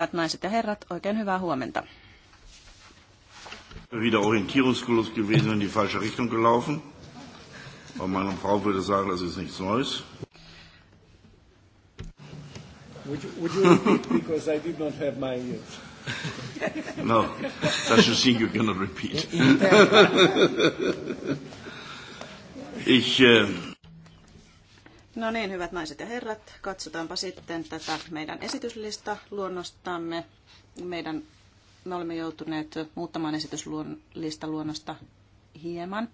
Hyvät naiset ja herrat, oikein hyvää huomenta. Wieder Orientierungskulos gewesen in die falsche Richtung gelaufen. Aber meine Frau würde sagen, das ist nichts Neues. Would you, would you repeat because I did not have my ears? no, that's a thing you cannot repeat. ich, äh, No niin, hyvät naiset ja herrat, katsotaanpa sitten tätä meidän esityslista luonnostamme. Meidän, me olemme joutuneet muuttamaan luonnosta hieman.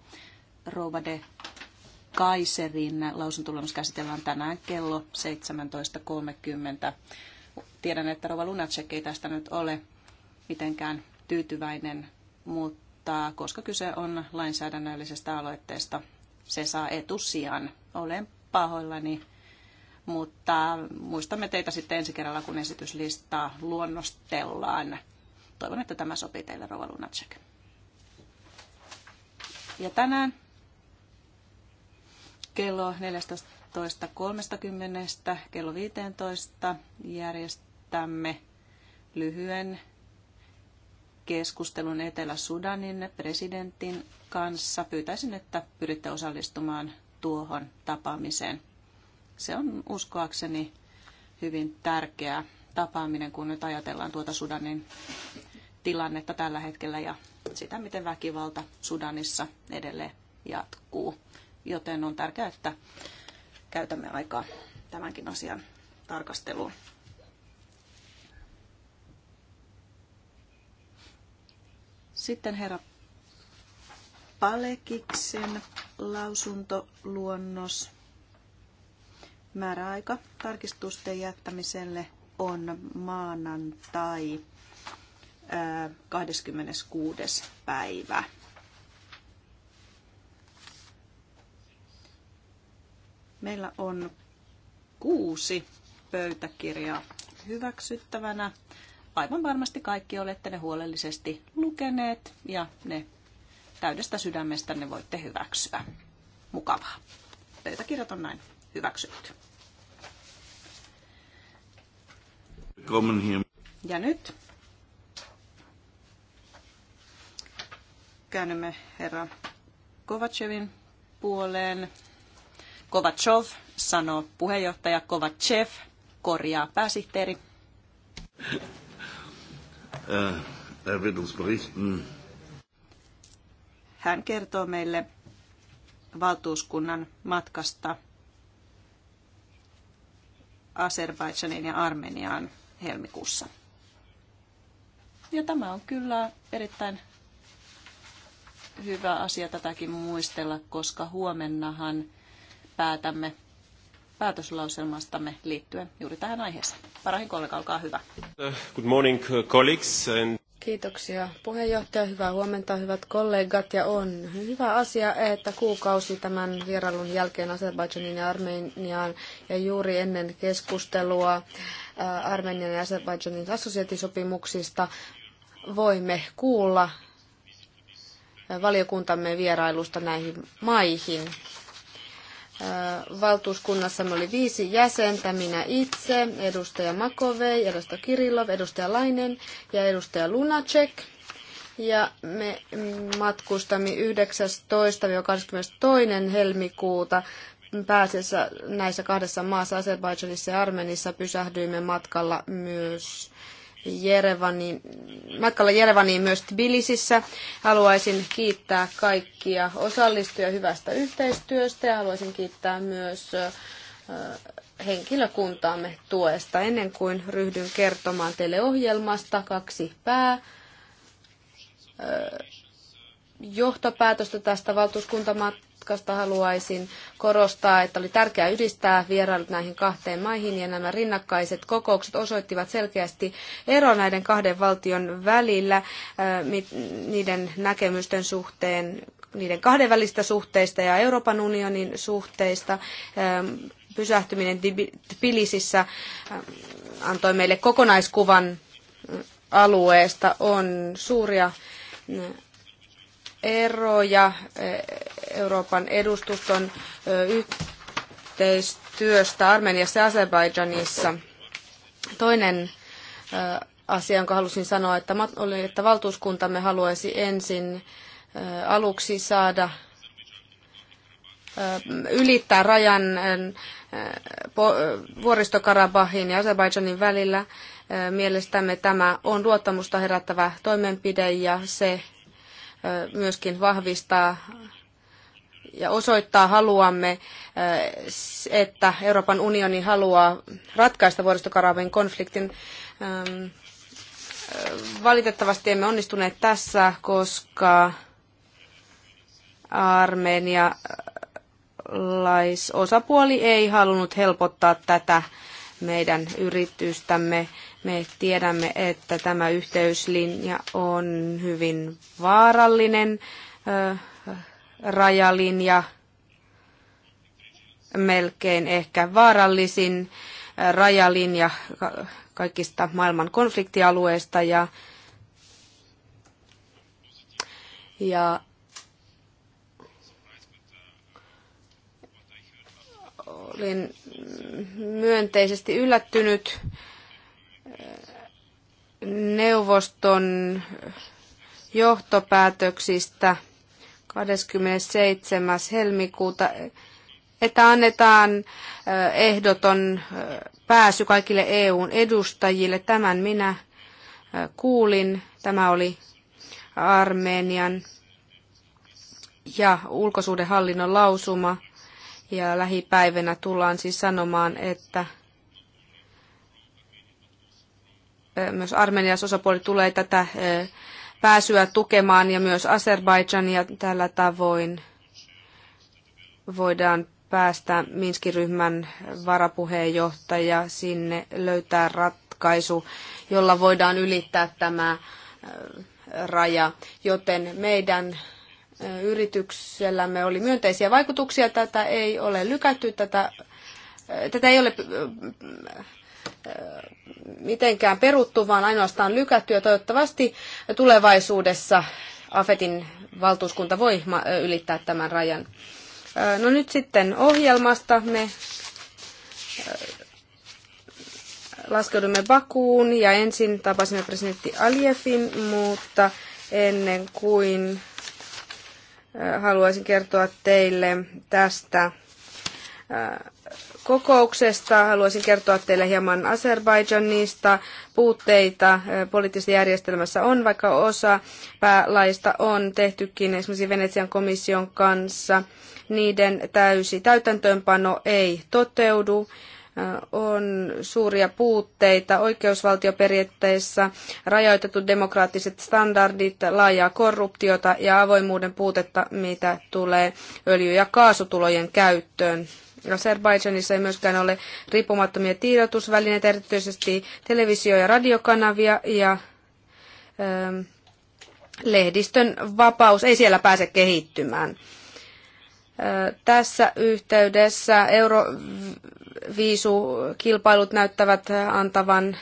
Rouva de Kaiserin lausuntulemus käsitellään tänään kello 17.30. Tiedän, että Rova Lunacek ei tästä nyt ole mitenkään tyytyväinen, mutta koska kyse on lainsäädännöllisestä aloitteesta, se saa etusijan. Olen pahoillani, mutta muistamme teitä sitten ensi kerralla, kun esityslistaa luonnostellaan. Toivon, että tämä sopii teille, Rova Lunacek. Ja tänään kello 14.30 kello 15 järjestämme lyhyen keskustelun Etelä-Sudanin presidentin kanssa. Pyytäisin, että pyritte osallistumaan tuohon tapaamiseen. Se on uskoakseni hyvin tärkeä tapaaminen, kun nyt ajatellaan tuota Sudanin tilannetta tällä hetkellä ja sitä, miten väkivalta Sudanissa edelleen jatkuu. Joten on tärkeää, että käytämme aikaa tämänkin asian tarkasteluun. Sitten herra Palekiksen lausuntoluonnos. Määräaika tarkistusten jättämiselle on maanantai 26. päivä. Meillä on kuusi pöytäkirjaa hyväksyttävänä. Aivan varmasti kaikki olette ne huolellisesti lukeneet ja ne täydestä ne voitte hyväksyä. Mukavaa. Pöytäkirjat on näin hyväksytty. Ja nyt käännymme herra Kovacevin puoleen. Kovachov sanoo puheenjohtaja Kovachev, korjaa pääsihteeri. Äh, er Berichten. Hän kertoo meille valtuuskunnan matkasta Azerbaidžaniin ja Armeniaan helmikuussa. Ja tämä on kyllä erittäin hyvä asia tätäkin muistella, koska huomennahan päätämme päätöslauselmastamme liittyen juuri tähän aiheeseen. Parahin kollega, olkaa hyvä. Good morning, colleagues. And... Kiitoksia puheenjohtaja, hyvää huomenta hyvät kollegat ja on hyvä asia, että kuukausi tämän vierailun jälkeen Azerbaidžanin ja Armeniaan ja juuri ennen keskustelua äh, Armenian ja Azerbaidžanin assosiaatisopimuksista voimme kuulla valiokuntamme vierailusta näihin maihin valtuuskunnassamme oli viisi jäsentä, minä itse, edustaja Makovei, edustaja Kirillov, edustaja Lainen ja edustaja Lunacek. Ja me matkustamme 19-22. helmikuuta pääasiassa näissä kahdessa maassa, Azerbaidžanissa ja Armenissa, pysähdyimme matkalla myös Jerevaniin, matkalla Jerevaniin myös Tbilisissä. Haluaisin kiittää kaikkia osallistujia hyvästä yhteistyöstä ja haluaisin kiittää myös henkilökuntaamme tuesta. Ennen kuin ryhdyn kertomaan teille ohjelmasta, kaksi pää johtopäätöstä tästä valtuuskuntamatkasta matkasta haluaisin korostaa, että oli tärkeää yhdistää vierailut näihin kahteen maihin ja nämä rinnakkaiset kokoukset osoittivat selkeästi ero näiden kahden valtion välillä äh, niiden näkemysten suhteen, niiden kahdenvälistä suhteista ja Euroopan unionin suhteista ähm, pysähtyminen Tbilisissä äh, antoi meille kokonaiskuvan äh, alueesta. On suuria eroja e, Euroopan edustuston e, yhteistyöstä Armeniassa ja Azerbaijanissa. Toinen e, asia, jonka halusin sanoa, että, oli, että valtuuskuntamme haluaisi ensin aluksi saada ylittää rajan vuoristokarabahin ja Azerbaijanin välillä. Mielestämme tämä on luottamusta herättävä toimenpide ja se myöskin vahvistaa ja osoittaa haluamme, että Euroopan unioni haluaa ratkaista vuoristokarabin konfliktin. Valitettavasti emme onnistuneet tässä, koska armenialaisosapuoli ei halunnut helpottaa tätä meidän yritystämme me tiedämme, että tämä yhteyslinja on hyvin vaarallinen rajalinja, melkein ehkä vaarallisin rajalinja kaikista maailman konfliktialueista ja, ja olin myönteisesti yllättynyt neuvoston johtopäätöksistä 27. helmikuuta, että annetaan ehdoton pääsy kaikille EUn edustajille. Tämän minä kuulin. Tämä oli Armenian ja ulkosuudenhallinnon lausuma. Ja lähipäivänä tullaan siis sanomaan, että myös Armenias osapuoli tulee tätä pääsyä tukemaan ja myös ja tällä tavoin voidaan päästä Minskin ryhmän varapuheenjohtaja sinne löytää ratkaisu, jolla voidaan ylittää tämä raja, joten meidän yrityksellämme oli myönteisiä vaikutuksia. Tätä ei ole lykätty, tätä, tätä ei ole mitenkään peruttu, vaan ainoastaan lykätty. Ja toivottavasti tulevaisuudessa AFETin valtuuskunta voi ylittää tämän rajan. No nyt sitten ohjelmasta me laskeudumme Bakuun ja ensin tapasimme presidentti Aliefin, mutta ennen kuin haluaisin kertoa teille tästä kokouksesta. Haluaisin kertoa teille hieman Azerbaidžanista. Puutteita poliittisessa järjestelmässä on, vaikka osa päälaista on tehtykin esimerkiksi Venetsian komission kanssa. Niiden täysi täytäntöönpano ei toteudu on suuria puutteita oikeusvaltioperiaatteissa, rajoitetut demokraattiset standardit, laajaa korruptiota ja avoimuuden puutetta, mitä tulee öljy- ja kaasutulojen käyttöön. Azerbaidžanissa ei myöskään ole riippumattomia tiedotusvälineitä, erityisesti televisio- ja radiokanavia ja ähm, lehdistön vapaus ei siellä pääse kehittymään. Äh, tässä yhteydessä euroviisukilpailut näyttävät antavan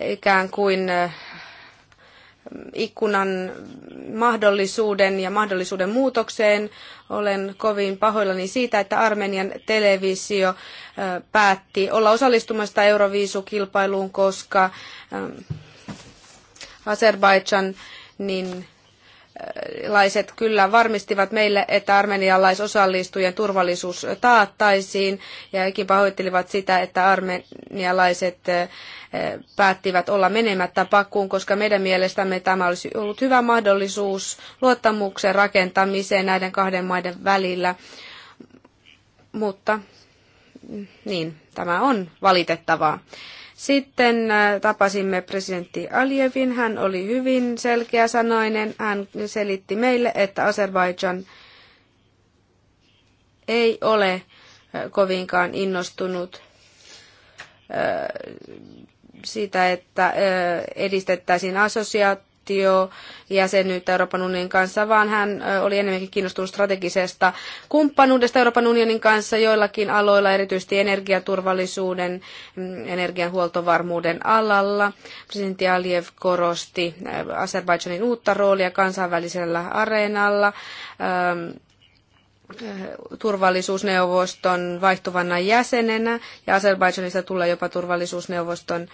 ikään kuin äh, ikkunan mahdollisuuden ja mahdollisuuden muutokseen. Olen kovin pahoillani siitä, että Armenian televisio päätti olla osallistumasta Euroviisukilpailuun, koska Azerbaidžan niin armenialaiset kyllä varmistivat meille, että armenialaisosallistujien turvallisuus taattaisiin ja hekin pahoittelivat sitä, että armenialaiset eh, päättivät olla menemättä pakkuun, koska meidän mielestämme tämä olisi ollut hyvä mahdollisuus luottamuksen rakentamiseen näiden kahden maiden välillä. Mutta mm, niin, tämä on valitettavaa. Sitten äh, tapasimme presidentti Aljevin. Hän oli hyvin selkeä sanoinen. Hän selitti meille, että Azerbaijan ei ole äh, kovinkaan innostunut äh, siitä, että edistettäisiin assosiaatio valtio jäsenyyttä Euroopan unionin kanssa, vaan hän oli enemmänkin kiinnostunut strategisesta kumppanuudesta Euroopan unionin kanssa joillakin aloilla, erityisesti energiaturvallisuuden, mm, energian huoltovarmuuden alalla. Presidentti Aliyev korosti Azerbaidžanin uutta roolia kansainvälisellä areenalla turvallisuusneuvoston vaihtuvana jäsenenä ja Azerbaidžanista tulee jopa turvallisuusneuvoston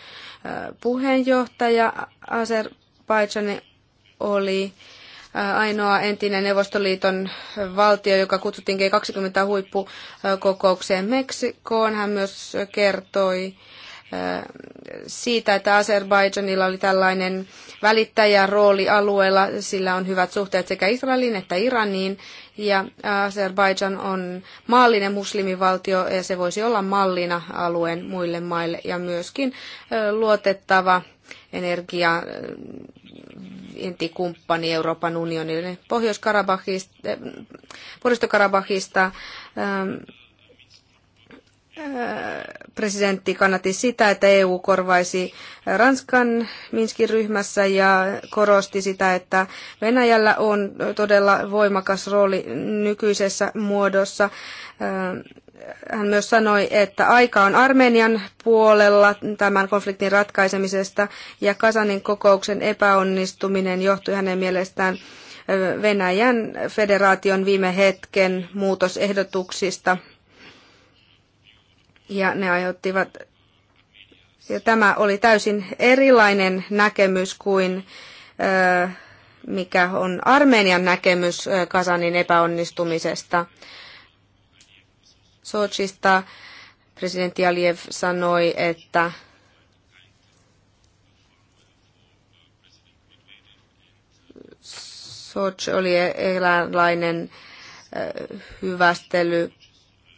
puheenjohtaja. Azer- Azerbaidžan oli ainoa entinen Neuvostoliiton valtio, joka kutsuttiin G20-huippukokoukseen Meksikoon. Hän myös kertoi siitä, että Azerbaidžanilla oli tällainen välittäjärooli alueella. Sillä on hyvät suhteet sekä Israeliin että Iraniin. Ja Azerbaidžan on maallinen muslimivaltio ja se voisi olla mallina alueen muille maille ja myöskin luotettava energiaintikumppani eh, kumppani Euroopan unionille. Pohjois-Karabahista, eh, karabahista ähm, äh, presidentti kannatti sitä, että EU korvaisi Ranskan Minskin ryhmässä ja korosti sitä, että Venäjällä on todella voimakas rooli nykyisessä muodossa ähm, hän myös sanoi, että aika on Armenian puolella tämän konfliktin ratkaisemisesta ja Kasanin kokouksen epäonnistuminen johtui hänen mielestään Venäjän federaation viime hetken muutosehdotuksista. Ja ne aiheuttivat, ja tämä oli täysin erilainen näkemys kuin mikä on Armenian näkemys Kasanin epäonnistumisesta. Sochista. Presidentti Aliyev sanoi, että Sochi oli eräänlainen äh, hyvästely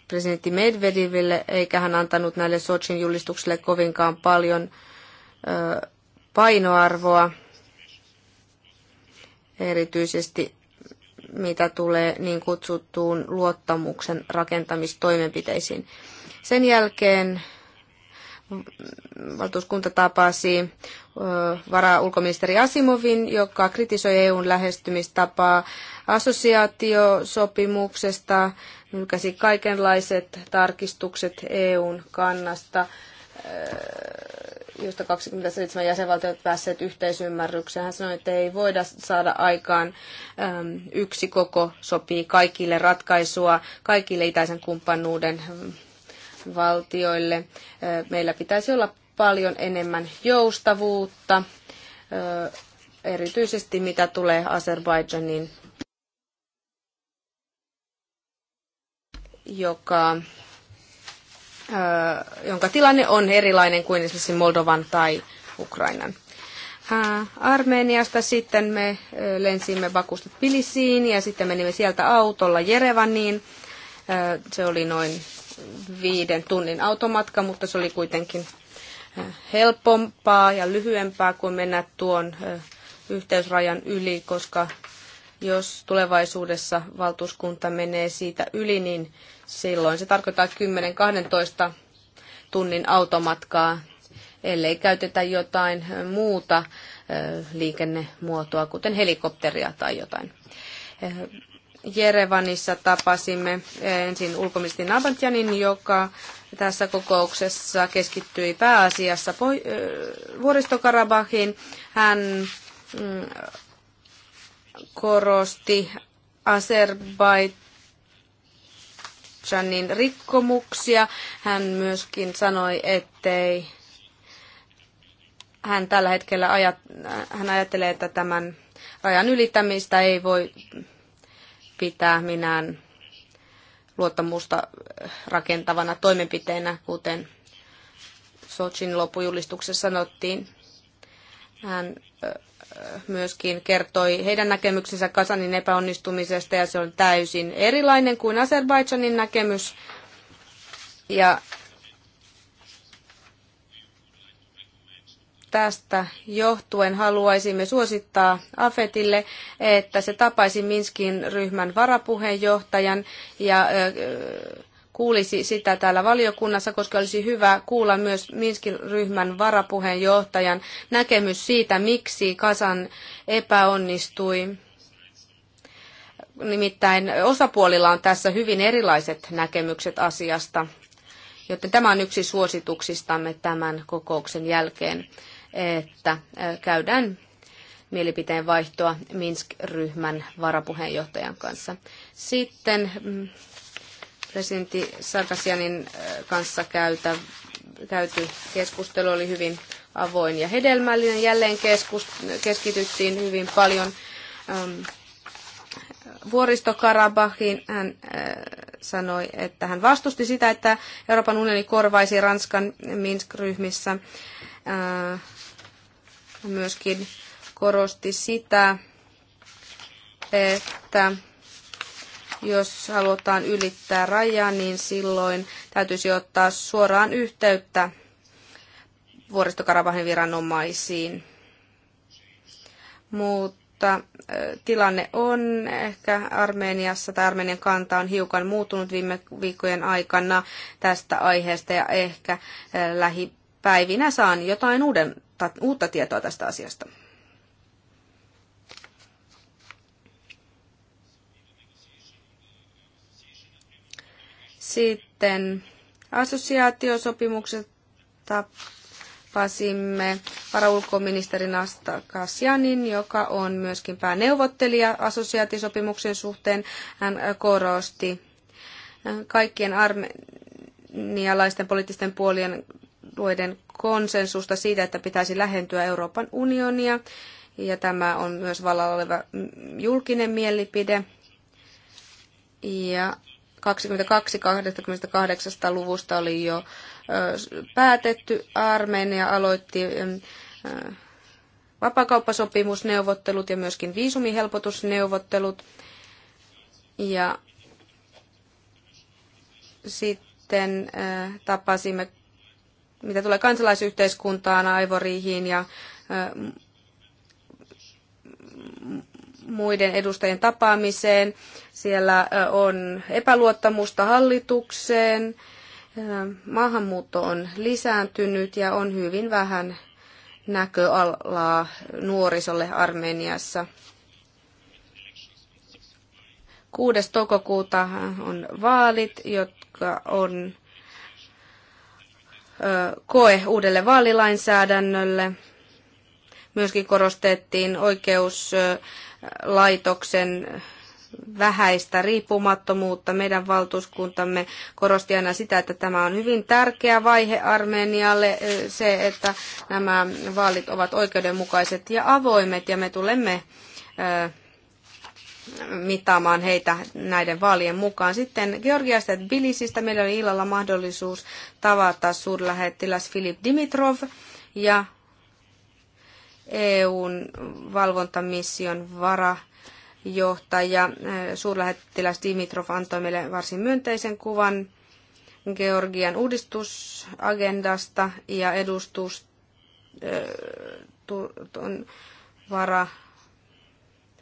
presidentti Medvedeville, eikä hän antanut näille Sochin julistuksille kovinkaan paljon äh, painoarvoa. Erityisesti mitä tulee niin kutsuttuun luottamuksen rakentamistoimenpiteisiin. Sen jälkeen valtuuskunta tapasi varaulkoministeri Asimovin, joka kritisoi EUn lähestymistapaa assosiaatiosopimuksesta, nykäsi kaikenlaiset tarkistukset EUn kannasta josta 27 jäsenvaltiot päässeet yhteisymmärrykseen. Hän sanoi, että ei voida saada aikaan yksi koko sopii kaikille ratkaisua, kaikille itäisen kumppanuuden valtioille. Meillä pitäisi olla paljon enemmän joustavuutta, erityisesti mitä tulee Azerbaidžaniin, joka jonka tilanne on erilainen kuin esimerkiksi Moldovan tai Ukrainan. Armeniasta sitten me lensimme Bakusta Tbilisiin ja sitten menimme sieltä autolla Jerevaniin. Se oli noin viiden tunnin automatka, mutta se oli kuitenkin helpompaa ja lyhyempää kuin mennä tuon yhteysrajan yli, koska jos tulevaisuudessa valtuuskunta menee siitä yli, niin silloin se tarkoittaa 10-12 tunnin automatkaa, ellei käytetä jotain muuta liikennemuotoa, kuten helikopteria tai jotain. Jerevanissa tapasimme ensin ulkoministeri Nabantjanin, joka tässä kokouksessa keskittyi pääasiassa Vuoristokarabahin. Hän mm, korosti Azerbaidžanin rikkomuksia. Hän myöskin sanoi, ettei hän tällä hetkellä ajat, hän ajattelee, että tämän rajan ylittämistä ei voi pitää minään luottamusta rakentavana toimenpiteenä, kuten Sochin lopujulistuksessa sanottiin. Hän myöskin kertoi heidän näkemyksensä Kasanin epäonnistumisesta ja se on täysin erilainen kuin Azerbaidžanin näkemys. Ja tästä johtuen haluaisimme suosittaa Afetille, että se tapaisi Minskin ryhmän varapuheenjohtajan ja kuulisi sitä täällä valiokunnassa, koska olisi hyvä kuulla myös Minskin ryhmän varapuheenjohtajan näkemys siitä, miksi Kasan epäonnistui. Nimittäin osapuolilla on tässä hyvin erilaiset näkemykset asiasta, joten tämä on yksi suosituksistamme tämän kokouksen jälkeen, että käydään mielipiteen vaihtoa Minsk-ryhmän varapuheenjohtajan kanssa. Sitten mm, presidentti Sarkasianin kanssa käytä, käyty keskustelu oli hyvin avoin ja hedelmällinen. Jälleen keskust, keskityttiin hyvin paljon äm, vuoristokarabahin. Hän äh, sanoi, että hän vastusti sitä, että Euroopan unioni korvaisi Ranskan Minsk-ryhmissä. Äh, myöskin korosti sitä, että jos halutaan ylittää raja, niin silloin täytyisi ottaa suoraan yhteyttä vuoristokarabahin viranomaisiin. Mutta tilanne on ehkä Armeniassa tai Armenian kanta on hiukan muuttunut viime viikkojen aikana tästä aiheesta ja ehkä lähipäivinä saan jotain uuden, uutta tietoa tästä asiasta. Sitten assosiaatiosopimukset tapasimme varaulkoministerin Asta Kasjanin, joka on myöskin pääneuvottelija assosiaatiosopimuksen suhteen. Hän korosti kaikkien armenialaisten poliittisten puolien luiden konsensusta siitä, että pitäisi lähentyä Euroopan unionia. Ja tämä on myös vallalla oleva julkinen mielipide. Ja 22 28 luvusta oli jo päätetty. Armenia aloitti vapakauppasopimusneuvottelut ja myöskin viisumihelpotusneuvottelut. Ja sitten tapasimme, mitä tulee kansalaisyhteiskuntaan, Aivoriihin ja muiden edustajien tapaamiseen. Siellä on epäluottamusta hallitukseen, maahanmuutto on lisääntynyt ja on hyvin vähän näköalaa nuorisolle Armeniassa. 6. toukokuuta on vaalit, jotka on koe uudelle vaalilainsäädännölle. Myöskin korostettiin oikeus laitoksen vähäistä riippumattomuutta. Meidän valtuuskuntamme korosti aina sitä, että tämä on hyvin tärkeä vaihe Armenialle, se, että nämä vaalit ovat oikeudenmukaiset ja avoimet, ja me tulemme mittaamaan heitä näiden vaalien mukaan. Sitten Georgiasta ja Bilisistä meillä oli illalla mahdollisuus tavata suurlähettiläs Filip Dimitrov ja EUn valvontamission varajohtaja äh, suurlähettiläs Dimitrov antoi meille varsin myönteisen kuvan Georgian uudistusagendasta ja edustus äh, vara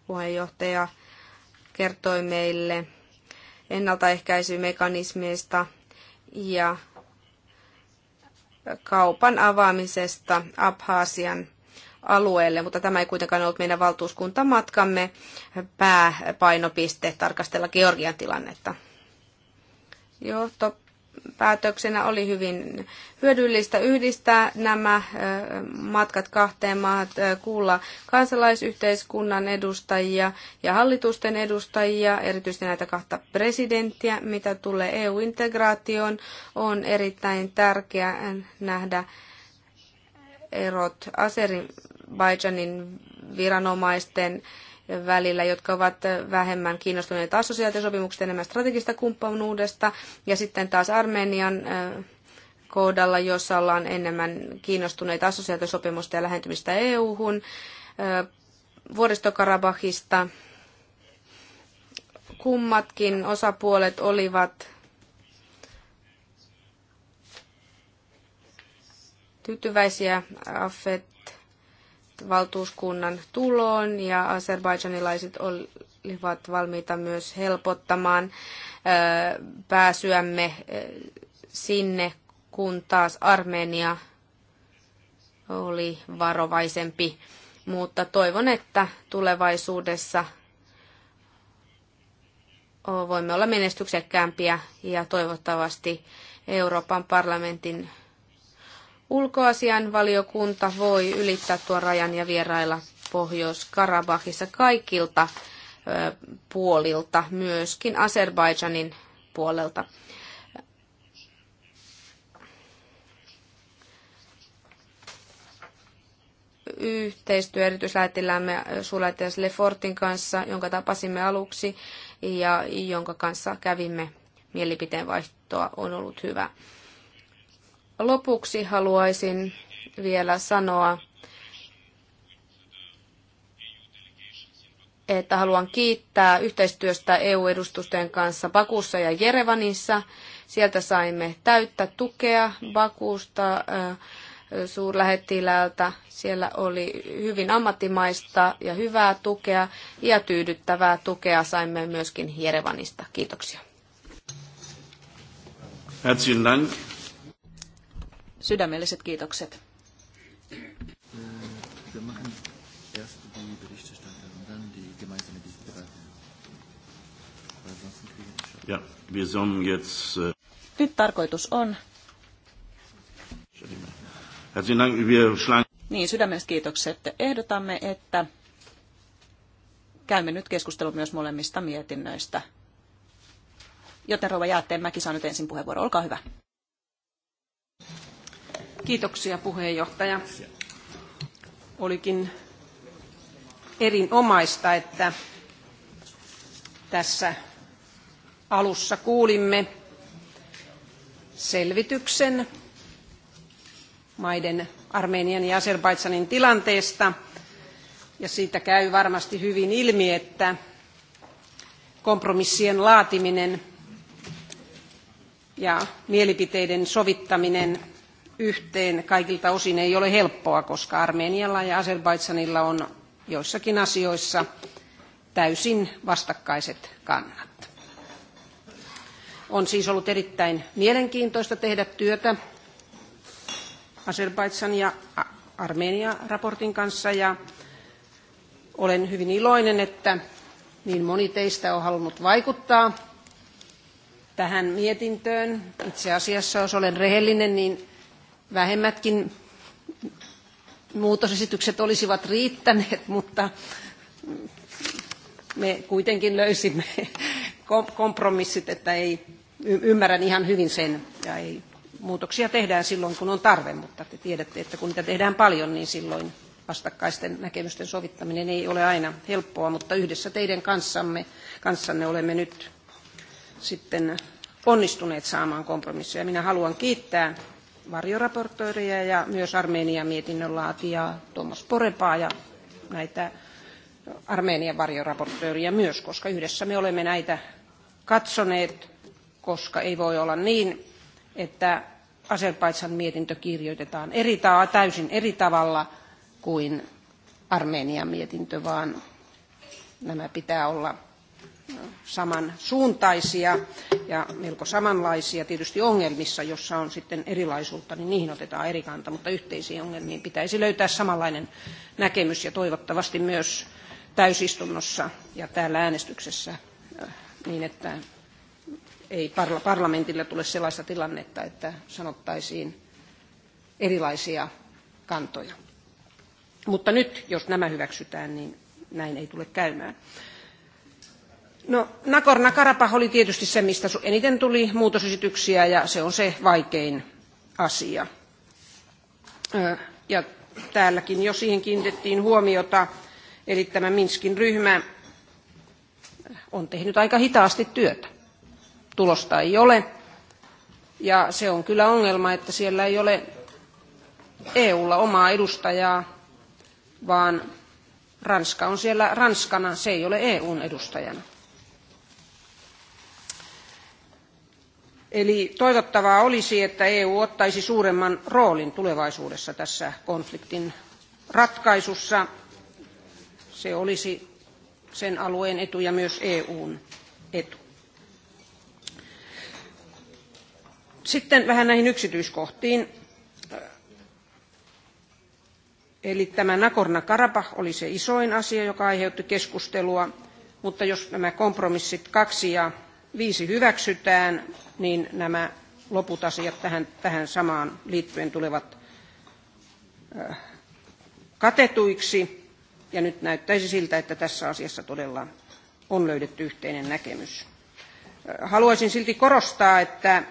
puheenjohtaja kertoi meille ennaltaehkäisymekanismeista ja kaupan avaamisesta Abhaasian alueelle, mutta tämä ei kuitenkaan ollut meidän valtuuskuntamatkamme pääpainopiste tarkastella Georgian tilannetta. Johtopäätöksenä oli hyvin hyödyllistä yhdistää nämä matkat kahteen maahan, kuulla kansalaisyhteiskunnan edustajia ja hallitusten edustajia, erityisesti näitä kahta presidenttiä, mitä tulee EU-integraatioon, on erittäin tärkeää nähdä erot Aserin Azerbaidžanin viranomaisten välillä, jotka ovat vähemmän kiinnostuneita assosiaatiosopimuksista, enemmän strategista kumppanuudesta, ja sitten taas Armenian kohdalla, jossa ollaan enemmän kiinnostuneita assosiaatiosopimusta ja lähentymistä EU-hun, vuoristokarabahista. Kummatkin osapuolet olivat tyytyväisiä Affet valtuuskunnan tuloon ja aserbaidsanilaiset olivat valmiita myös helpottamaan pääsyämme sinne, kun taas Armenia oli varovaisempi. Mutta toivon, että tulevaisuudessa voimme olla menestyksekkäämpiä ja toivottavasti Euroopan parlamentin Ulkoasian valiokunta voi ylittää tuon rajan ja vierailla Pohjois-Karabahissa kaikilta puolilta, myöskin Azerbaidžanin puolelta. yhteistyö erityislähettiläämme suurlähettiläs Lefortin kanssa, jonka tapasimme aluksi ja jonka kanssa kävimme mielipiteen vaihtoa on ollut hyvä. Lopuksi haluaisin vielä sanoa, että haluan kiittää yhteistyöstä EU-edustusten kanssa Bakussa ja Jerevanissa. Sieltä saimme täyttä tukea Bakusta äh, suurlähettilältä. Siellä oli hyvin ammattimaista ja hyvää tukea ja tyydyttävää tukea saimme myöskin Jerevanista. Kiitoksia. Herzlichen Dank. Sydämelliset kiitokset. Ja, wir äh, Nyt tarkoitus on... Niin, sydämelliset kiitokset. Ehdotamme, että käymme nyt keskustelun myös molemmista mietinnöistä. Joten rouva Jäätteenmäki saa nyt ensin puheenvuoro. Olkaa hyvä. Kiitoksia puheenjohtaja. Olikin erinomaista, että tässä alussa kuulimme selvityksen maiden Armenian ja Azerbaidsanin tilanteesta. Ja siitä käy varmasti hyvin ilmi, että kompromissien laatiminen ja mielipiteiden sovittaminen yhteen kaikilta osin ei ole helppoa, koska Armenialla ja Azerbaidsanilla on joissakin asioissa täysin vastakkaiset kannat. On siis ollut erittäin mielenkiintoista tehdä työtä Azerbaidsan ja Armenia-raportin kanssa ja olen hyvin iloinen, että niin moni teistä on halunnut vaikuttaa tähän mietintöön. Itse asiassa, jos olen rehellinen, niin vähemmätkin muutosesitykset olisivat riittäneet, mutta me kuitenkin löysimme kompromissit, että ei, ymmärrän ihan hyvin sen. Ja ei, muutoksia tehdään silloin, kun on tarve, mutta te tiedätte, että kun niitä tehdään paljon, niin silloin vastakkaisten näkemysten sovittaminen ei ole aina helppoa, mutta yhdessä teidän kanssamme, kanssanne olemme nyt sitten onnistuneet saamaan kompromisseja. Minä haluan kiittää varjoraportoiria ja myös Armenian mietinnön laatijaa Tuomas Porepaa ja näitä Armenian varjoraportoiria myös, koska yhdessä me olemme näitä katsoneet, koska ei voi olla niin, että Azerbaidsan mietintö kirjoitetaan eri ta- täysin eri tavalla kuin Armenian mietintö, vaan nämä pitää olla samansuuntaisia ja melko samanlaisia tietysti ongelmissa, jossa on sitten erilaisuutta, niin niihin otetaan eri kanta, mutta yhteisiin ongelmiin pitäisi löytää samanlainen näkemys ja toivottavasti myös täysistunnossa ja täällä äänestyksessä äh, niin, että ei parlamentille tule sellaista tilannetta, että sanottaisiin erilaisia kantoja. Mutta nyt, jos nämä hyväksytään, niin näin ei tule käymään. No, Nagorno-Karabah oli tietysti se, mistä eniten tuli muutosesityksiä ja se on se vaikein asia. Ja täälläkin jo siihen kiinnitettiin huomiota, eli tämä Minskin ryhmä on tehnyt aika hitaasti työtä. Tulosta ei ole. Ja se on kyllä ongelma, että siellä ei ole EUlla omaa edustajaa, vaan Ranska on siellä Ranskana, se ei ole EUn edustajana. Eli toivottavaa olisi, että EU ottaisi suuremman roolin tulevaisuudessa tässä konfliktin ratkaisussa. Se olisi sen alueen etu ja myös EUn etu. Sitten vähän näihin yksityiskohtiin. Eli tämä Nagorno-Karabakh oli se isoin asia, joka aiheutti keskustelua, mutta jos nämä kompromissit kaksi ja viisi hyväksytään, niin nämä loput asiat tähän, tähän samaan liittyen tulevat katetuiksi. Ja nyt näyttäisi siltä, että tässä asiassa todella on löydetty yhteinen näkemys. Haluaisin silti korostaa, että,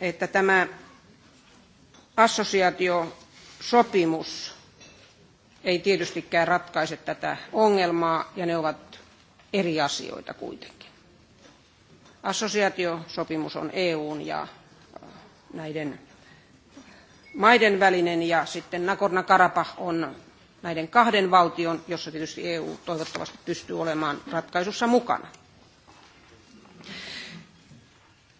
että tämä assosiaatiosopimus ei tietystikään ratkaise tätä ongelmaa, ja ne ovat eri asioita kuitenkin. Assosiaatiosopimus on EUn ja äh, näiden maiden välinen ja sitten Nagorno-Karabakh on näiden kahden valtion, jossa tietysti EU toivottavasti pystyy olemaan ratkaisussa mukana.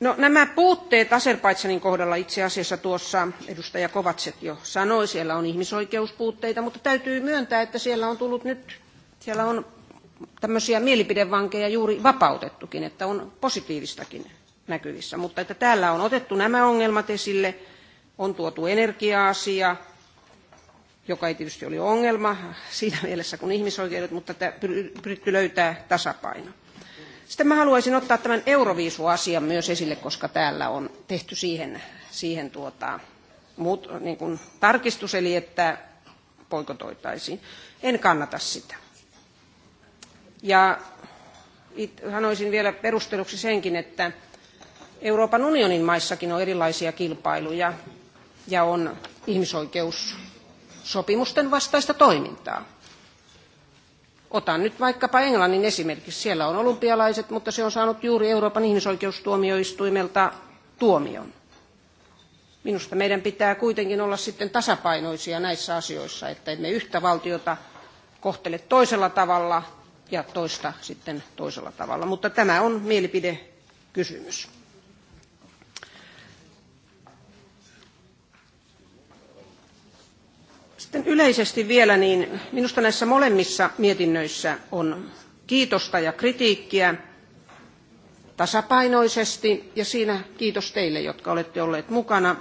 No, nämä puutteet Azerbaidsanin kohdalla itse asiassa tuossa edustaja Kovatset jo sanoi, siellä on ihmisoikeuspuutteita, mutta täytyy myöntää, että siellä on tullut nyt, siellä on tämmöisiä mielipidevankeja juuri vapautettukin, että on positiivistakin näkyvissä. Mutta että täällä on otettu nämä ongelmat esille, on tuotu energia-asia, joka ei tietysti ole ongelma siinä mielessä kuin ihmisoikeudet, mutta pyritty löytää tasapaino. Sitten mä haluaisin ottaa tämän euroviisuasian myös esille, koska täällä on tehty siihen, siihen tuota, muut, niin kuin tarkistus, eli että poikotoitaisiin. En kannata sitä. Ja sanoisin vielä perusteluksi senkin, että Euroopan unionin maissakin on erilaisia kilpailuja ja on ihmisoikeussopimusten vastaista toimintaa. Otan nyt vaikkapa Englannin esimerkiksi. Siellä on olympialaiset, mutta se on saanut juuri Euroopan ihmisoikeustuomioistuimelta tuomion. Minusta meidän pitää kuitenkin olla sitten tasapainoisia näissä asioissa, että emme yhtä valtiota kohtele toisella tavalla ja toista sitten toisella tavalla. Mutta tämä on mielipidekysymys. Sitten yleisesti vielä, niin minusta näissä molemmissa mietinnöissä on kiitosta ja kritiikkiä tasapainoisesti ja siinä kiitos teille, jotka olette olleet mukana.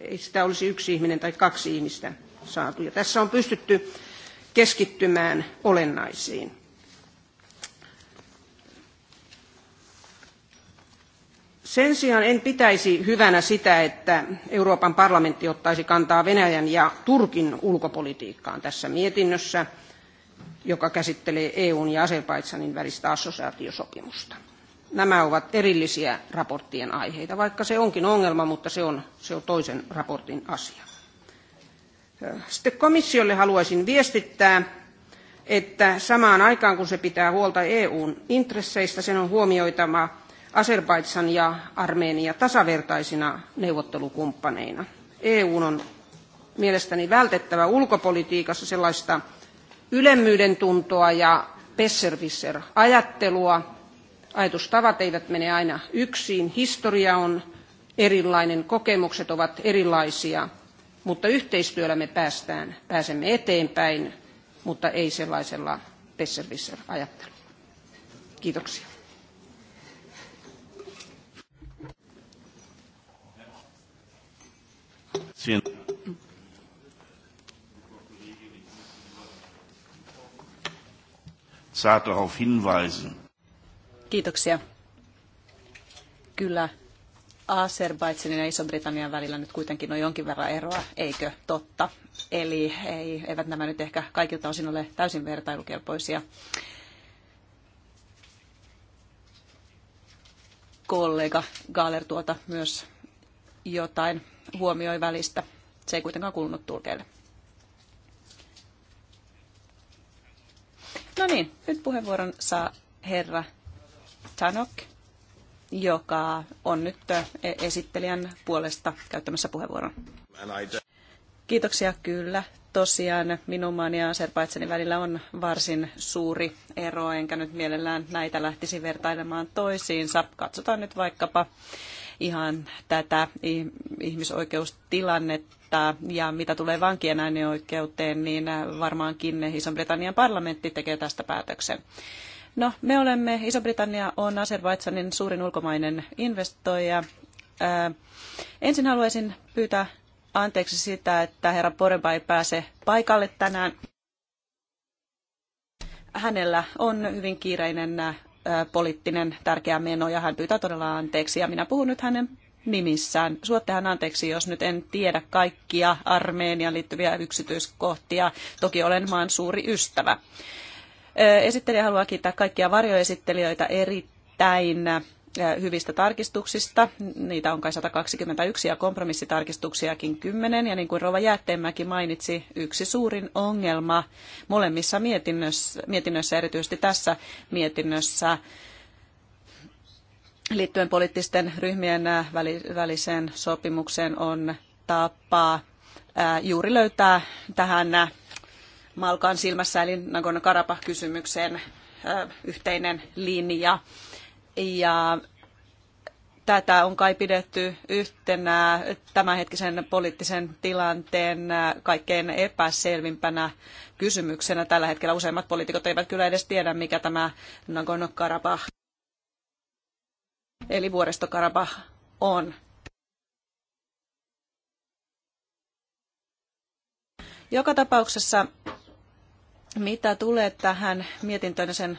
Ei sitä olisi yksi ihminen tai kaksi ihmistä saatu. Ja tässä on pystytty keskittymään olennaisiin. Sen sijaan en pitäisi hyvänä sitä, että Euroopan parlamentti ottaisi kantaa Venäjän ja Turkin ulkopolitiikkaan tässä mietinnössä, joka käsittelee EUn ja Azerbaidsanin välistä assosiaatiosopimusta. Nämä ovat erillisiä raporttien aiheita, vaikka se onkin ongelma, mutta se on, se on toisen raportin asia. Sitten komissiolle haluaisin viestittää, että samaan aikaan kun se pitää huolta EUn intresseistä, sen on huomioitava Azerbaidsan ja Armenia tasavertaisina neuvottelukumppaneina. EU on mielestäni vältettävä ulkopolitiikassa sellaista ylemmyyden tuntoa ja pesservisser ajattelua. Ajatustavat eivät mene aina yksin. Historia on erilainen, kokemukset ovat erilaisia – mutta yhteistyöllä me päästään, pääsemme eteenpäin, mutta ei sellaisella pesservisser-ajattelulla. Kiitoksia. Vielen Saat darauf hinweisen. Kiitoksia. Kyllä Azerbaidsanin ja Iso-Britannian välillä nyt kuitenkin on jonkin verran eroa, eikö totta? Eli ei, eivät nämä nyt ehkä kaikilta osin ole täysin vertailukelpoisia. Kollega Gaaler tuota myös jotain huomioi välistä. Se ei kuitenkaan kuulunut tulkeille. No niin, nyt puheenvuoron saa herra Tanok joka on nyt esittelijän puolesta käyttämässä puheenvuoron. Kiitoksia kyllä. Tosiaan minun ja Serpaitseni välillä on varsin suuri ero, enkä nyt mielellään näitä lähtisi vertailemaan toisiinsa. Katsotaan nyt vaikkapa ihan tätä ihmisoikeustilannetta ja mitä tulee vankien äänioikeuteen, niin varmaankin iso britannian parlamentti tekee tästä päätöksen. No, me olemme, Iso-Britannia on Azerbaidsanin suurin ulkomainen investoija. Ää, äh, ensin haluaisin pyytää anteeksi sitä, että herra Poreba ei pääse paikalle tänään. Hänellä on hyvin kiireinen ää, äh, poliittinen tärkeä meno ja hän pyytää todella anteeksi ja minä puhun nyt hänen nimissään. Suottehan anteeksi, jos nyt en tiedä kaikkia Armeenian liittyviä yksityiskohtia. Toki olen maan suuri ystävä. Esittelijä haluaa kiittää kaikkia varjoesittelijöitä erittäin hyvistä tarkistuksista. Niitä on kai 121 ja kompromissitarkistuksiakin 10. Ja niin kuin Rova Jäätteenmäki mainitsi, yksi suurin ongelma molemmissa mietinnössä. mietinnöissä erityisesti tässä mietinnössä, liittyen poliittisten ryhmien väliseen sopimukseen on tapa juuri löytää tähän Malkan silmässä, eli Nagorno-Karabakh-kysymykseen yhteinen linja. Ja tätä on kai pidetty yhtenä tämänhetkisen poliittisen tilanteen kaikkein epäselvimpänä kysymyksenä. Tällä hetkellä useimmat poliitikot eivät kyllä edes tiedä, mikä tämä Nagorno-Karabakh eli vuoristokarabah on. Joka tapauksessa mitä tulee tähän mietintöön sen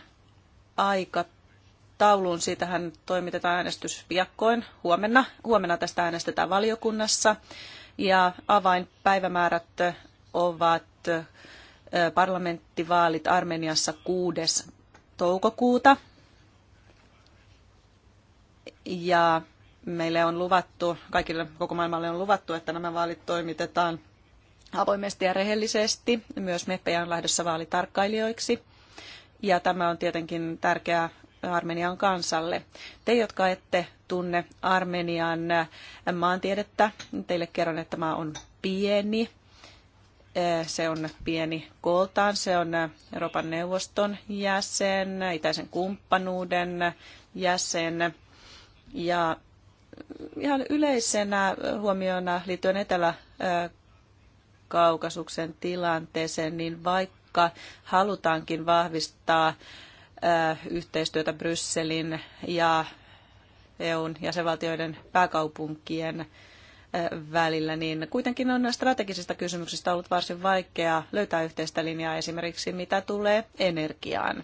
aikatauluun, siitähän toimitetaan äänestys piakkoin huomenna. Huomenna tästä äänestetään valiokunnassa ja avainpäivämäärät ovat parlamenttivaalit Armeniassa 6. toukokuuta. Ja meille on luvattu, kaikille koko maailmalle on luvattu, että nämä vaalit toimitetaan – avoimesti ja rehellisesti. Myös meppejä on lähdössä vaalitarkkailijoiksi. Ja tämä on tietenkin tärkeää Armenian kansalle. Te, jotka ette tunne Armenian maantiedettä, teille kerron, että maa on pieni. Eh, se on pieni kooltaan. Se on Euroopan neuvoston jäsen, itäisen kumppanuuden jäsen. Ja ihan yleisenä huomiona liittyen Etelä eh, Kaukasuksen tilanteeseen, niin vaikka halutaankin vahvistaa yhteistyötä Brysselin ja EUn jäsenvaltioiden pääkaupunkien välillä, niin kuitenkin on strategisista kysymyksistä ollut varsin vaikea löytää yhteistä linjaa esimerkiksi mitä tulee energiaan.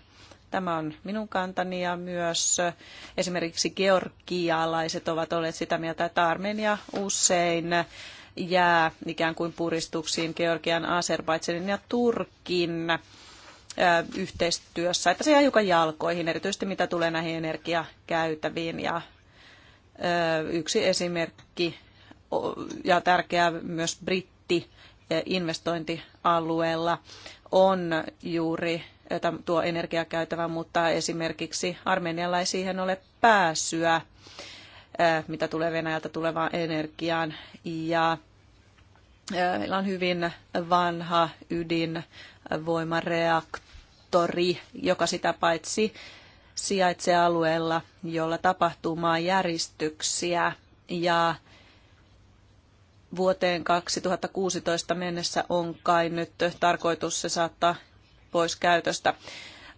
Tämä on minun kantani ja myös esimerkiksi georgialaiset ovat olleet sitä mieltä, että Armenia usein jää ikään kuin puristuksiin Georgian, Azerbaidsenin ja Turkin yhteistyössä, että se jää hiukan jalkoihin, erityisesti mitä tulee näihin energiakäytäviin. Ja yksi esimerkki ja tärkeää myös britti investointialueella on juuri tuo energiakäytävä, mutta esimerkiksi armenialla ei siihen ole pääsyä. Äh, mitä tulee Venäjältä tulevaan energiaan. Ja äh, Meillä on hyvin vanha ydinvoimareaktori, joka sitä paitsi sijaitsee alueella, jolla tapahtuu maanjäristyksiä ja vuoteen 2016 mennessä on kai nyt tarkoitus se saattaa pois käytöstä.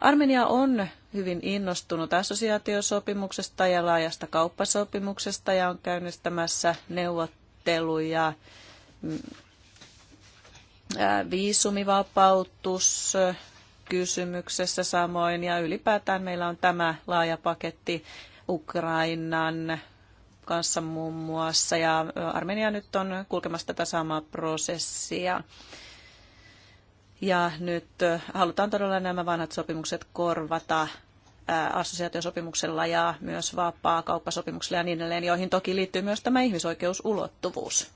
Armenia on hyvin innostunut assosiaatiosopimuksesta ja laajasta kauppasopimuksesta ja on käynnistämässä neuvotteluja mm, viisumivapautus kysymyksessä samoin ja ylipäätään meillä on tämä laaja paketti Ukrainan kanssa muun muassa ja Armenia nyt on kulkemassa tätä samaa prosessia. Ja nyt äh, halutaan todella nämä vanhat sopimukset korvata äh, assosiaatiosopimuksella ja myös vapaa kauppasopimuksella ja niin edelleen, joihin toki liittyy myös tämä ihmisoikeusulottuvuus.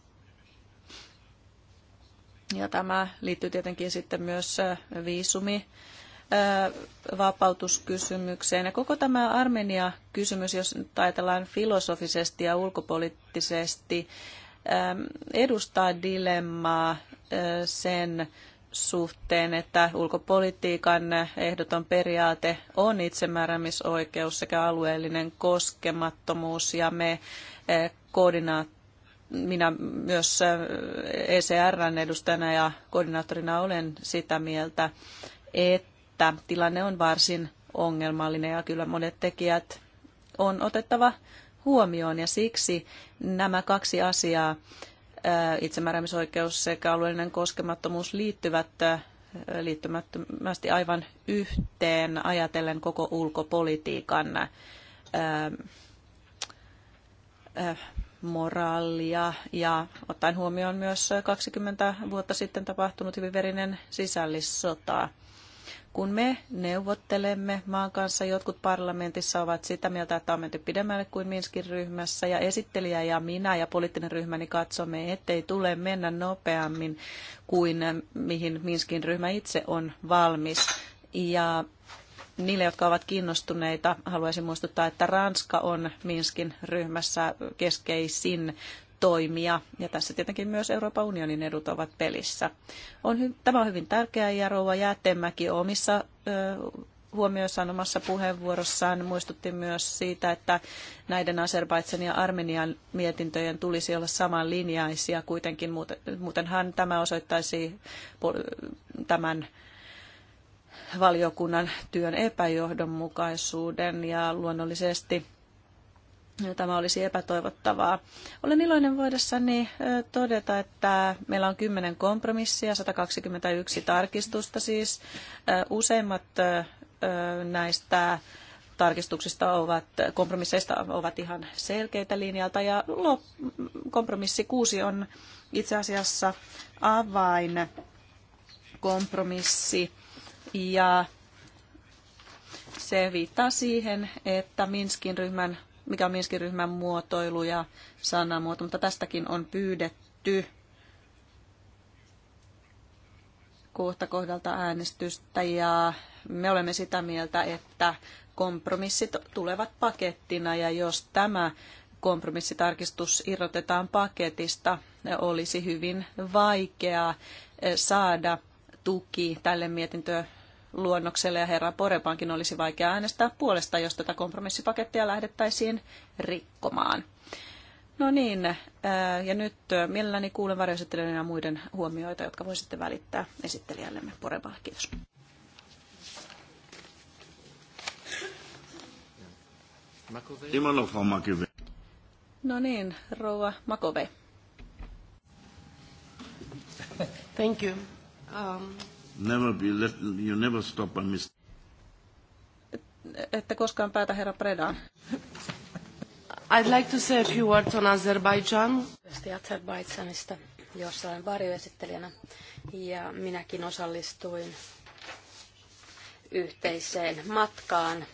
Ja tämä liittyy tietenkin sitten myös äh, viisumi vapautuskysymykseen. Ja koko tämä Armenia-kysymys, jos ajatellaan filosofisesti ja ulkopoliittisesti, edustaa dilemmaa sen suhteen, että ulkopolitiikan ehdoton periaate on itsemääräämisoikeus sekä alueellinen koskemattomuus ja me eh, koordinaat minä myös ECRn eh, e edustajana ja koordinaattorina olen sitä mieltä, että tilanne on varsin ongelmallinen ja kyllä monet tekijät on otettava huomioon ja siksi nämä kaksi asiaa itsemääräämisoikeus sekä alueellinen koskemattomuus liittyvät liittymättömästi aivan yhteen ajatellen koko ulkopolitiikan moraalia ja ottaen huomioon myös 20 vuotta sitten tapahtunut hyvin verinen sisällissota. Kun me neuvottelemme maan kanssa, jotkut parlamentissa ovat sitä mieltä, että on menty pidemmälle kuin Minskin ryhmässä, ja esittelijä ja minä ja poliittinen ryhmäni niin katsomme, ettei tule mennä nopeammin kuin mihin Minskin ryhmä itse on valmis. Ja niille, jotka ovat kiinnostuneita, haluaisin muistuttaa, että Ranska on Minskin ryhmässä keskeisin toimia. Ja tässä tietenkin myös Euroopan unionin edut ovat pelissä. On, tämä on hyvin tärkeä ja Rouva Jäätemäki omissa ö, huomioissaan omassa puheenvuorossaan muistutti myös siitä, että näiden Azerbaidsan ja Armenian mietintöjen tulisi olla samanlinjaisia kuitenkin. Muutenhan tämä osoittaisi tämän valiokunnan työn epäjohdonmukaisuuden ja luonnollisesti Tämä olisi epätoivottavaa. Olen iloinen voidessani todeta, että meillä on 10 kompromissia, 121 tarkistusta siis. Useimmat näistä tarkistuksista ovat, kompromisseista ovat ihan selkeitä linjalta ja kompromissi 6 on itse asiassa avain kompromissi ja se viittaa siihen, että Minskin ryhmän mikä on Minskin ryhmän muotoilu ja sanamuoto, mutta tästäkin on pyydetty kohta kohdalta äänestystä ja me olemme sitä mieltä, että kompromissit tulevat pakettina ja jos tämä kompromissitarkistus irrotetaan paketista, olisi hyvin vaikea saada tuki tälle mietintöön luonnokselle ja herra Porepankin olisi vaikea äänestää puolesta, jos tätä kompromissipakettia lähdettäisiin rikkomaan. No niin, äh, ja nyt mielelläni kuulen varjoesittelijöiden ja muiden huomioita, jotka voisitte välittää esittelijällemme Porepalle. Kiitos. No niin, rouva Makove. Thank you. Um never be let, you never stop a mistake. Ette koskaan päätä herra Predaan. I'd like to say a few words on Azerbaijan. Azerbaijanista, jossa olen varjoesittelijänä, ja minäkin osallistuin yhteiseen matkaan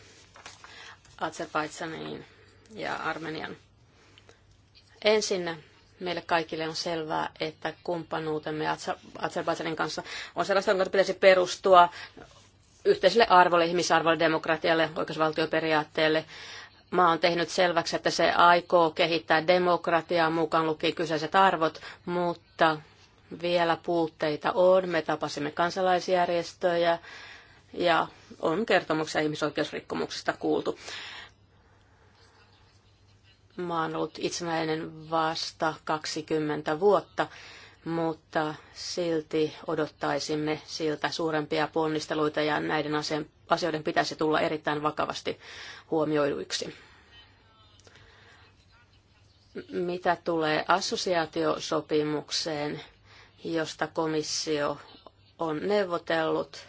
Azerbaijaniin ja Armenian. Ensin Meille kaikille on selvää, että kumppanuutemme Azerbaidžanin kanssa on sellaista, jonka pitäisi perustua yhteiselle arvolle, ihmisarvolle, demokratialle, oikeusvaltioperiaatteelle. Maa on tehnyt selväksi, että se aikoo kehittää demokratiaa, mukaan lukien kyseiset arvot, mutta vielä puutteita on. Me tapasimme kansalaisjärjestöjä ja on kertomuksia ihmisoikeusrikkomuksista kuultu maa on ollut itsenäinen vasta 20 vuotta, mutta silti odottaisimme siltä suurempia ponnisteluita ja näiden asioiden pitäisi tulla erittäin vakavasti huomioiduiksi. Mitä tulee assosiaatiosopimukseen, josta komissio on neuvotellut,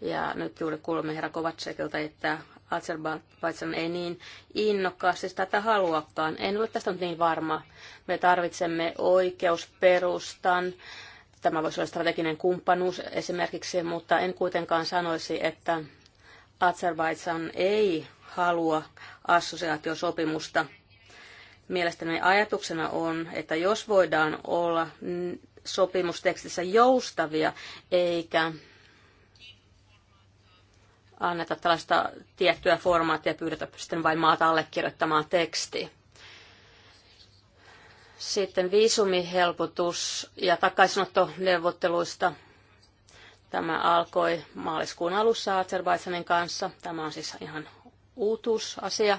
ja nyt juuri kuulemme herra Kovatsekilta, että Azerbaidžan ei niin innokkaasti tätä haluakaan. En ole tästä nyt niin varma. Me tarvitsemme oikeusperustan. Tämä voisi olla strateginen kumppanuus esimerkiksi, mutta en kuitenkaan sanoisi, että Azerbaidžan ei halua assosiaatiosopimusta. Mielestäni ajatuksena on, että jos voidaan olla sopimustekstissä joustavia eikä anneta tällaista tiettyä formaattia ja pyydetä sitten vain maata allekirjoittamaan teksti. Sitten viisumihelpotus ja takaisinottoneuvotteluista. Tämä alkoi maaliskuun alussa Azerbaidsanin kanssa. Tämä on siis ihan uutuusasia.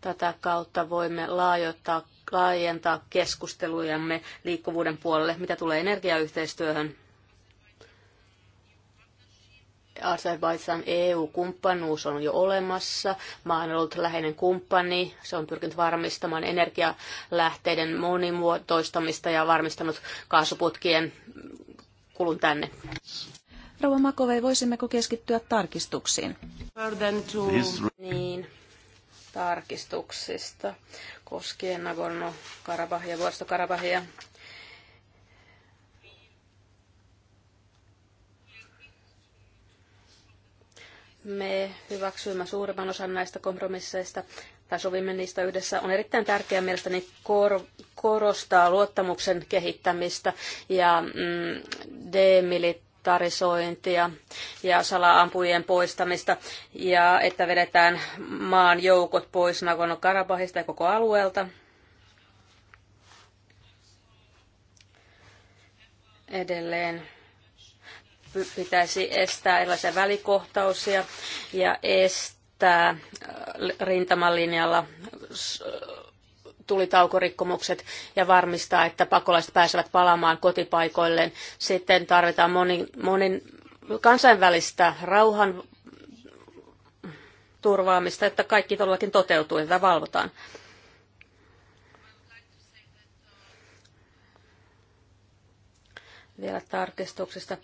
Tätä kautta voimme laajoittaa laajentaa keskustelujamme liikkuvuuden puolelle, mitä tulee energiayhteistyöhön. Azerbaidsan EU-kumppanuus on jo olemassa. Maa on ollut läheinen kumppani. Se on pyrkinyt varmistamaan energialähteiden monimuotoistamista ja varmistanut kaasuputkien kulun tänne. Rouva Makovei, voisimmeko keskittyä tarkistuksiin? Niin, tarkistuksista koskien Nagorno-Karabahia, Vuoristo-Karabahia. Me hyväksyimme suurimman osan näistä kompromisseista tai sovimme niistä yhdessä, on erittäin tärkeää mielestäni kor- korostaa luottamuksen kehittämistä ja mm, demilit militarisointia ja salaampujien poistamista ja että vedetään maan joukot pois Nagorno-Karabahista ja koko alueelta. Edelleen pitäisi estää erilaisia välikohtauksia ja estää äh, rintamalinjalla tulitaukorikkomukset ja varmistaa, että pakolaiset pääsevät palaamaan kotipaikoilleen. Sitten tarvitaan monin, monin kansainvälistä rauhan turvaamista, että kaikki todellakin toteutuu ja valvotaan. Vielä tarkistuksista.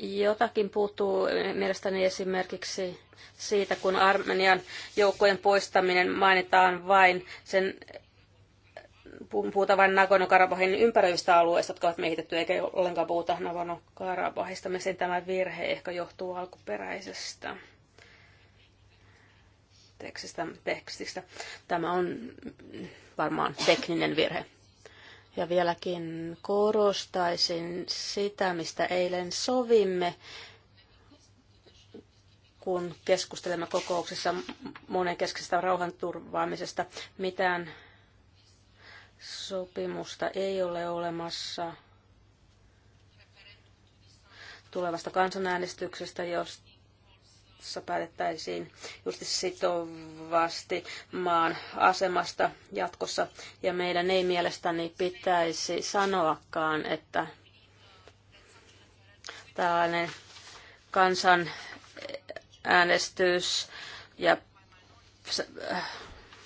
Jotakin puuttuu mielestäni esimerkiksi siitä, kun Armenian joukkojen poistaminen mainitaan vain sen puhutaan vain Nagorno-Karabahin ympäröivistä alueista, jotka ovat miehitetty, eikä ollenkaan puhuta Nagorno-Karabahista. sen tämä virhe ehkä johtuu alkuperäisestä tekstistä, tekstistä. Tämä on varmaan tekninen virhe. Ja vieläkin korostaisin sitä, mistä eilen sovimme, kun keskustelemme kokouksessa monen monenkeskistä rauhanturvaamisesta. Mitään Sopimusta ei ole olemassa tulevasta kansanäänestyksestä, jossa päätettäisiin justi sitovasti maan asemasta jatkossa. Ja meidän ei mielestäni pitäisi sanoakaan, että tällainen kansanäänestys ja äh,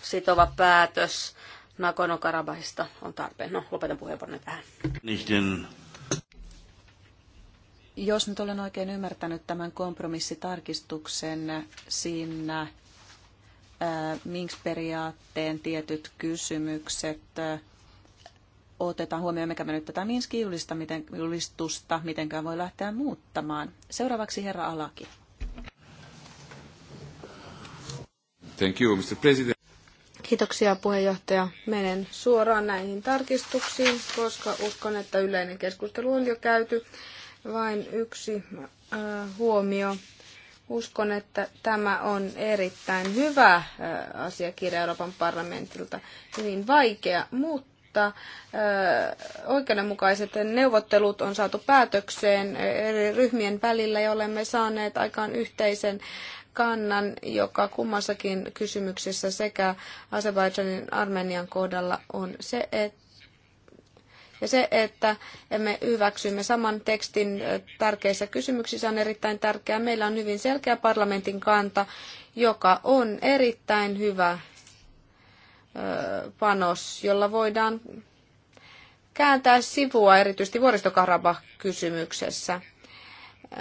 sitova päätös Nagorno-Karabahista on tarpeen. No, lopetan puheenvuoron tähän. Nichten. Jos nyt olen oikein ymmärtänyt tämän kompromissitarkistuksen, siinä äh, Minsk-periaatteen tietyt kysymykset äh, otetaan huomioon, mikä me nyt tätä Minsk-julistusta miten, mitenkään voi lähteä muuttamaan. Seuraavaksi herra Alaki. Thank you, Mr. President. Kiitoksia puheenjohtaja. Menen suoraan näihin tarkistuksiin, koska uskon, että yleinen keskustelu on jo käyty. Vain yksi äh, huomio. Uskon, että tämä on erittäin hyvä äh, asiakirja Euroopan parlamentilta. Hyvin vaikea, mutta äh, oikeudenmukaiset neuvottelut on saatu päätökseen eri ryhmien välillä ja olemme saaneet aikaan yhteisen kannan, joka kummassakin kysymyksessä sekä Azerbaijanin Armenian kohdalla on se, että ja se, että me hyväksymme saman tekstin tärkeissä kysymyksissä on erittäin tärkeää. Meillä on hyvin selkeä parlamentin kanta, joka on erittäin hyvä panos, jolla voidaan kääntää sivua erityisesti vuoristokarabah-kysymyksessä.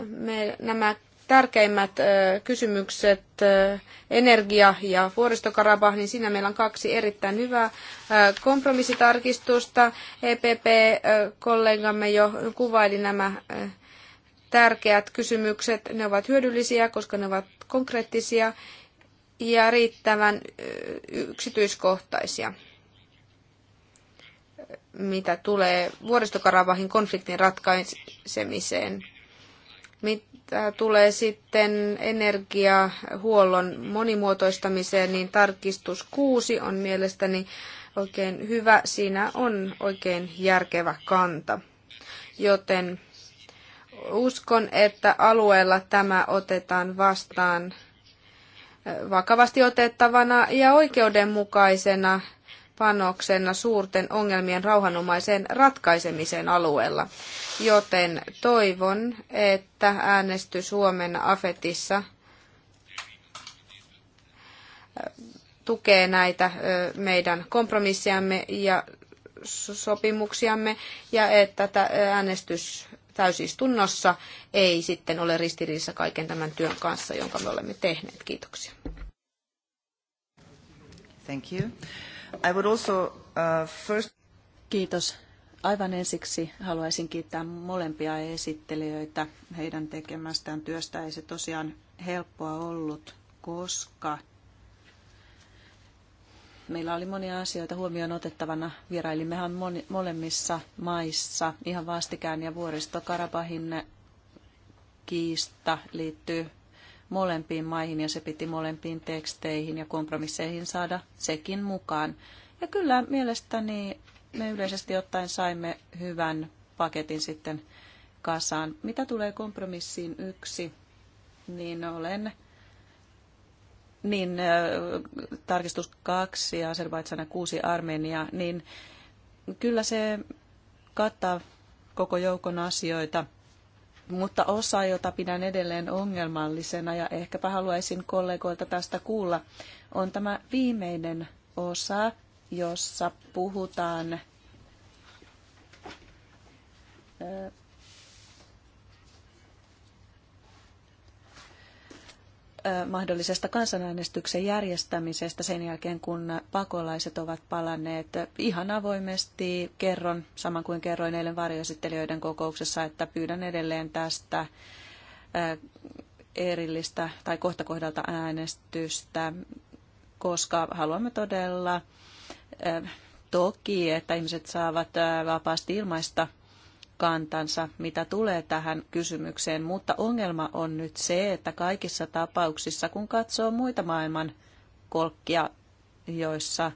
Me, nämä tärkeimmät kysymykset, energia ja vuoristokarabah, niin siinä meillä on kaksi erittäin hyvää kompromissitarkistusta. EPP-kollegamme jo kuvaili nämä tärkeät kysymykset. Ne ovat hyödyllisiä, koska ne ovat konkreettisia ja riittävän yksityiskohtaisia mitä tulee vuoristokarabahin konfliktin ratkaisemiseen. Mitä tulee sitten energiahuollon monimuotoistamiseen, niin tarkistus 6 on mielestäni oikein hyvä. Siinä on oikein järkevä kanta. Joten uskon, että alueella tämä otetaan vastaan vakavasti otettavana ja oikeudenmukaisena panoksena suurten ongelmien rauhanomaiseen ratkaisemiseen alueella. Joten toivon, että äänestys huomenna AFETissa äh, tukee näitä äh, meidän kompromissiamme ja sopimuksiamme ja että äänestys täysistunnossa ei sitten ole ristiriidassa kaiken tämän työn kanssa, jonka me olemme tehneet. Kiitoksia. Thank you. I would also, uh, first... Kiitos. Aivan ensiksi haluaisin kiittää molempia esittelijöitä heidän tekemästään työstä. Ei se tosiaan helppoa ollut, koska meillä oli monia asioita huomioon otettavana. Vierailimmehan moni, molemmissa maissa ihan vastikään ja vuoristo Karabahin kiista liittyy molempiin maihin ja se piti molempiin teksteihin ja kompromisseihin saada sekin mukaan. Ja kyllä mielestäni me yleisesti ottaen saimme hyvän paketin sitten kasaan. Mitä tulee kompromissiin yksi, niin olen niin tarkistus kaksi ja Azerbaidsana kuusi Armenia, niin kyllä se kattaa koko joukon asioita – mutta osa, jota pidän edelleen ongelmallisena ja ehkäpä haluaisin kollegoilta tästä kuulla, on tämä viimeinen osa, jossa puhutaan mahdollisesta kansanäänestyksen järjestämisestä sen jälkeen, kun pakolaiset ovat palanneet. Ihan avoimesti kerron, saman kuin kerroin eilen varjoesittelijöiden kokouksessa, että pyydän edelleen tästä erillistä tai kohtakohdalta äänestystä, koska haluamme todella toki, että ihmiset saavat vapaasti ilmaista kantansa, mitä tulee tähän kysymykseen, mutta ongelma on nyt se, että kaikissa tapauksissa, kun katsoo muita maailman kolkkia, joissa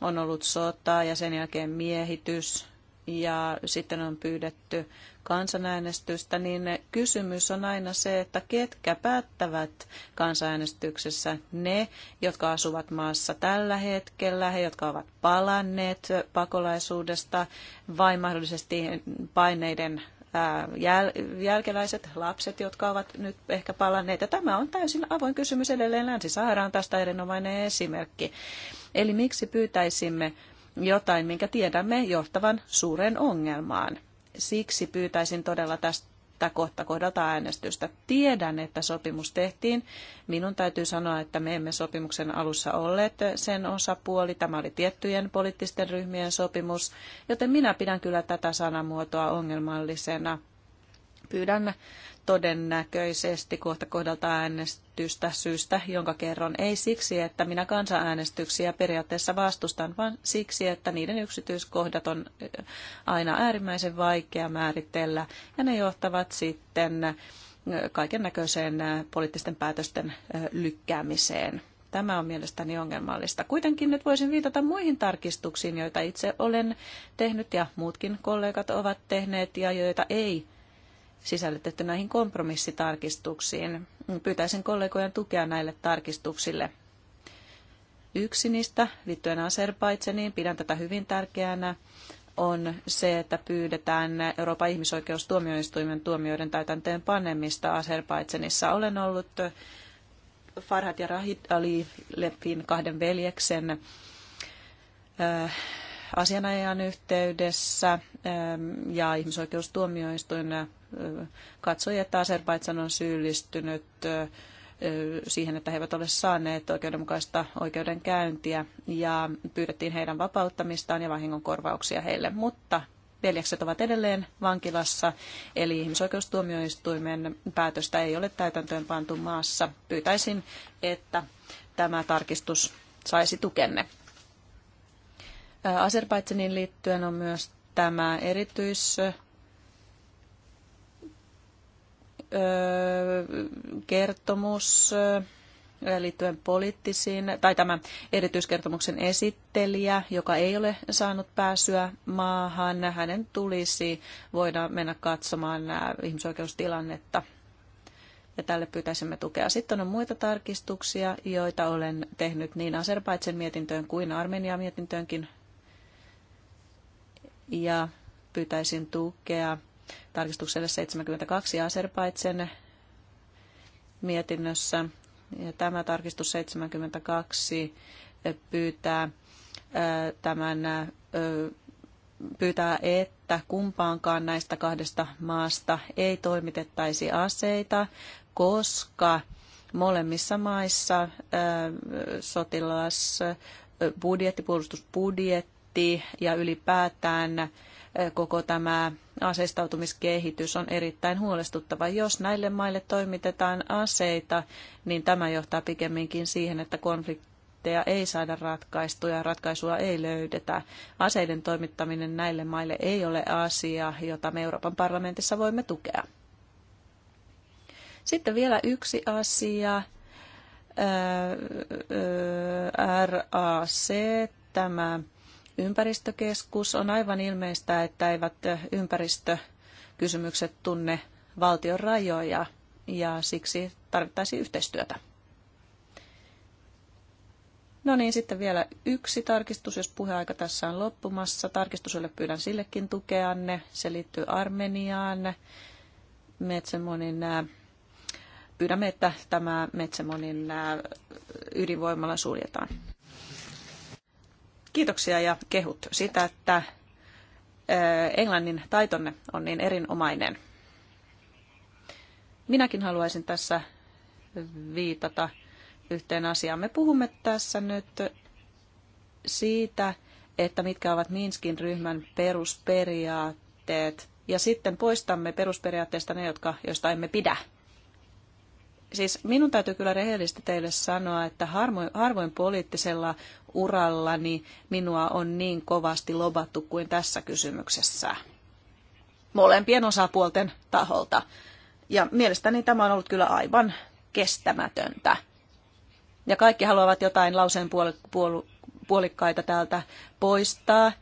on ollut sotaa ja sen jälkeen miehitys ja sitten on pyydetty kansanäänestystä, niin kysymys on aina se, että ketkä päättävät kansanäänestyksessä ne, jotka asuvat maassa tällä hetkellä, he, jotka ovat palanneet pakolaisuudesta vai mahdollisesti paineiden jäl- jälkeläiset lapset, jotka ovat nyt ehkä palanneet. Ja tämä on täysin avoin kysymys edelleen. Länsi-Sahara on tästä erinomainen esimerkki. Eli miksi pyytäisimme jotain, minkä tiedämme johtavan suureen ongelmaan? Siksi pyytäisin todella tästä kohta kohdalta äänestystä. Tiedän, että sopimus tehtiin. Minun täytyy sanoa, että me emme sopimuksen alussa olleet sen osapuoli. Tämä oli tiettyjen poliittisten ryhmien sopimus, joten minä pidän kyllä tätä sanamuotoa ongelmallisena. Pyydän todennäköisesti kohta kohdalta äänestystä syystä, jonka kerron ei siksi, että minä kansanäänestyksiä periaatteessa vastustan, vaan siksi, että niiden yksityiskohdat on äh, aina äärimmäisen vaikea määritellä ja ne johtavat sitten äh, kaiken näköiseen äh, poliittisten päätösten lykkäämiseen. Tämä on mielestäni ongelmallista. Kuitenkin nyt voisin viitata muihin tarkistuksiin, joita itse olen tehnyt ja muutkin kollegat ovat tehneet ja joita ei sisällytetty näihin kompromissitarkistuksiin. Pyytäisin kollegojen tukea näille tarkistuksille. Yksi niistä liittyen Azerbaidseniin, pidän tätä hyvin tärkeänä, on se, että pyydetään Euroopan ihmisoikeustuomioistuimen tuomioiden täytäntöön panemista Azerbaidsenissa. Olen ollut Farhat ja Rahid Ali Lepin kahden veljeksen äh, asianajan yhteydessä ähm, ja ihmisoikeustuomioistuin katsoi, että Azerbaidsan on syyllistynyt siihen, että he eivät ole saaneet oikeudenmukaista oikeudenkäyntiä ja pyydettiin heidän vapauttamistaan ja vahingonkorvauksia heille. Mutta veljekset ovat edelleen vankilassa, eli ihmisoikeustuomioistuimen päätöstä ei ole täytäntöön pantu maassa. Pyytäisin, että tämä tarkistus saisi tukenne. Azerbaidsaniin liittyen on myös tämä erityis kertomus liittyen poliittisiin, tai tämä erityiskertomuksen esittelijä, joka ei ole saanut pääsyä maahan, hänen tulisi voida mennä katsomaan ihmisoikeustilannetta. Ja tälle pyytäisimme tukea. Sitten on muita tarkistuksia, joita olen tehnyt niin Aserbaidsen mietintöön kuin Armenia mietintöönkin. Ja pyytäisin tukea tarkistukselle 72 Aserbaidsen mietinnössä. Ja tämä tarkistus 72 pyytää tämän pyytää, että kumpaankaan näistä kahdesta maasta ei toimitettaisi aseita, koska molemmissa maissa sotilasbudjetti, puolustusbudjetti ja ylipäätään koko tämä aseistautumiskehitys on erittäin huolestuttava. Jos näille maille toimitetaan aseita, niin tämä johtaa pikemminkin siihen, että konflikteja ei saada ratkaistua ja ratkaisua ei löydetä. Aseiden toimittaminen näille maille ei ole asia, jota me Euroopan parlamentissa voimme tukea. Sitten vielä yksi asia. RAC, tämä ympäristökeskus. On aivan ilmeistä, että eivät ympäristökysymykset tunne valtion rajoja ja siksi tarvittaisiin yhteistyötä. No niin, sitten vielä yksi tarkistus, jos puheaika tässä on loppumassa. Tarkistuselle pyydän sillekin tukeanne. Se liittyy Armeniaan. Metsämonin, äh, pyydämme, että tämä Metsämonin äh, ydinvoimalla suljetaan. Kiitoksia ja kehut sitä, että englannin taitonne on niin erinomainen. Minäkin haluaisin tässä viitata yhteen asiaan. Me puhumme tässä nyt siitä, että mitkä ovat Minskin ryhmän perusperiaatteet, ja sitten poistamme perusperiaatteesta ne, jotka, joista emme pidä siis minun täytyy kyllä rehellisesti teille sanoa, että harvoin, harvoin poliittisella urallani minua on niin kovasti lobattu kuin tässä kysymyksessä molempien osapuolten taholta. Ja mielestäni tämä on ollut kyllä aivan kestämätöntä. Ja kaikki haluavat jotain lauseen puolikkaita täältä poistaa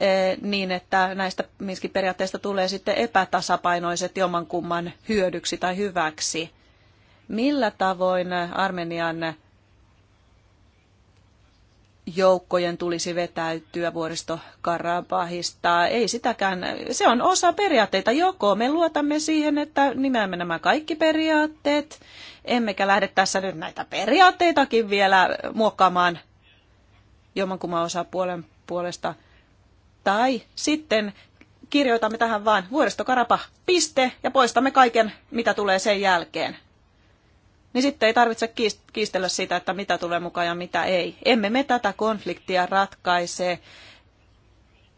eh, niin, että näistä Minskin periaatteista tulee sitten epätasapainoiset jomankumman hyödyksi tai hyväksi millä tavoin Armenian joukkojen tulisi vetäytyä vuoristo Karabahista. Ei sitäkään, se on osa periaatteita. Joko me luotamme siihen, että nimeämme nämä kaikki periaatteet, emmekä lähde tässä nyt näitä periaatteitakin vielä muokkaamaan jommankumman osapuolen puolesta. Tai sitten kirjoitamme tähän vain vuoristo Karabah, piste ja poistamme kaiken, mitä tulee sen jälkeen niin sitten ei tarvitse kiistellä sitä, että mitä tulee mukaan ja mitä ei. Emme me tätä konfliktia ratkaise,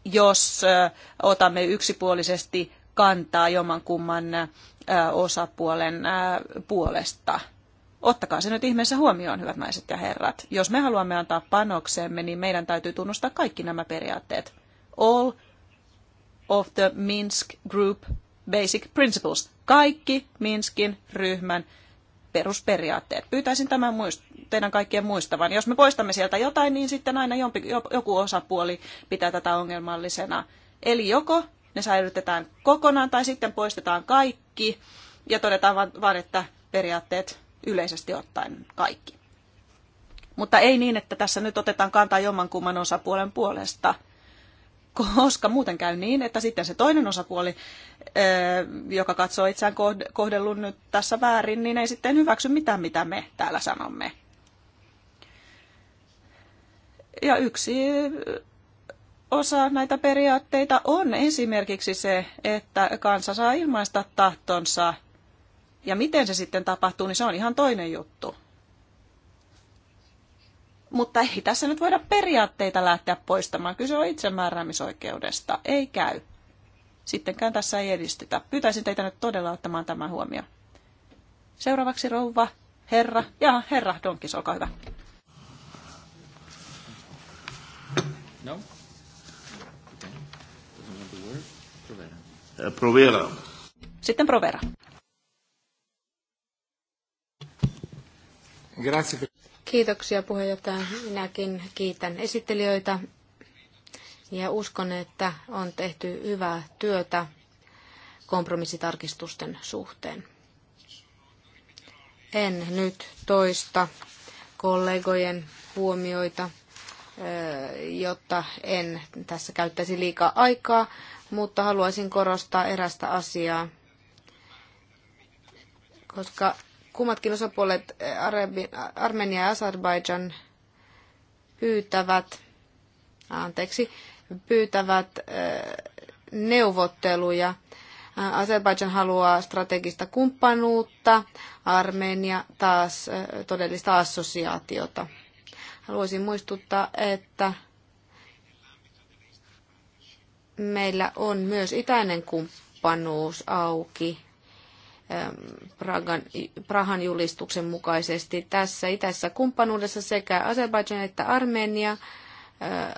jos otamme yksipuolisesti kantaa jomankumman osapuolen puolesta. Ottakaa se nyt ihmeessä huomioon, hyvät naiset ja herrat. Jos me haluamme antaa panoksemme, niin meidän täytyy tunnustaa kaikki nämä periaatteet. All of the Minsk Group Basic Principles. Kaikki Minskin ryhmän perusperiaatteet. Pyytäisin tämän muist- teidän kaikkien muistavan. Jos me poistamme sieltä jotain, niin sitten aina jompi, joku osapuoli pitää tätä ongelmallisena. Eli joko ne säilytetään kokonaan tai sitten poistetaan kaikki ja todetaan vaan, että periaatteet yleisesti ottaen kaikki. Mutta ei niin, että tässä nyt otetaan kantaa jommankumman osapuolen puolesta – koska muuten käy niin, että sitten se toinen osapuoli, joka katsoo itseään kohdellun nyt tässä väärin, niin ei sitten hyväksy mitään, mitä me täällä sanomme. Ja yksi osa näitä periaatteita on esimerkiksi se, että kansa saa ilmaista tahtonsa. Ja miten se sitten tapahtuu, niin se on ihan toinen juttu. Mutta ei tässä nyt voida periaatteita lähteä poistamaan. Kyse on itsemääräämisoikeudesta. Ei käy. Sittenkään tässä ei edistytä. Pyytäisin teitä nyt todella ottamaan tämän huomioon. Seuraavaksi rouva, herra ja herra Donkis, olkaa hyvä. No? Eh, Provera. Sitten Provera. Grazie. Kiitoksia puheenjohtaja. Minäkin kiitän esittelijöitä ja uskon, että on tehty hyvää työtä kompromissitarkistusten suhteen. En nyt toista kollegojen huomioita, eh, jotta en tässä käyttäisi liikaa aikaa, mutta haluaisin korostaa erästä asiaa, koska kummatkin osapuolet, eh, Arabi, Armenia ja Azerbaijan, pyytävät, anteeksi, pyytävät eh, neuvotteluja. Eh, Azerbaijan haluaa strategista kumppanuutta, Armenia taas todellista assosiaatiota. Haluaisin muistuttaa, että meillä on myös itäinen kumppanuus auki Ähm, Pragan, Prahan julistuksen mukaisesti. Tässä itässä kumppanuudessa sekä Azerbaijan että Armenia äh,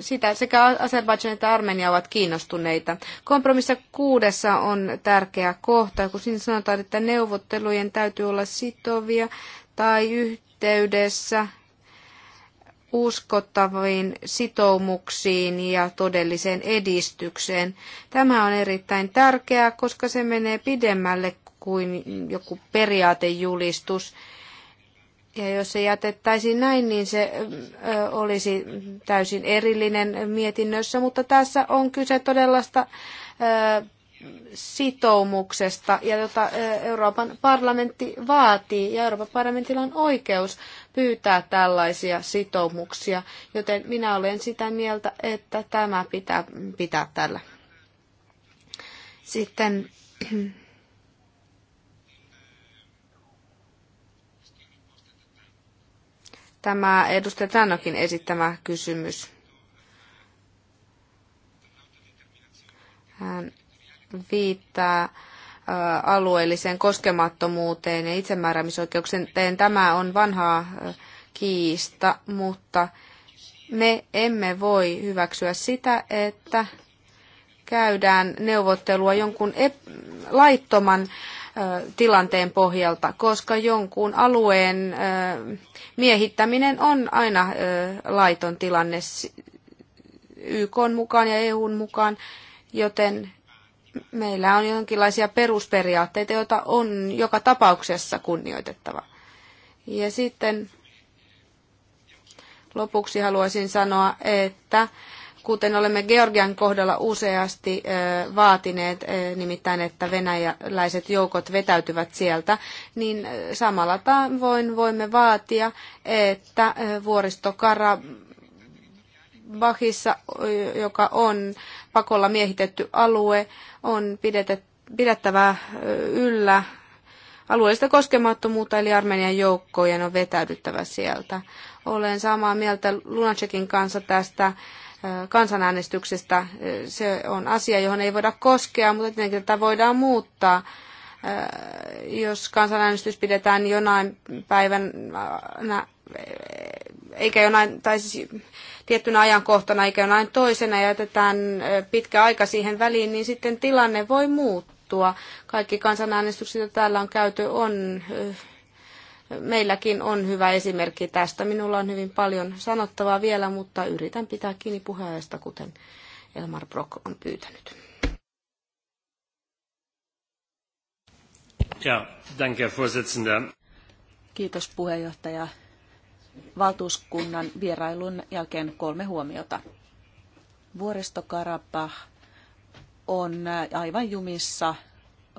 sitä sekä Azerbaijan että Armenia ovat kiinnostuneita. Kompromissa kuudessa on tärkeä kohta, kun siinä sanotaan, että neuvottelujen täytyy olla sitovia tai yhteydessä uskottaviin sitoumuksiin ja todelliseen edistykseen. Tämä on erittäin tärkeää, koska se menee pidemmälle kuin joku periaatejulistus. Ja jos se jätettäisiin näin, niin se olisi täysin erillinen mietinnössä, mutta tässä on kyse todellasta sitoumuksesta, ja jota Euroopan parlamentti vaatii, ja Euroopan parlamentilla on oikeus pyytää tällaisia sitoumuksia, joten minä olen sitä mieltä, että tämä pitää pitää tällä. Sitten tämä edustaja Tannokin esittämä kysymys. Hän viittaa alueelliseen koskemattomuuteen ja itsemääräämisoikeuksien. Tämä on vanhaa kiista, mutta me emme voi hyväksyä sitä, että käydään neuvottelua jonkun laittoman tilanteen pohjalta, koska jonkun alueen miehittäminen on aina laiton tilanne YK mukaan ja EUn mukaan, joten meillä on jonkinlaisia perusperiaatteita, joita on joka tapauksessa kunnioitettava. Ja sitten lopuksi haluaisin sanoa, että kuten olemme Georgian kohdalla useasti vaatineet, nimittäin että venäläiset joukot vetäytyvät sieltä, niin samalla tavoin voimme vaatia, että vuoristokara Bahissa, joka on pakolla miehitetty alue, on pidettävä yllä alueellista koskemattomuutta, eli Armenian joukkojen on vetäydyttävä sieltä. Olen samaa mieltä Lunacekin kanssa tästä kansanäänestyksestä. Se on asia, johon ei voida koskea, mutta tietenkin tätä voidaan muuttaa. Jos kansanäänestys pidetään jonain päivänä, eikä jonain, tai siis tiettynä ajankohtana eikä aina toisena ja jätetään pitkä aika siihen väliin, niin sitten tilanne voi muuttua. Kaikki kansanäänestykset, joita täällä on käyty, on meilläkin on hyvä esimerkki tästä. Minulla on hyvin paljon sanottavaa vielä, mutta yritän pitää kiinni puheenjohtajasta, kuten Elmar Brock on pyytänyt. Ja, danke, Kiitos puheenjohtaja valtuuskunnan vierailun jälkeen kolme huomiota. Vuoristokarabah on aivan jumissa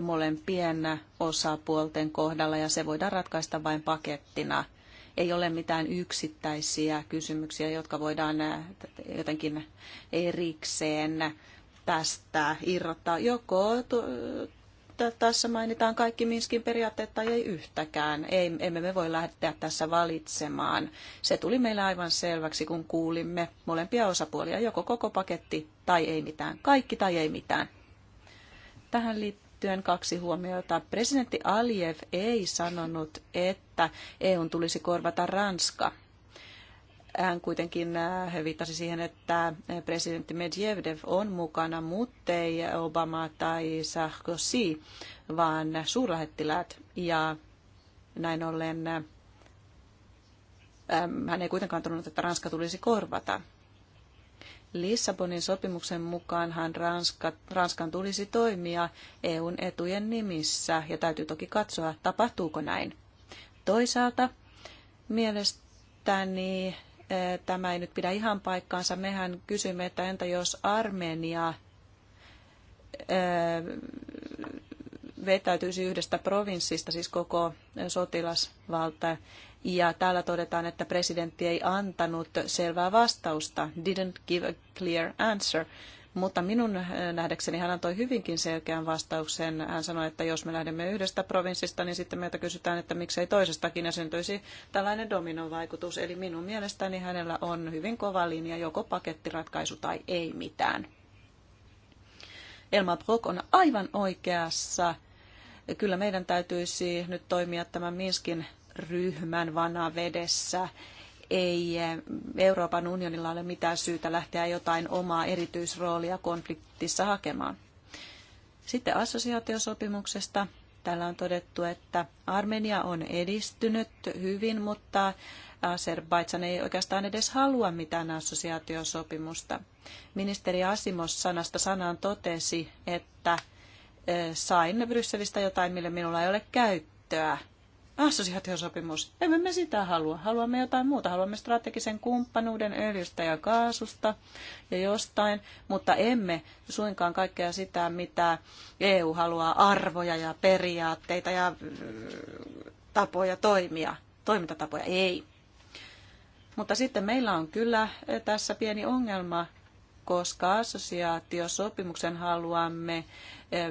molempien osapuolten kohdalla ja se voidaan ratkaista vain pakettina. Ei ole mitään yksittäisiä kysymyksiä, jotka voidaan jotenkin erikseen tästä irrottaa. Joko että tässä mainitaan kaikki Minskin periaatteet tai ei yhtäkään. Ei, emme me voi lähteä tässä valitsemaan. Se tuli meille aivan selväksi, kun kuulimme molempia osapuolia, joko koko paketti tai ei mitään, kaikki tai ei mitään. Tähän liittyen kaksi huomiota. Presidentti Aliyev ei sanonut, että EUn tulisi korvata Ranska – hän kuitenkin äh, he viittasi siihen, että äh, presidentti Medvedev on mukana, muttei Obama tai Sarkozy, vaan suurlähettiläät. Ja näin ollen äh, hän ei kuitenkaan tunnut, että Ranska tulisi korvata. Lissabonin sopimuksen mukaanhan Ranska, Ranskan tulisi toimia EUn etujen nimissä ja täytyy toki katsoa, tapahtuuko näin. Toisaalta mielestäni Eh, tämä ei nyt pidä ihan paikkaansa. Mehän kysymme, että entä jos Armenia eh, vetäytyisi yhdestä provinssista, siis koko sotilasvalta. Ja täällä todetaan, että presidentti ei antanut selvää vastausta, didn't give a clear answer. Mutta minun eh, nähdäkseni hän antoi hyvinkin selkeän vastauksen. Hän sanoi, että jos me lähdemme yhdestä provinssista, niin sitten meiltä kysytään, että miksei toisestakin ja syntyisi tällainen dominovaikutus. Eli minun mielestäni hänellä on hyvin kova linja, joko pakettiratkaisu tai ei mitään. Elma Brock on aivan oikeassa. Kyllä meidän täytyisi nyt toimia tämän Minskin ryhmän vanavedessä. vedessä ei eh, Euroopan unionilla ole mitään syytä lähteä jotain omaa erityisroolia konfliktissa hakemaan. Sitten assosiaatiosopimuksesta. Täällä on todettu, että Armenia on edistynyt hyvin, mutta Azerbaidsan ei oikeastaan edes halua mitään assosiaatiosopimusta. Ministeri Asimos sanasta sanaan totesi, että eh, sain Brysselistä jotain, mille minulla ei ole käyttöä assosiaatiosopimus. Emme me sitä halua. Haluamme jotain muuta. Haluamme strategisen kumppanuuden öljystä ja kaasusta ja jostain, mutta emme suinkaan kaikkea sitä, mitä EU haluaa, arvoja ja periaatteita ja äh, tapoja toimia, toimintatapoja. Ei. Mutta sitten meillä on kyllä äh, tässä pieni ongelma koska assosiaatiosopimuksen haluamme eh,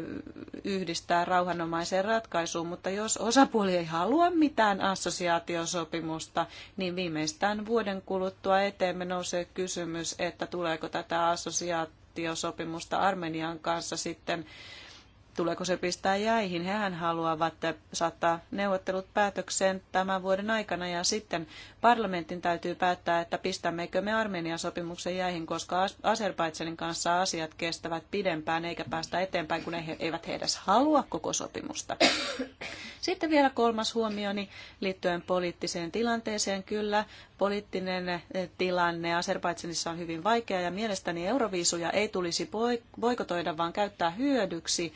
yhdistää rauhanomaiseen ratkaisuun, mutta jos osapuoli ei halua mitään assosiaatiosopimusta, niin viimeistään vuoden kuluttua eteemme nousee kysymys, että tuleeko tätä assosiaatiosopimusta Armenian kanssa sitten Tuleeko se pistää jäihin? Hehän haluavat saattaa neuvottelut päätökseen tämän vuoden aikana ja sitten parlamentin täytyy päättää, että pistämmekö me Armenian sopimuksen jäihin, koska Azerbaidsanin kanssa asiat kestävät pidempään eikä päästä eteenpäin, kun he eivät he edes halua koko sopimusta. Sitten vielä kolmas huomioni liittyen poliittiseen tilanteeseen. Kyllä, poliittinen eh, tilanne Azerbaidsanissa on hyvin vaikea ja mielestäni euroviisuja ei tulisi boikotoida, vaan käyttää hyödyksi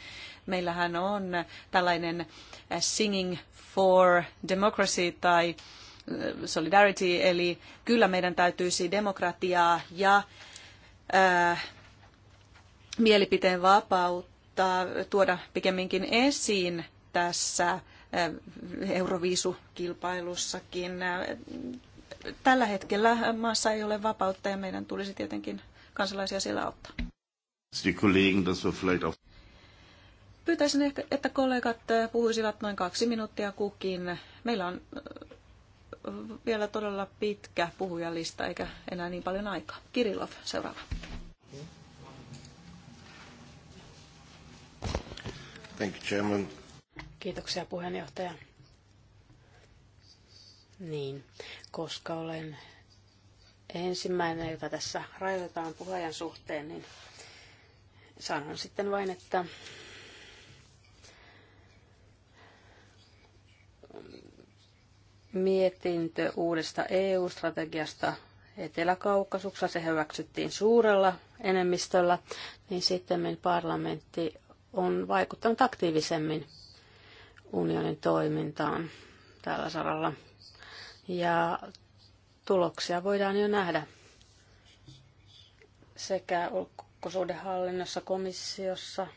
Meillähän on tällainen äh, Singing for Democracy tai äh, Solidarity, eli kyllä meidän täytyisi demokratiaa ja ää, äh, mielipiteen vapautta tuoda pikemminkin esiin tässä Euroviisukilpailussakin. Tällä hetkellä maassa ei ole vapautta ja meidän tulisi tietenkin kansalaisia siellä auttaa. Pyytäisin ehkä, että kollegat eh, puhuisivat noin kaksi minuuttia kukin. Meillä on eh, vielä todella pitkä puhujalista eikä enää niin paljon aikaa. Kirillov, seuraava. Thank you, Chairman. Kiitoksia puheenjohtaja. Niin, koska olen ensimmäinen, jota tässä rajoitetaan puheen suhteen, niin sanon sitten vain, että mietintö uudesta EU-strategiasta etelä kaukasuksessa Se hyväksyttiin suurella enemmistöllä, niin sitten parlamentti on vaikuttanut aktiivisemmin unionin toimintaan tällä saralla. Ja tuloksia voidaan jo nähdä sekä ulkosuhdehallinnossa, komissiossa –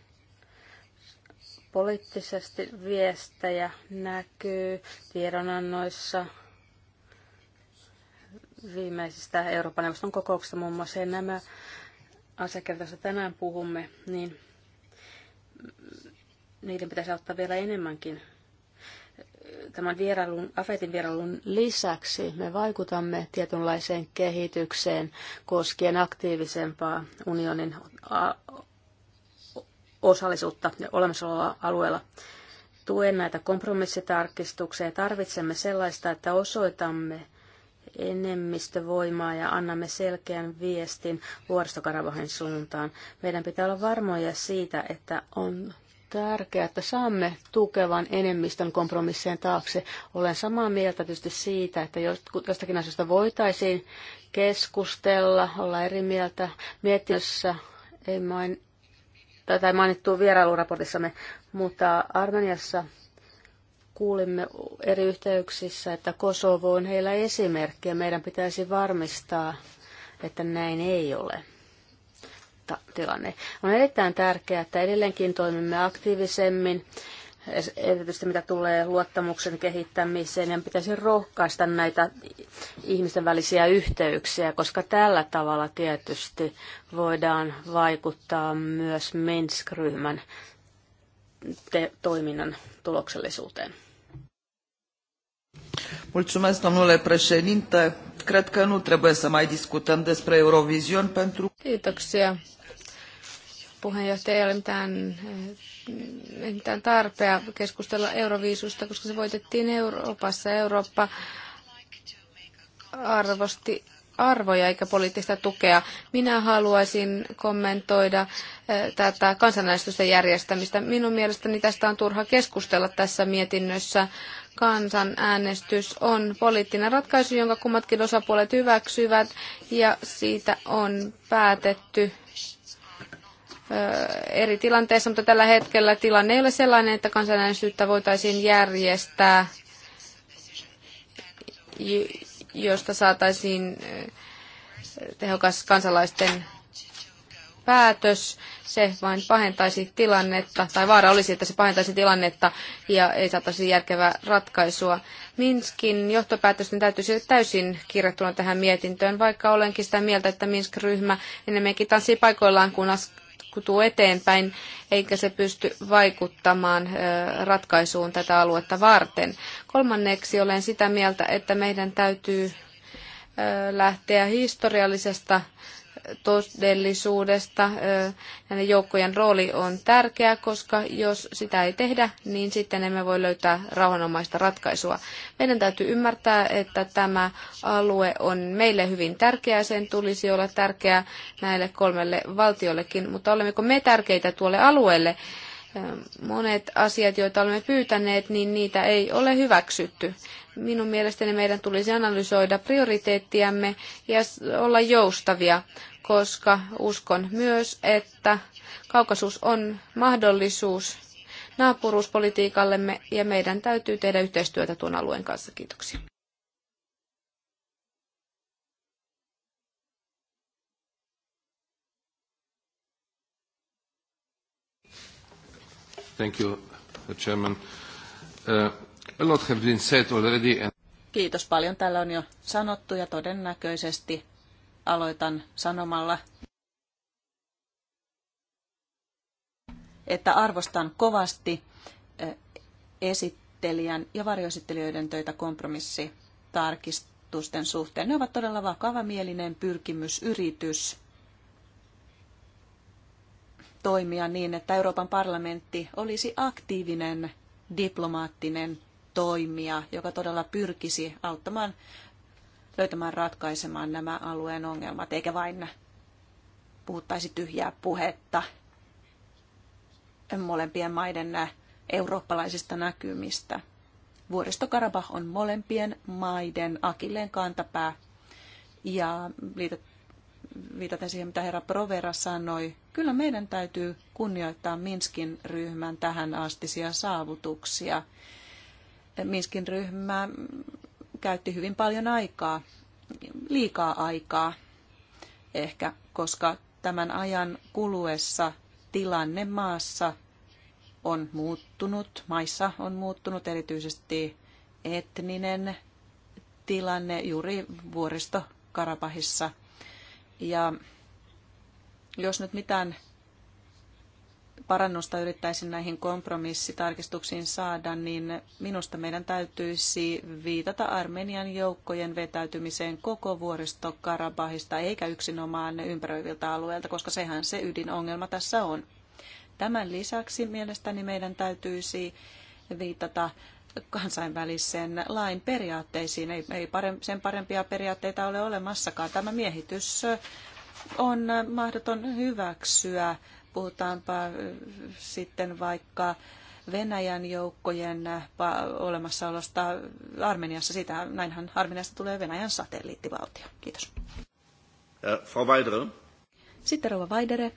Poliittisesti viestejä näkyy tiedonannoissa viimeisistä Euroopan neuvoston kokouksista muun muassa. Ja nämä asiakirjat, joista tänään puhumme, niin niiden pitäisi ottaa vielä enemmänkin tämän vierailun, AFETin vierailun lisäksi me vaikutamme tietynlaiseen kehitykseen koskien aktiivisempaa unionin osallisuutta olemassaoloa alueella. Tuen näitä kompromissitarkistuksia. Tarvitsemme sellaista, että osoitamme enemmistövoimaa ja annamme selkeän viestin vuoristokarabahin suuntaan. Meidän pitää olla varmoja siitä, että on tärkeää, että saamme tukevan enemmistön kompromissien taakse. Olen samaa mieltä tietysti siitä, että jostakin asioista voitaisiin keskustella, olla eri mieltä. Miettiössä ei main, tätä mainittu vierailuraportissamme, mutta Armeniassa kuulimme eri yhteyksissä, että Kosovo on heillä esimerkki ja meidän pitäisi varmistaa, että näin ei ole tilanne. On erittäin tärkeää, että edelleenkin toimimme aktiivisemmin erityisesti mitä tulee luottamuksen kehittämiseen, ja niin pitäisi rohkaista näitä ihmisten välisiä yhteyksiä, koska tällä tavalla tietysti voidaan vaikuttaa myös Minsk-ryhmän toiminnan tuloksellisuuteen. Mulțumesc, domnule președinte. Cred că nu trebuie să mai discutăm despre Eurovision pentru... Kiitoksia. Puheenjohtaja ei ole mitään eh, mitään tarpea keskustella euroviisusta, koska se voitettiin Euroopassa. Eurooppa arvosti arvoja eikä poliittista tukea. Minä haluaisin kommentoida eh, tätä kansanäänestysten järjestämistä. Minun mielestäni tästä on turha keskustella tässä mietinnössä. Kansanäänestys on poliittinen ratkaisu, jonka kummatkin osapuolet hyväksyvät ja siitä on päätetty eri tilanteissa, mutta tällä hetkellä tilanne ei ole sellainen, että kansanäänestystä voitaisiin järjestää, josta saataisiin tehokas kansalaisten päätös. Se vain pahentaisi tilannetta, tai vaara olisi, että se pahentaisi tilannetta ja ei saataisi järkevää ratkaisua. Minskin johtopäätösten täytyisi olla täysin kirjattuna tähän mietintöön, vaikka olenkin sitä mieltä, että Minsk-ryhmä enemmänkin tanssii paikoillaan, kuin liikkuu eteenpäin, eikä se pysty vaikuttamaan ratkaisuun tätä aluetta varten. Kolmanneksi olen sitä mieltä, että meidän täytyy lähteä historiallisesta todellisuudesta. Näiden joukkojen rooli on tärkeä, koska jos sitä ei tehdä, niin sitten emme voi löytää rauhanomaista ratkaisua. Meidän täytyy ymmärtää, että tämä alue on meille hyvin tärkeä, sen tulisi olla tärkeä näille kolmelle valtiollekin, mutta olemmeko me tärkeitä tuolle alueelle? Monet asiat, joita olemme pyytäneet, niin niitä ei ole hyväksytty. Minun mielestäni meidän tulisi analysoida prioriteettiamme ja olla joustavia, koska uskon myös, että kaukasuus on mahdollisuus naapuruuspolitiikallemme ja meidän täytyy tehdä yhteistyötä tuon alueen kanssa. Kiitoksia. Thank you, Chairman. Uh, Kiitos paljon. Täällä on jo sanottu ja todennäköisesti aloitan sanomalla, että arvostan kovasti eh, esittelijän ja varjoesittelijöiden töitä kompromissitarkistusten suhteen. Ne ovat todella vakavamielinen pyrkimys, yritys toimia niin, että Euroopan parlamentti olisi aktiivinen diplomaattinen toimija, joka todella pyrkisi auttamaan löytämään ratkaisemaan nämä alueen ongelmat, eikä vain puhuttaisi tyhjää puhetta molempien maiden eurooppalaisista näkymistä. Vuoristokarabah on molempien maiden akilleen kantapää. Ja viitaten siihen, mitä herra Provera sanoi, kyllä meidän täytyy kunnioittaa Minskin ryhmän tähän astisia saavutuksia. Minskin ryhmä käytti hyvin paljon aikaa, liikaa aikaa ehkä, koska tämän ajan kuluessa tilanne maassa on muuttunut, maissa on muuttunut erityisesti etninen tilanne juuri vuoristo Karabahissa. Ja jos nyt mitään parannusta yrittäisin näihin kompromissitarkistuksiin saada, niin minusta meidän täytyisi viitata Armenian joukkojen vetäytymiseen koko vuoristo Karabahista, eikä yksinomaan ympäröiviltä alueilta, koska sehän se ydinongelma tässä on. Tämän lisäksi mielestäni meidän täytyisi viitata kansainvälisen lain periaatteisiin. Ei, ei parempi, sen parempia periaatteita ole olemassakaan. Tämä miehitys on mahdoton hyväksyä Puhutaanpa sitten vaikka Venäjän joukkojen olemassaolosta Armeniassa. Sitä, näinhän Armeniasta tulee Venäjän satelliittivaltio. Kiitos. Frau Weidere. Sitten Rova Vaidere.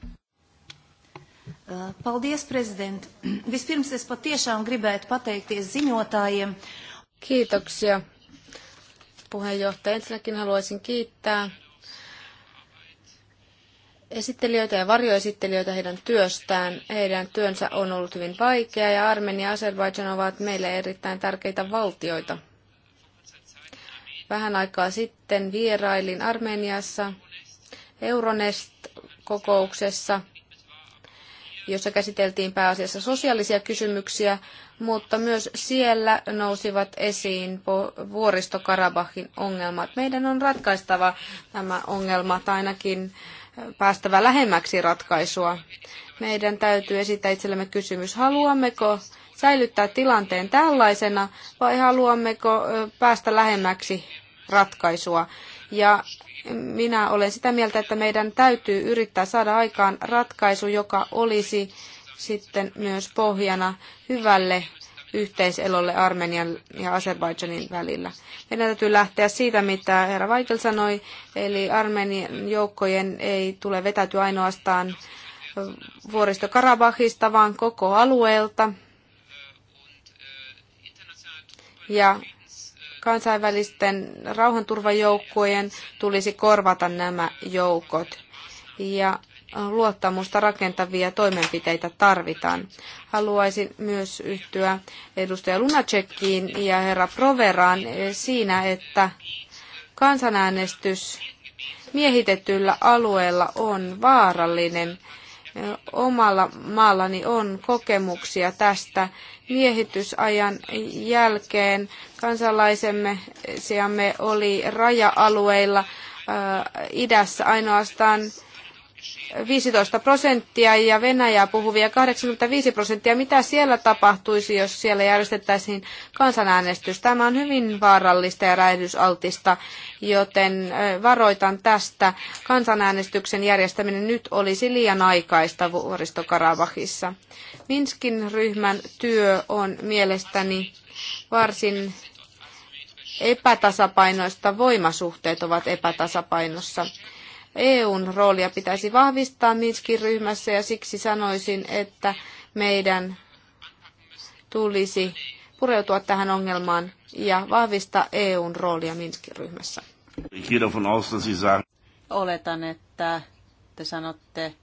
Paldies, president. Vispirms es patiešām gribētu pateikties ziņotājiem. Kiitoksia, puheenjohtaja. Ensinnäkin haluaisin kiittää esittelijöitä ja varjoesittelijöitä heidän työstään. Heidän työnsä on ollut hyvin vaikea ja Armenia ja Azerbaidžan ovat meille erittäin tärkeitä valtioita. Vähän aikaa sitten vierailin Armeniassa Euronest-kokouksessa, jossa käsiteltiin pääasiassa sosiaalisia kysymyksiä, mutta myös siellä nousivat esiin vuoristokarabahin ongelmat. Meidän on ratkaistava tämä ongelma, tai ainakin päästävä lähemmäksi ratkaisua. Meidän täytyy esittää itsellemme kysymys, haluammeko säilyttää tilanteen tällaisena vai haluammeko päästä lähemmäksi ratkaisua. Ja minä olen sitä mieltä, että meidän täytyy yrittää saada aikaan ratkaisu, joka olisi sitten myös pohjana hyvälle yhteiselolle Armenian ja Azerbaidžanin välillä. Meidän täytyy lähteä siitä, mitä herra Vaikel sanoi, eli Armenian joukkojen ei tule vetäytyä ainoastaan vuoristo Karabahista, vaan koko alueelta. Ja kansainvälisten rauhanturvajoukkojen tulisi korvata nämä joukot. Ja luottamusta rakentavia toimenpiteitä tarvitaan. Haluaisin myös yhtyä edustaja Lunacekiin ja herra Proveraan siinä, että kansanäänestys miehitettyllä alueella on vaarallinen. Omalla maallani on kokemuksia tästä miehitysajan jälkeen. Kansalaisemme siamme oli raja-alueilla idässä ainoastaan 15 prosenttia ja Venäjää puhuvia 85 prosenttia. Mitä siellä tapahtuisi, jos siellä järjestettäisiin kansanäänestys? Tämä on hyvin vaarallista ja räjähdysaltista, joten varoitan tästä. Kansanäänestyksen järjestäminen nyt olisi liian aikaista vuoristokarabahissa. Minskin ryhmän työ on mielestäni varsin epätasapainoista. Voimasuhteet ovat epätasapainossa EUn roolia pitäisi vahvistaa Minskin ryhmässä ja siksi sanoisin, että meidän tulisi pureutua tähän ongelmaan ja vahvistaa EUn roolia Minskin ryhmässä. Oletan, että te sanotte,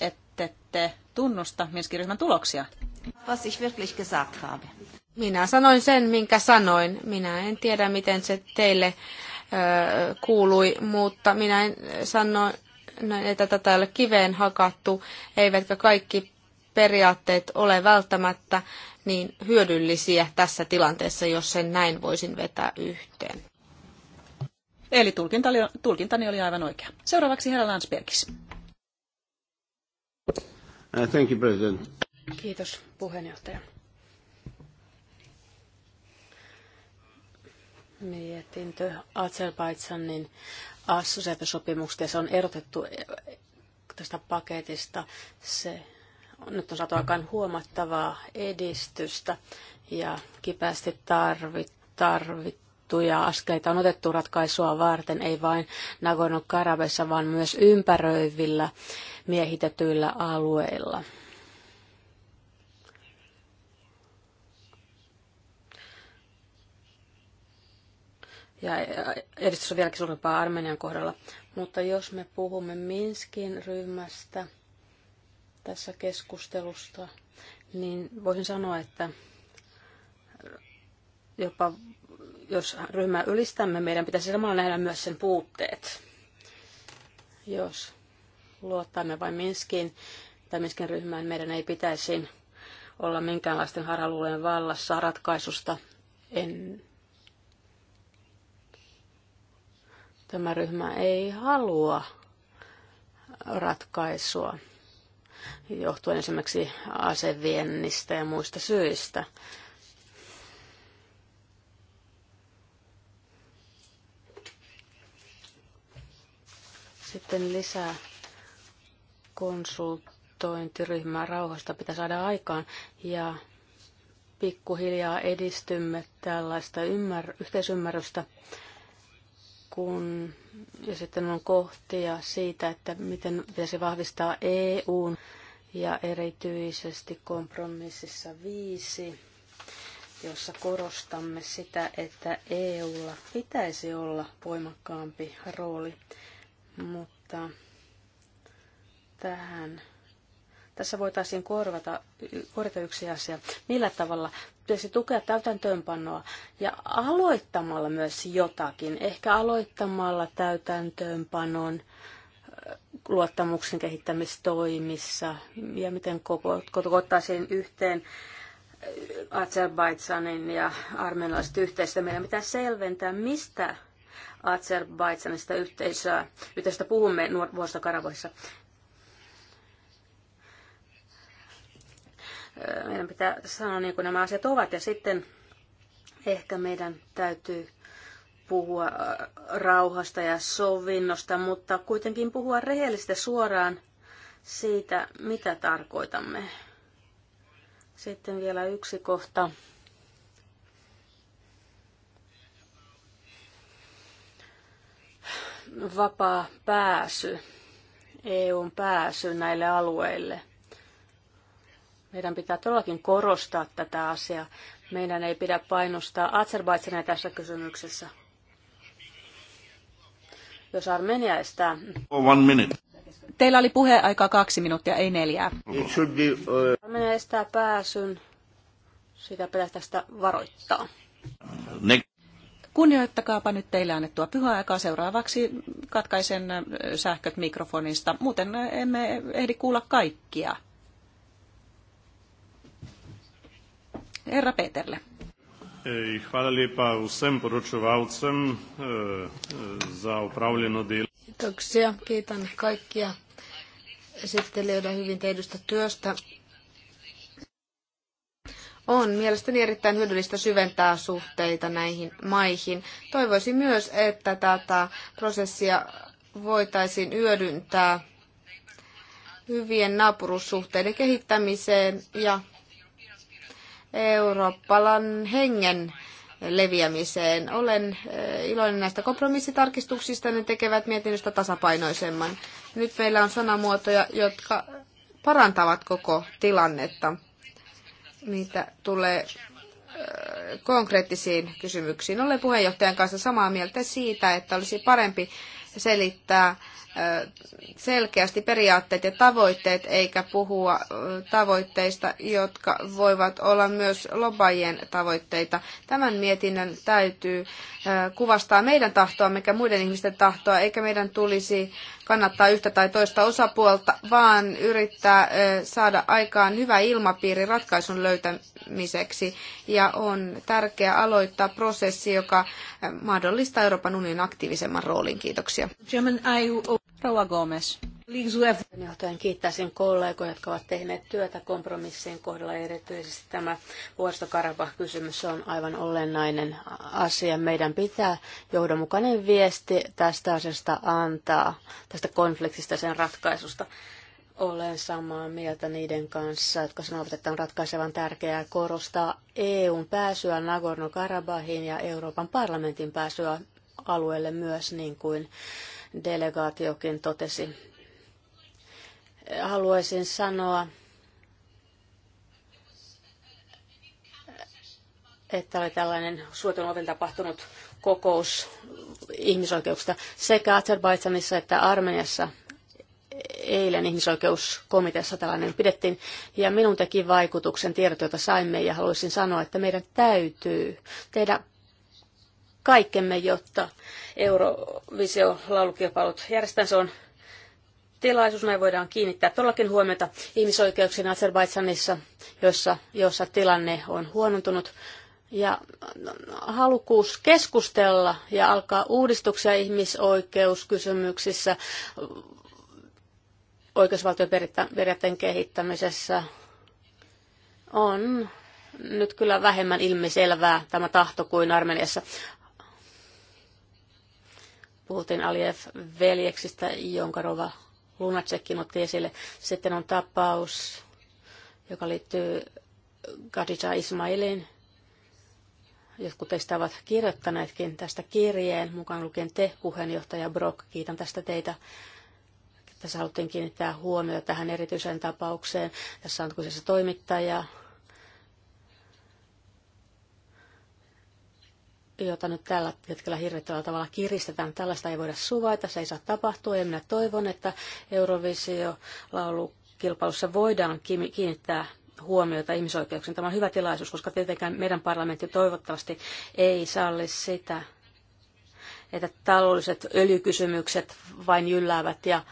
ette te tunnusta Minskin ryhmän tuloksia. Was ich wirklich gesagt habe. Minä sanoin sen, minkä sanoin. Minä en tiedä, miten se teille kuului, mutta minä en sano, että tätä ei ole kiveen hakattu, eivätkä kaikki periaatteet ole välttämättä niin hyödyllisiä tässä tilanteessa, jos sen näin voisin vetää yhteen. Eli oli, tulkintani oli aivan oikea. Seuraavaksi herra Landsbergis. Uh, thank you, President. Kiitos puheenjohtaja. mietintö Azerbaidsanin assosiaatiosopimuksesta ja se on erotettu e- tästä paketista. Se nyt on saatu aikaan huomattavaa edistystä ja kipästi tarvit, tarvittuja askeleita on otettu ratkaisua varten, ei vain Nagorno-Karabessa, vaan myös ympäröivillä miehitetyillä alueilla. ja erityisesti on vieläkin suurempaa Armenian kohdalla. Mutta jos me puhumme Minskin ryhmästä tässä keskustelusta, niin voisin sanoa, että jopa jos ryhmää ylistämme, meidän pitäisi samalla nähdä myös sen puutteet. Jos luottamme vain Minskin tai Minskin ryhmään, meidän ei pitäisi olla minkäänlaisten haraluulen vallassa ratkaisusta. En Tämä ryhmä ei halua ratkaisua johtuen esimerkiksi aseviennistä ja muista syistä. Sitten lisää konsultointiryhmää rauhasta pitää saada aikaan ja pikkuhiljaa edistymme tällaista ymmär- yhteisymmärrystä kun, ja sitten on kohtia siitä, että miten pitäisi vahvistaa EUn ja erityisesti kompromississa viisi, jossa korostamme sitä, että EUlla pitäisi olla voimakkaampi rooli, mutta tähän tässä voitaisiin korvata, korjata yksi asia. Millä tavalla pitäisi tukea täytäntöönpanoa ja aloittamalla myös jotakin, ehkä aloittamalla täytäntöönpanon luottamuksen kehittämistoimissa ja miten kokottaisiin yhteen Azerbaidsanin ja armenialaiset yhteistä. Meidän pitää selventää, mistä Azerbaidsanista yhteisöä, yhteisöstä puhumme Karavoissa, meidän pitää sanoa niin kuin nämä asiat ovat ja sitten ehkä meidän täytyy puhua äh, rauhasta ja sovinnosta, mutta kuitenkin puhua rehellisesti suoraan siitä, mitä tarkoitamme. Sitten vielä yksi kohta. Vapaa pääsy, EUn pääsy näille alueille – meidän pitää todellakin korostaa tätä asiaa. Meidän ei pidä painostaa Azerbaidsania tässä kysymyksessä. Jos Armenia estää... One minute. Teillä oli puheaika kaksi minuuttia, ei neljää. Uh, Armenia estää pääsyn. Sitä pitää tästä varoittaa. Ne- Kunnioittakaapa nyt teille annettua pyhäaikaa. Seuraavaksi katkaisen sähköt mikrofonista. Muuten emme ehdi kuulla kaikkia. herra Peterle. Ei, hvala lijepa vsem poručevalcem eh, eh, za upravljeno delo. Kiitoksia. Kiitän kaikkia esittelijöitä hyvin tehdystä työstä. On mielestäni erittäin hyödyllistä syventää suhteita näihin maihin. Toivoisin myös, että tätä prosessia voitaisiin hyödyntää hyvien naapurussuhteiden kehittämiseen ja Eurooppalan hengen leviämiseen. Olen eh, iloinen näistä kompromissitarkistuksista, ne tekevät mietinnöstä tasapainoisemman. Nyt meillä on sanamuotoja, jotka parantavat koko tilannetta, mitä tulee eh, konkreettisiin kysymyksiin. Olen puheenjohtajan kanssa samaa mieltä siitä, että olisi parempi selittää selkeästi periaatteet ja tavoitteet, eikä puhua tavoitteista, jotka voivat olla myös lobajien tavoitteita. Tämän mietinnön täytyy kuvastaa meidän tahtoa, mikä muiden ihmisten tahtoa, eikä meidän tulisi kannattaa yhtä tai toista osapuolta, vaan yrittää saada aikaan hyvä ilmapiiri ratkaisun löytämiseksi. Ja on tärkeää aloittaa prosessi, joka mahdollistaa Euroopan unionin aktiivisemman roolin. Kiitoksia. German, I... Rouva Gomes. Johtajan kiittäisin kollegoja, jotka ovat tehneet työtä kompromissien kohdalla. Erityisesti tämä vuoristokarabah-kysymys on aivan olennainen asia. Meidän pitää johdonmukainen viesti tästä asiasta antaa, tästä konfliktista sen ratkaisusta. Olen samaa mieltä niiden kanssa, jotka sanovat, että on ratkaisevan tärkeää korostaa EUn pääsyä Nagorno-Karabahiin ja Euroopan parlamentin pääsyä alueelle myös, niin kuin delegaatiokin totesi. Haluaisin sanoa, että oli tällainen suotun oven tapahtunut kokous ihmisoikeuksista sekä Azerbaidsanissa että Armeniassa eilen ihmisoikeuskomiteassa tällainen pidettiin, ja minun teki vaikutuksen tiedot, joita saimme, ja haluaisin sanoa, että meidän täytyy tehdä kaikkemme, jotta Eurovisio-laulukilpailut järjestetään. Se on tilaisuus, me voidaan kiinnittää todellakin huomiota ihmisoikeuksiin Azerbaidsanissa, jossa, jossa tilanne on huonontunut. Ja halukkuus keskustella ja alkaa uudistuksia ihmisoikeuskysymyksissä, oikeusvaltioperiaatteen kehittämisessä on nyt kyllä vähemmän ilmiselvää tämä tahto kuin Armeniassa. Puhuttiin Aliyev-veljeksistä, jonka Rova Lunatsekin otti esille. Sitten on tapaus, joka liittyy Khadija Ismailiin. Jotkut teistä ovat kirjoittaneetkin tästä kirjeen, mukaan lukien te, puheenjohtaja Brock. Kiitän tästä teitä. Tässä haluttiin kiinnittää huomiota tähän erityiseen tapaukseen. Tässä on kyseessä toimittaja, jota nyt tällä hetkellä hirvittävällä tavalla kiristetään. Tällaista ei voida suvaita, se ei saa tapahtua ja minä toivon, että Eurovisio-laulukilpailussa voidaan kiinnittää huomiota ihmisoikeuksiin. Tämä on hyvä tilaisuus, koska tietenkään meidän parlamentti toivottavasti ei salli sitä, että taloudelliset öljykysymykset vain jylläävät ja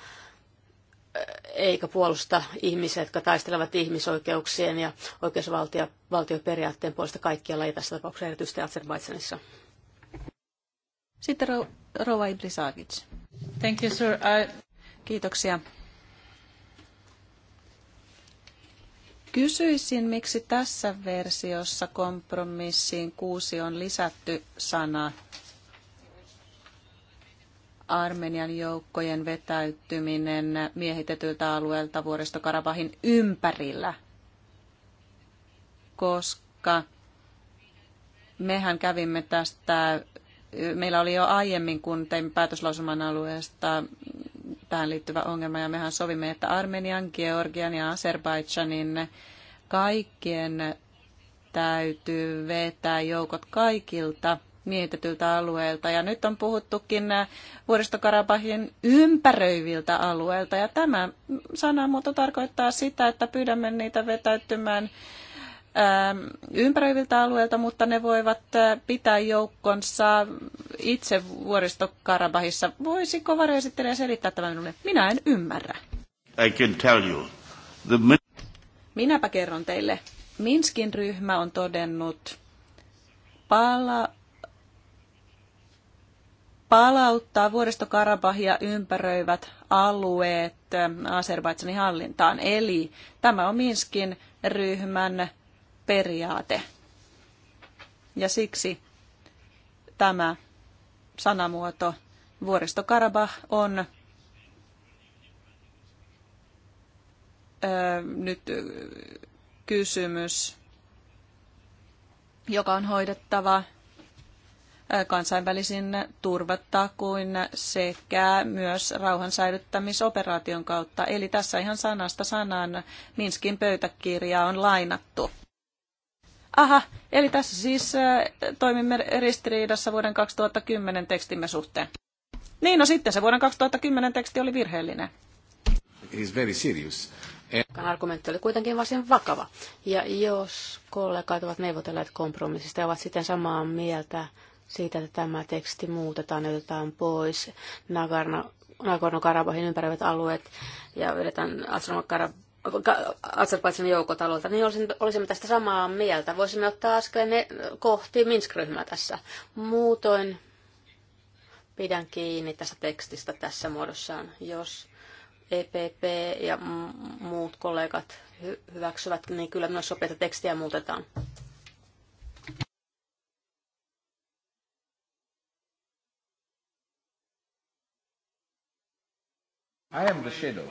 eikä puolusta ihmisiä, jotka taistelevat ihmisoikeuksien ja oikeusvaltioperiaatteen puolesta kaikkialla ja tässä tapauksessa erityisesti Azerbaidsanissa. Sitten Rova Ibrisagic. Thank you, sir. I... Kiitoksia. Kysyisin, miksi tässä versiossa kompromissiin kuusi on lisätty sana Armenian joukkojen vetäytyminen miehitetyltä alueelta vuoristokarabahin ympärillä, koska mehän kävimme tästä, meillä oli jo aiemmin, kun teimme päätöslausuman alueesta tähän liittyvä ongelma, ja mehän sovimme, että Armenian, Georgian ja Azerbaidžanin kaikkien täytyy vetää joukot kaikilta miehitetyltä alueelta. Ja nyt on puhuttukin äh, vuoristokarabahin ympäröiviltä alueilta. Ja tämä sanamuoto tarkoittaa sitä, että pyydämme niitä vetäytymään ähm, ympäröiviltä alueilta, mutta ne voivat äh, pitää joukkonsa itse vuoristokarabahissa. Voisiko varjoesittelijä selittää tämän minulle? Minä en ymmärrä. I can tell you. The... Minäpä kerron teille. Minskin ryhmä on todennut pala- palauttaa vuoristokarabahia ympäröivät alueet äh, Azerbaidsanin hallintaan. Eli tämä on Minskin ryhmän periaate. Ja siksi tämä sanamuoto vuoristokarabah on ö, nyt kysymys, joka on hoidettava kansainvälisin turvatakuin sekä myös rauhansäilyttämisoperaation kautta. Eli tässä ihan sanasta sanaan Minskin pöytäkirja on lainattu. Aha, eli tässä siis toimimme ristiriidassa vuoden 2010 tekstimme suhteen. Niin, no sitten se vuoden 2010 teksti oli virheellinen. It is very serious. Argumentti oli kuitenkin varsin vakava. Ja jos kollegat ovat neuvotelleet kompromissista ja ovat sitten samaa mieltä siitä, että tämä teksti muutetaan, otetaan pois Nagorno-Karabahin ympäröivät alueet ja vedetään Azerbaidsanin joukotalolta, niin olisimme, olisimme tästä samaa mieltä. Voisimme ottaa askeleen kohti Minsk-ryhmää tässä. Muutoin pidän kiinni tästä tekstistä tässä muodossaan, jos EPP ja muut kollegat hyväksyvät, niin kyllä myös sopii, että tekstiä muutetaan. I am the shadow.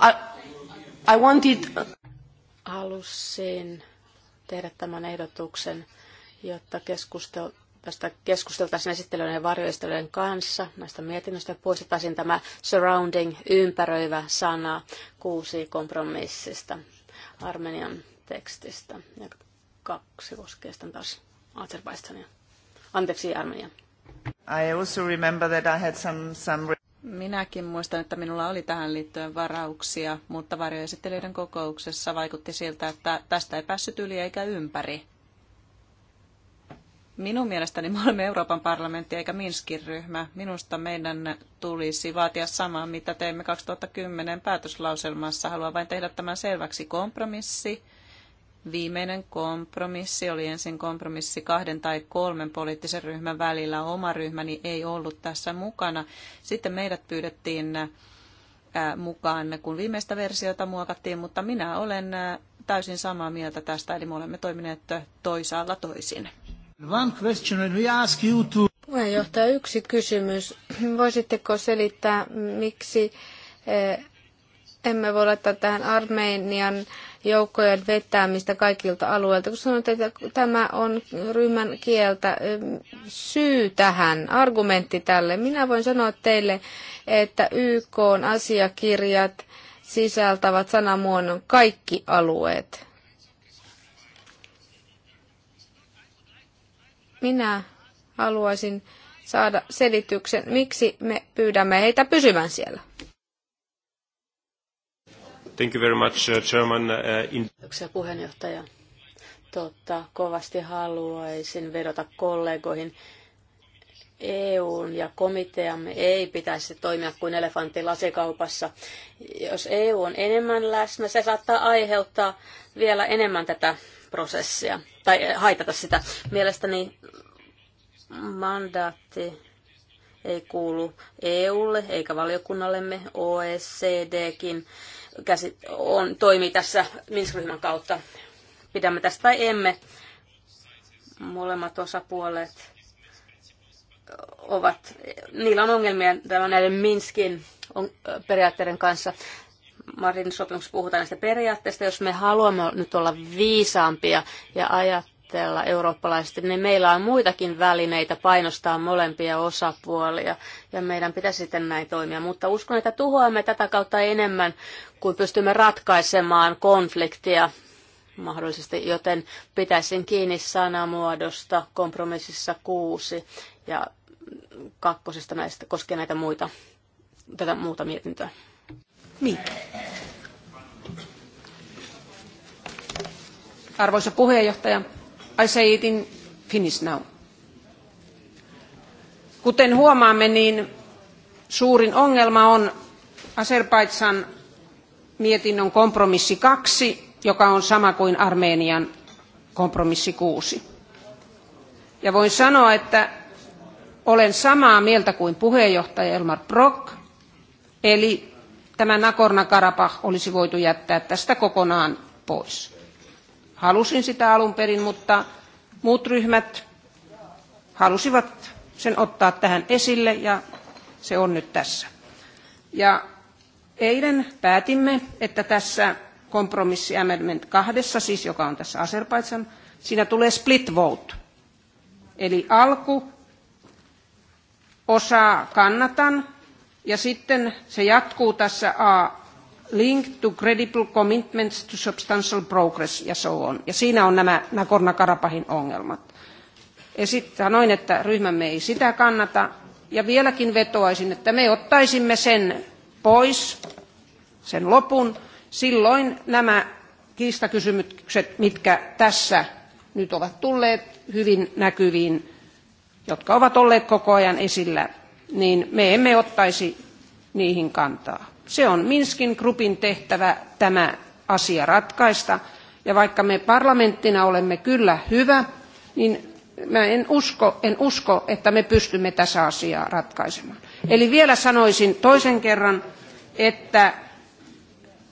I, I wanted... Halusin tehdä tämän ehdotuksen, jotta keskustel, tästä keskusteltaisiin esittelyiden ja varjoistelujen kanssa näistä mietinnöistä poistettaisiin tämä surrounding, ympäröivä sana kuusi kompromissista Armenian tekstistä, kaksi koskee sitten taas Azerbaidžania. Anteeksi, Armenia. I also remember that I had some, some... Minäkin muistan, että minulla oli tähän liittyen varauksia, mutta varjoesittelijöiden kokouksessa vaikutti siltä, että tästä ei päässyt yli eikä ympäri. Minun mielestäni me olemme Euroopan parlamentti eikä Minskin ryhmä. Minusta meidän tulisi vaatia samaa, mitä teimme 2010 päätöslauselmassa. Haluan vain tehdä tämän selväksi kompromissi viimeinen kompromissi oli ensin kompromissi kahden tai kolmen poliittisen ryhmän välillä. Oma ryhmäni ei ollut tässä mukana. Sitten meidät pyydettiin äh, mukaan, kun viimeistä versiota muokattiin, mutta minä olen äh, täysin samaa mieltä tästä, eli me olemme toimineet toisaalla toisin. Puheenjohtaja, yksi kysymys. Voisitteko selittää, miksi eh, emme voi laittaa tähän armeenian? joukkojen vetämistä kaikilta alueilta, kun sanoit, että tämä on ryhmän kieltä syy tähän, argumentti tälle. Minä voin sanoa teille, että YK on asiakirjat sisältävät sanamuodon kaikki alueet. Minä haluaisin saada selityksen, miksi me pyydämme heitä pysymään siellä. Thank you very much, uh, Chairman. Uh, Kiitoksia puheenjohtaja. Totta, kovasti haluaisin vedota kollegoihin. EUn ja komiteamme ei pitäisi toimia kuin elefantti lasikaupassa. Jos EU on enemmän läsnä, se saattaa aiheuttaa vielä enemmän tätä prosessia tai eh, haitata sitä. Mielestäni mandaatti ei kuulu EUlle eikä valiokunnallemme, OECDkin on, toimii tässä Minsk-ryhmän kautta. Pidämme tästä tai emme. Molemmat osapuolet ovat, niillä on ongelmia näiden Minskin periaatteiden kanssa. Marin sopimuksessa puhutaan näistä periaatteista. Jos me haluamme nyt olla viisaampia ja ajat, perusteella eurooppalaisesti, niin meillä on muitakin välineitä painostaa molempia osapuolia ja meidän pitäisi sitten näin toimia. Mutta uskon, että tuhoamme tätä kautta enemmän kuin pystymme ratkaisemaan konfliktia mahdollisesti, joten pitäisin kiinni sanamuodosta kompromississa kuusi ja kakkosesta näistä koskee näitä muita, tätä muuta mietintöä. Niin. Arvoisa puheenjohtaja, I say it in Finnish now. Kuten huomaamme, niin suurin ongelma on Azerbaidsan mietinnön kompromissi kaksi, joka on sama kuin Armenian kompromissi kuusi. Ja voin sanoa, että olen samaa mieltä kuin puheenjohtaja Elmar Brok, eli tämä Nagorno-Karabakh olisi voitu jättää tästä kokonaan pois halusin sitä alun perin, mutta muut ryhmät halusivat sen ottaa tähän esille ja se on nyt tässä. Ja eilen päätimme, että tässä kompromissi amendment kahdessa, siis joka on tässä Azerbaidsan, siinä tulee split vote. Eli alku, osaa kannatan ja sitten se jatkuu tässä A linked to credible commitments to substantial progress ja so on. Ja siinä on nämä Nagorno-Karabahin ongelmat. Ja sitten sanoin, että ryhmämme ei sitä kannata. Ja vieläkin vetoaisin, että me ottaisimme sen pois, sen lopun. Silloin nämä kiistakysymykset, mitkä tässä nyt ovat tulleet hyvin näkyviin, jotka ovat olleet koko ajan esillä, niin me emme ottaisi niihin kantaa. Se on Minskin grupin tehtävä tämä asia ratkaista. Ja vaikka me parlamenttina olemme kyllä hyvä, niin mä en usko, en usko, että me pystymme tässä asiaa ratkaisemaan. Eli vielä sanoisin toisen kerran, että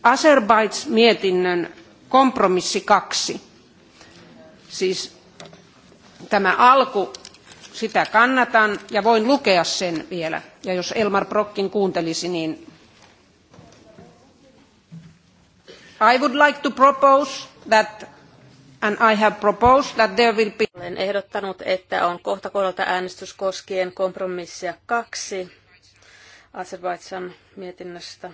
Azerbaid's mietinnön kompromissi kaksi, siis tämä alku, sitä kannatan ja voin lukea sen vielä. Ja jos Elmar Brokkin kuuntelisi, niin I would like to propose that And I have proposed that there will be... Olen ehdottanut, että on kohta kohdalta äänestys koskien kompromissia kaksi Azerbaidsan mietinnöstä.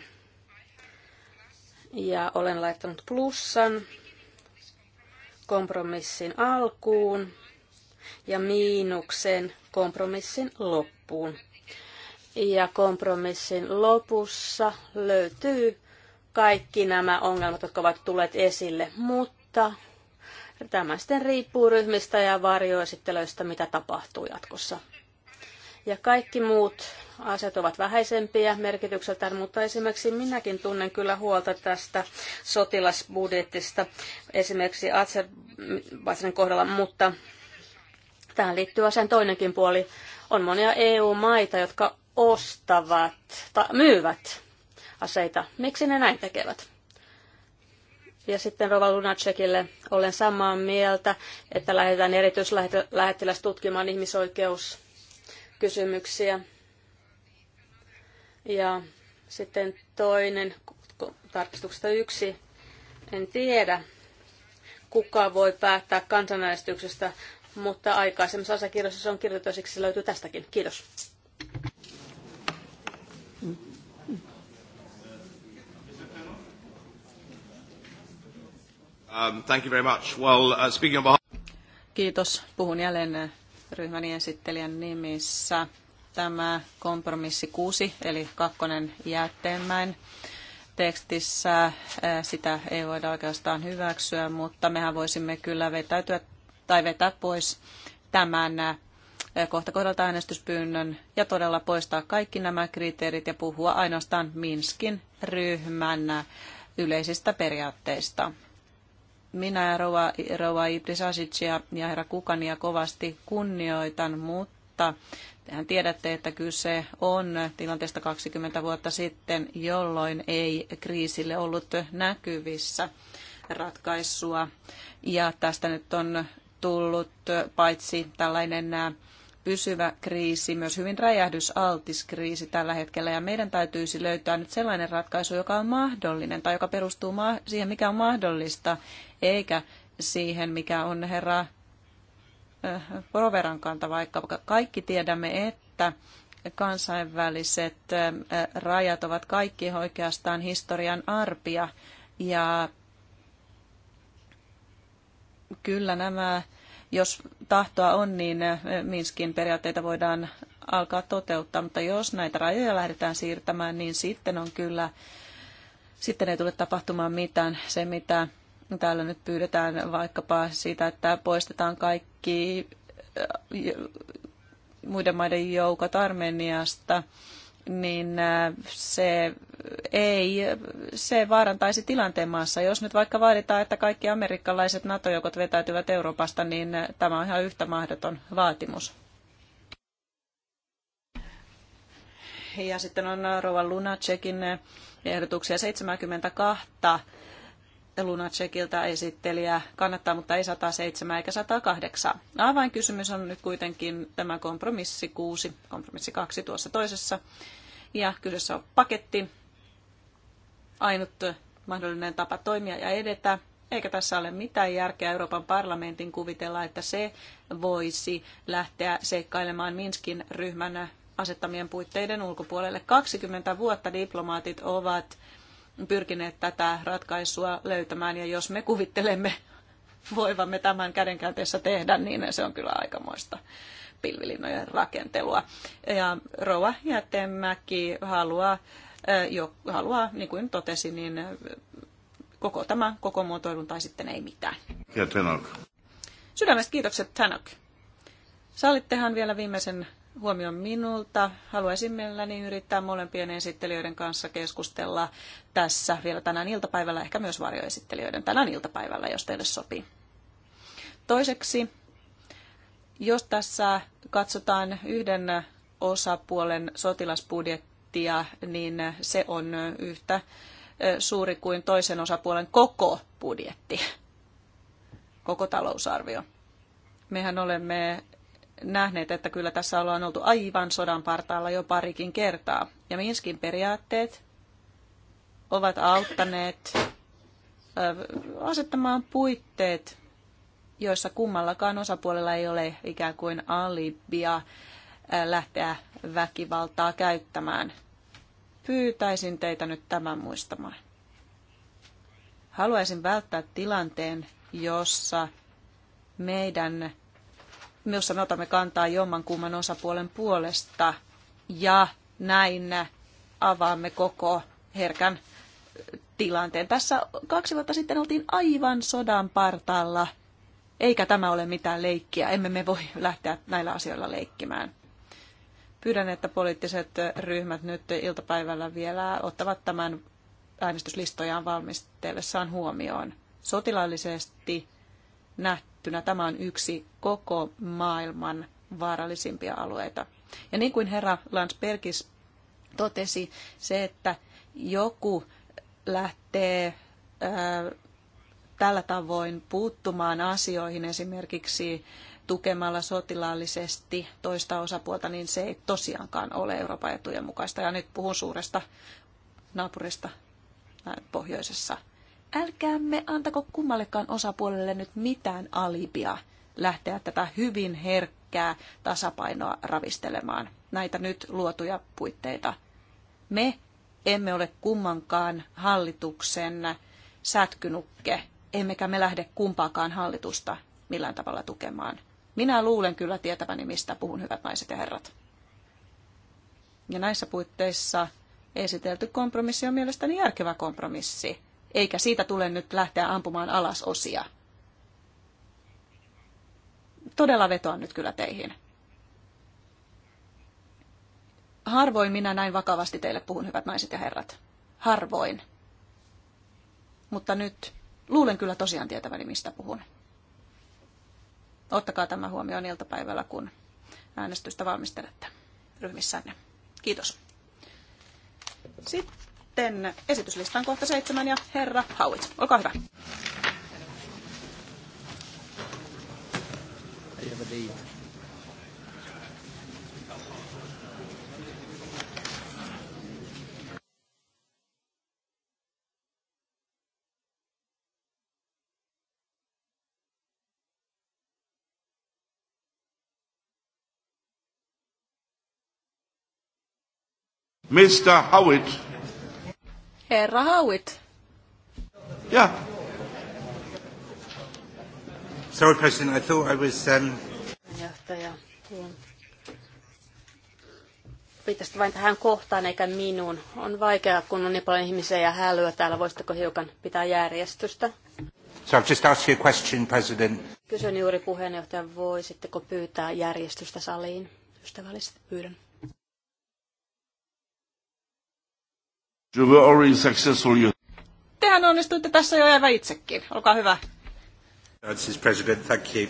Ja olen laittanut plussan kompromissin alkuun ja miinuksen kompromissin loppuun. Ja kompromissin lopussa löytyy kaikki nämä ongelmat, jotka ovat tulleet esille, mutta tämä sitten riippuu ryhmistä ja varjoesittelyistä, mitä tapahtuu jatkossa. Ja kaikki muut asiat ovat vähäisempiä merkitykseltään, mutta esimerkiksi minäkin tunnen kyllä huolta tästä sotilasbudjetista, esimerkiksi Azerbaidžanin kohdalla, mutta tähän liittyy asian toinenkin puoli. On monia EU-maita, jotka ostavat tai myyvät aseita. Miksi ne näin tekevät? Ja sitten Rova Lunacekille olen samaa mieltä, että lähdetään erityislähettiläs tutkimaan ihmisoikeuskysymyksiä. Ja sitten toinen tarkistuksesta yksi. En tiedä, kuka voi päättää kansanäänestyksestä, mutta aikaisemmissa asiakirjoissa se on kirjoitettu, siksi se löytyy tästäkin. Kiitos. Um, thank you very much. Well, uh, speaking about... Kiitos. Puhun jälleen uh, ryhmäni esittelijän nimissä. Tämä kompromissi 6, eli kakkonen jäätteenmäen tekstissä, uh, sitä ei voida oikeastaan hyväksyä, mutta mehän voisimme kyllä vetäytyä tai vetää pois tämän uh, kohta kohdalta äänestyspyynnön ja todella poistaa kaikki nämä kriteerit ja puhua ainoastaan Minskin ryhmän yleisistä periaatteista minä ja Rova, Rova Ibrisasicia ja herra Kukania kovasti kunnioitan, mutta tehän tiedätte, että kyse on tilanteesta 20 vuotta sitten, jolloin ei kriisille ollut näkyvissä ratkaisua. Ja tästä nyt on tullut paitsi tällainen äh, pysyvä kriisi, myös hyvin räjähdysaltis kriisi tällä hetkellä, ja meidän täytyisi löytää nyt sellainen ratkaisu, joka on mahdollinen, tai joka perustuu siihen, mikä on mahdollista, eikä siihen, mikä on herra Proveran äh, kanta, vaikka kaikki tiedämme, että kansainväliset äh, rajat ovat kaikki oikeastaan historian arpia, ja kyllä nämä jos tahtoa on, niin eh, Minskin periaatteita voidaan alkaa toteuttaa, mutta jos näitä rajoja lähdetään siirtämään, niin sitten on kyllä, sitten ei tule tapahtumaan mitään. Se, mitä täällä nyt pyydetään vaikkapa siitä, että poistetaan kaikki eh, muiden maiden joukot Armeniasta, niin äh, se ei, se vaarantaisi tilanteen maassa. Jos nyt vaikka vaaditaan, että kaikki amerikkalaiset NATO-joukot vetäytyvät Euroopasta, niin äh, tämä on ihan yhtä mahdoton vaatimus. Ja sitten on äh, Rova Lunacekin ehdotuksia 72 Lunacekilta esittelijä kannattaa, mutta ei 107 eikä 108. Avainkysymys on nyt kuitenkin tämä kompromissi 6, kompromissi 2 tuossa toisessa. Ja kyseessä on paketti, ainut mahdollinen tapa toimia ja edetä. Eikä tässä ole mitään järkeä Euroopan parlamentin kuvitella, että se voisi lähteä seikkailemaan Minskin ryhmän asettamien puitteiden ulkopuolelle. 20 vuotta diplomaatit ovat pyrkineet tätä ratkaisua löytämään, ja jos me kuvittelemme voivamme tämän kädenkäänteessä tehdä, niin se on kyllä aikamoista pilvilinnojen rakentelua. Ja Rova Jätemäki haluaa, jo, haluaa, niin kuin totesin, niin koko tämä koko muotoilun tai sitten ei mitään. Ja Tänok. Sydämestä kiitokset Tänok. Sallittehan vielä viimeisen on minulta. Haluaisin mielelläni yrittää molempien esittelijöiden kanssa keskustella tässä vielä tänään iltapäivällä, ehkä myös varjoesittelijöiden tänään iltapäivällä, jos teille sopii. Toiseksi, jos tässä katsotaan yhden osapuolen sotilasbudjettia, niin se on yhtä suuri kuin toisen osapuolen koko budjetti, koko talousarvio. Mehän olemme nähneet, että kyllä tässä ollaan oltu aivan sodan partaalla jo parikin kertaa. Ja Minskin periaatteet ovat auttaneet asettamaan puitteet, joissa kummallakaan osapuolella ei ole ikään kuin alibia lähteä väkivaltaa käyttämään. Pyytäisin teitä nyt tämän muistamaan. Haluaisin välttää tilanteen, jossa meidän myös me otamme kantaa jommankumman osapuolen puolesta ja näin avaamme koko herkän tilanteen. Tässä kaksi vuotta sitten oltiin aivan sodan partaalla, eikä tämä ole mitään leikkiä. Emme me voi lähteä näillä asioilla leikkimään. Pyydän, että poliittiset ryhmät nyt iltapäivällä vielä ottavat tämän äänestyslistojaan valmistellessaan huomioon. Sotilaallisesti nähty yhdistettynä tämä on yksi koko maailman vaarallisimpia alueita. Ja niin kuin herra Landsbergis totesi, se, että joku lähtee ää, tällä tavoin puuttumaan asioihin esimerkiksi tukemalla sotilaallisesti toista osapuolta, niin se ei tosiaankaan ole Euroopan etujen mukaista. Ja nyt puhun suuresta naapurista pohjoisessa älkäämme antako kummallekaan osapuolelle nyt mitään alipia lähteä tätä hyvin herkkää tasapainoa ravistelemaan, näitä nyt luotuja puitteita. Me emme ole kummankaan hallituksen sätkynukke, emmekä me lähde kumpaakaan hallitusta millään tavalla tukemaan. Minä luulen kyllä tietäväni, mistä puhun, hyvät naiset ja herrat. Ja näissä puitteissa esitelty kompromissi on mielestäni järkevä kompromissi eikä siitä tule nyt lähteä ampumaan alas osia. Todella vetoan nyt kyllä teihin. Harvoin minä näin vakavasti teille puhun, hyvät naiset ja herrat. Harvoin. Mutta nyt luulen kyllä tosiaan tietäväni, mistä puhun. Ottakaa tämä huomioon iltapäivällä, kun äänestystä valmistelette ryhmissänne. Kiitos. Sitten sitten esityslistan kohta seitsemän ja herra Hauit. Olkaa hyvä. Mr. Howitt. Herra Hauit. Yeah. Sorry, President. I thought I was... Um... Niin. pitäisi vain tähän kohtaan eikä minuun. On vaikeaa, kun on niin paljon ihmisiä ja hälyä täällä. Voisitteko hiukan pitää järjestystä? So I've just asked you a question, President. Kysyn juuri puheenjohtaja, voisitteko pyytää järjestystä saliin? Ystävällisesti pyydän. You were already successful. You... Tehän onnistuitte tässä jo Eeva itsekin. Olkaa hyvä. Mr. President, thank you.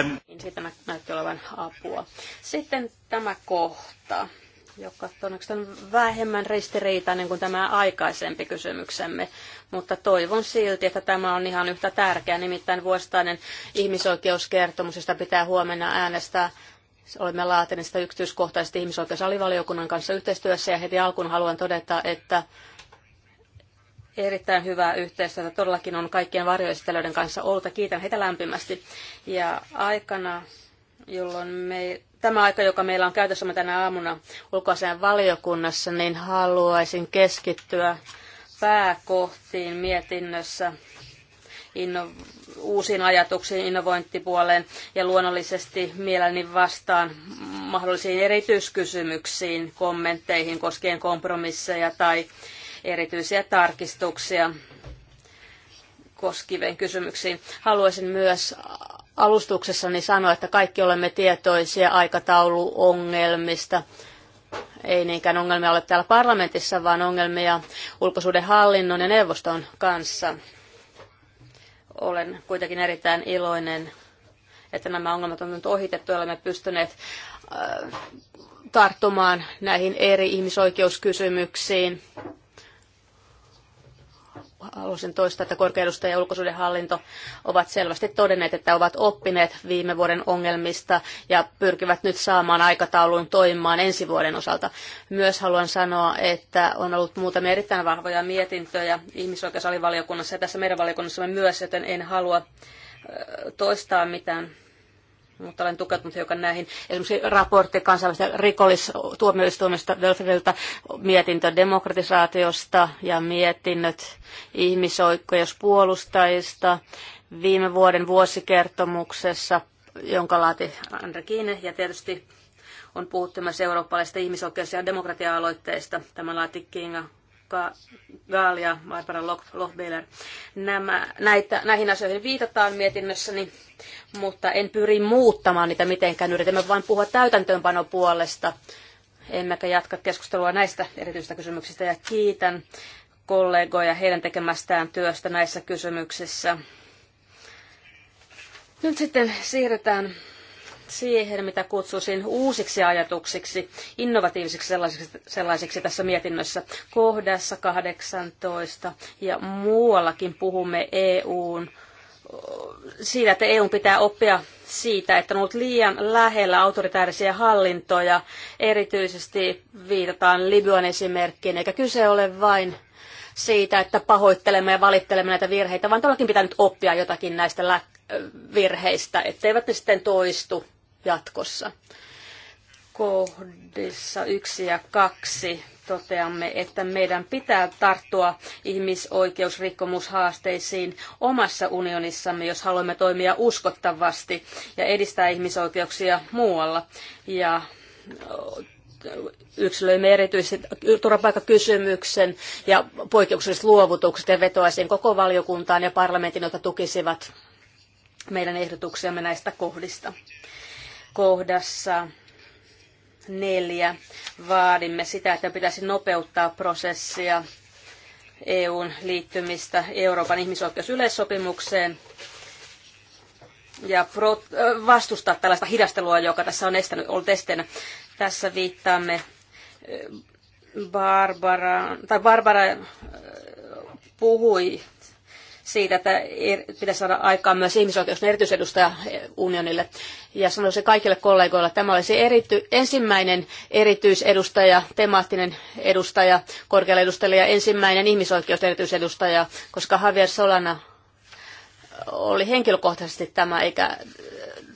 Um... Niin, siitä näytti olevan apua. Sitten tämä kohta joka on vähemmän ristiriitainen kuin tämä aikaisempi kysymyksemme, mutta toivon silti, että tämä on ihan yhtä tärkeä, nimittäin vuosittainen ihmisoikeuskertomus, josta pitää huomenna äänestää Olemme laatineet sitä yksityiskohtaisesti ihmisoikeusalivaliokunnan kanssa yhteistyössä ja heti alkuun haluan todeta, että erittäin hyvää yhteistyötä todellakin on kaikkien varjoesittelyiden kanssa ollut. Kiitän heitä lämpimästi. Ja aikana, jolloin me, tämä aika, joka meillä on käytössämme tänä aamuna ulkoasian valiokunnassa, niin haluaisin keskittyä pääkohtiin mietinnössä, inno, uusiin ajatuksiin innovointipuoleen ja luonnollisesti mielelläni vastaan mahdollisiin erityiskysymyksiin, kommentteihin koskien kompromisseja tai erityisiä tarkistuksia koskivien kysymyksiin. Haluaisin myös alustuksessani sanoa, että kaikki olemme tietoisia aikatauluongelmista. Ei niinkään ongelmia ole täällä parlamentissa, vaan ongelmia ulkosuuden hallinnon ja neuvoston kanssa. Olen kuitenkin erittäin iloinen, että nämä ongelmat on nyt ohitettu ja olemme pystyneet äh, tarttumaan näihin eri ihmisoikeuskysymyksiin haluaisin toistaa, että korkeudustaja ja ulkoisuuden hallinto ovat selvästi todenneet, että ovat oppineet viime vuoden ongelmista ja pyrkivät nyt saamaan aikataulun toimimaan ensi vuoden osalta. Myös haluan sanoa, että on ollut muutamia erittäin vahvoja mietintöjä ihmisoikeusalivaliokunnassa ja tässä meidän valiokunnassamme myös, joten en halua toistaa mitään mutta olen tukeutunut hiukan näihin. Esimerkiksi raportti kansainvälisestä rikollistuomioistuimesta, Delfililtä, mietintö demokratisaatiosta ja mietinnöt ihmisoikeuspuolustajista viime vuoden vuosikertomuksessa, jonka laati Andre Kiine, ja tietysti on puhuttu myös eurooppalaisista ihmisoikeus- ja demokratia-aloitteista. Tämä laati Kinga Gaal ja Barbara Lochbehler. Nämä, näitä, näihin asioihin viitataan mietinnössäni, mutta en pyri muuttamaan niitä mitenkään. Yritämme vain puhua täytäntöönpanon puolesta. Emmekä jatka keskustelua näistä erityisistä kysymyksistä ja kiitän kollegoja heidän tekemästään työstä näissä kysymyksissä. Nyt sitten siirrytään siihen, mitä kutsuisin uusiksi ajatuksiksi, innovatiivisiksi sellaisiksi, sellaisiksi tässä mietinnössä. Kohdassa 18 ja muuallakin puhumme EUn siitä, että EU pitää oppia siitä, että on ollut liian lähellä autoritäärisiä hallintoja. Erityisesti viitataan Libyan esimerkkiin, eikä kyse ole vain siitä, että pahoittelemme ja valittelemme näitä virheitä, vaan todellakin pitää nyt oppia jotakin näistä virheistä, etteivät ne sitten toistu jatkossa. Kohdissa yksi ja kaksi toteamme, että meidän pitää tarttua ihmisoikeusrikkomushaasteisiin omassa unionissamme, jos haluamme toimia uskottavasti ja edistää ihmisoikeuksia muualla. Ja yksilöimme erityisesti turvapaikkakysymyksen ja poikkeukselliset luovutukset ja vetoaisin koko valiokuntaan ja parlamentin, jotka tukisivat meidän ehdotuksiamme näistä kohdista. Kohdassa neljä vaadimme sitä, että pitäisi nopeuttaa prosessia EUn liittymistä Euroopan ihmisoikeusyleissopimukseen ja vastustaa tällaista hidastelua, joka tässä on estänyt, ollut esteenä. Tässä viittaamme Barbara, tai Barbara puhui siitä, että pitäisi saada aikaan myös ihmisoikeuksien erityisedustaja unionille. Ja sanoisin kaikille kollegoille, että tämä olisi erity, ensimmäinen erityisedustaja, temaattinen edustaja, korkealle edustajalle ja ensimmäinen ihmisoikeus erityisedustaja, koska Javier Solana oli henkilökohtaisesti tämä, eikä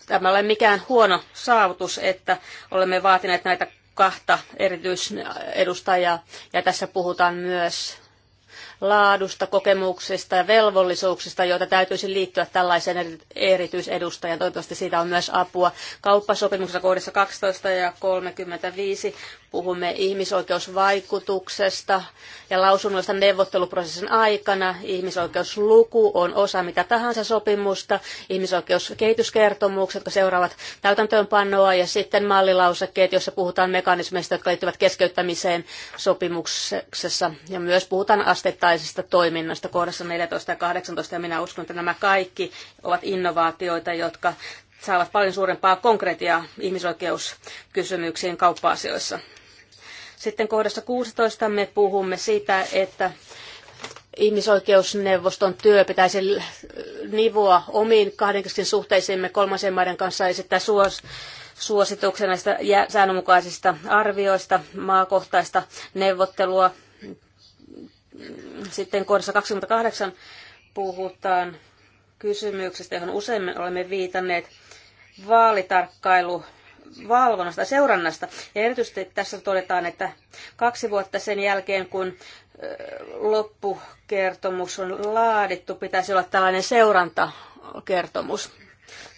tämä ole mikään huono saavutus, että olemme vaatineet näitä kahta erityisedustajaa. Ja tässä puhutaan myös laadusta, kokemuksista ja velvollisuuksista, joita täytyisi liittyä tällaiseen erityisedustajan. Toivottavasti siitä on myös apua. Kauppasopimuksessa kohdassa 12 ja 35 Puhumme ihmisoikeusvaikutuksesta ja lausunnoista neuvotteluprosessin aikana. Ihmisoikeusluku on osa mitä tahansa sopimusta, ihmisoikeuskehityskertomukset, jotka seuraavat täytäntöönpanoa ja sitten mallilausekkeet, joissa puhutaan mekanismeista, jotka liittyvät keskeyttämiseen sopimuksessa. Ja myös puhutaan asteittaisesta toiminnasta kohdassa 14 ja 18. Ja minä uskon, että nämä kaikki ovat innovaatioita, jotka saavat paljon suurempaa konkretiaa ihmisoikeuskysymyksiin kauppa-asioissa. Sitten kohdassa 16 me puhumme siitä, että ihmisoikeusneuvoston työ pitäisi nivoa omiin kahdenkeskin suhteisiimme kolmansien maiden kanssa esittää suos, suosituksen näistä säännönmukaisista arvioista, maakohtaista neuvottelua. Sitten kohdassa 28 puhutaan kysymyksestä, johon usein olemme viitanneet, vaalitarkkailu valvonnasta ja seurannasta. Ja erityisesti tässä todetaan, että kaksi vuotta sen jälkeen, kun loppukertomus on laadittu, pitäisi olla tällainen seurantakertomus.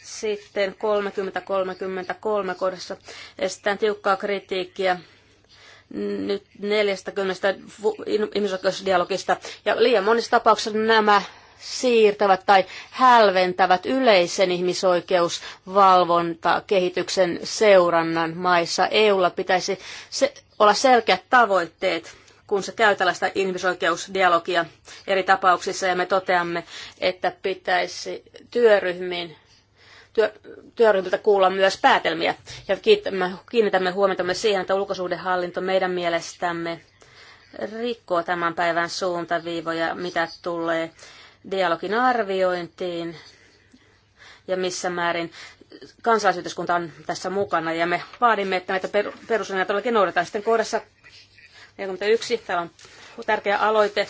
Sitten 30.33 kohdassa estetään tiukkaa kritiikkiä nyt 40 ihmisoikeusdialogista. Ja liian monissa tapauksissa nämä siirtävät tai hälventävät yleisen ihmisoikeusvalvonta kehityksen seurannan maissa. EUlla pitäisi se, olla selkeät tavoitteet kun se käy tällaista ihmisoikeusdialogia eri tapauksissa ja me toteamme, että pitäisi työryhmiin työryhmiltä kuulla myös päätelmiä. Ja kiinnitämme, huomiota myös siihen, että ulkosuhdehallinto meidän mielestämme rikkoo tämän päivän suuntaviivoja, mitä tulee dialogin arviointiin ja missä määrin kansalaisyhteiskunta on tässä mukana. Ja me vaadimme, että näitä peruslinjoja todellakin noudatetaan. Sitten kohdassa 41, täällä on tärkeä aloite,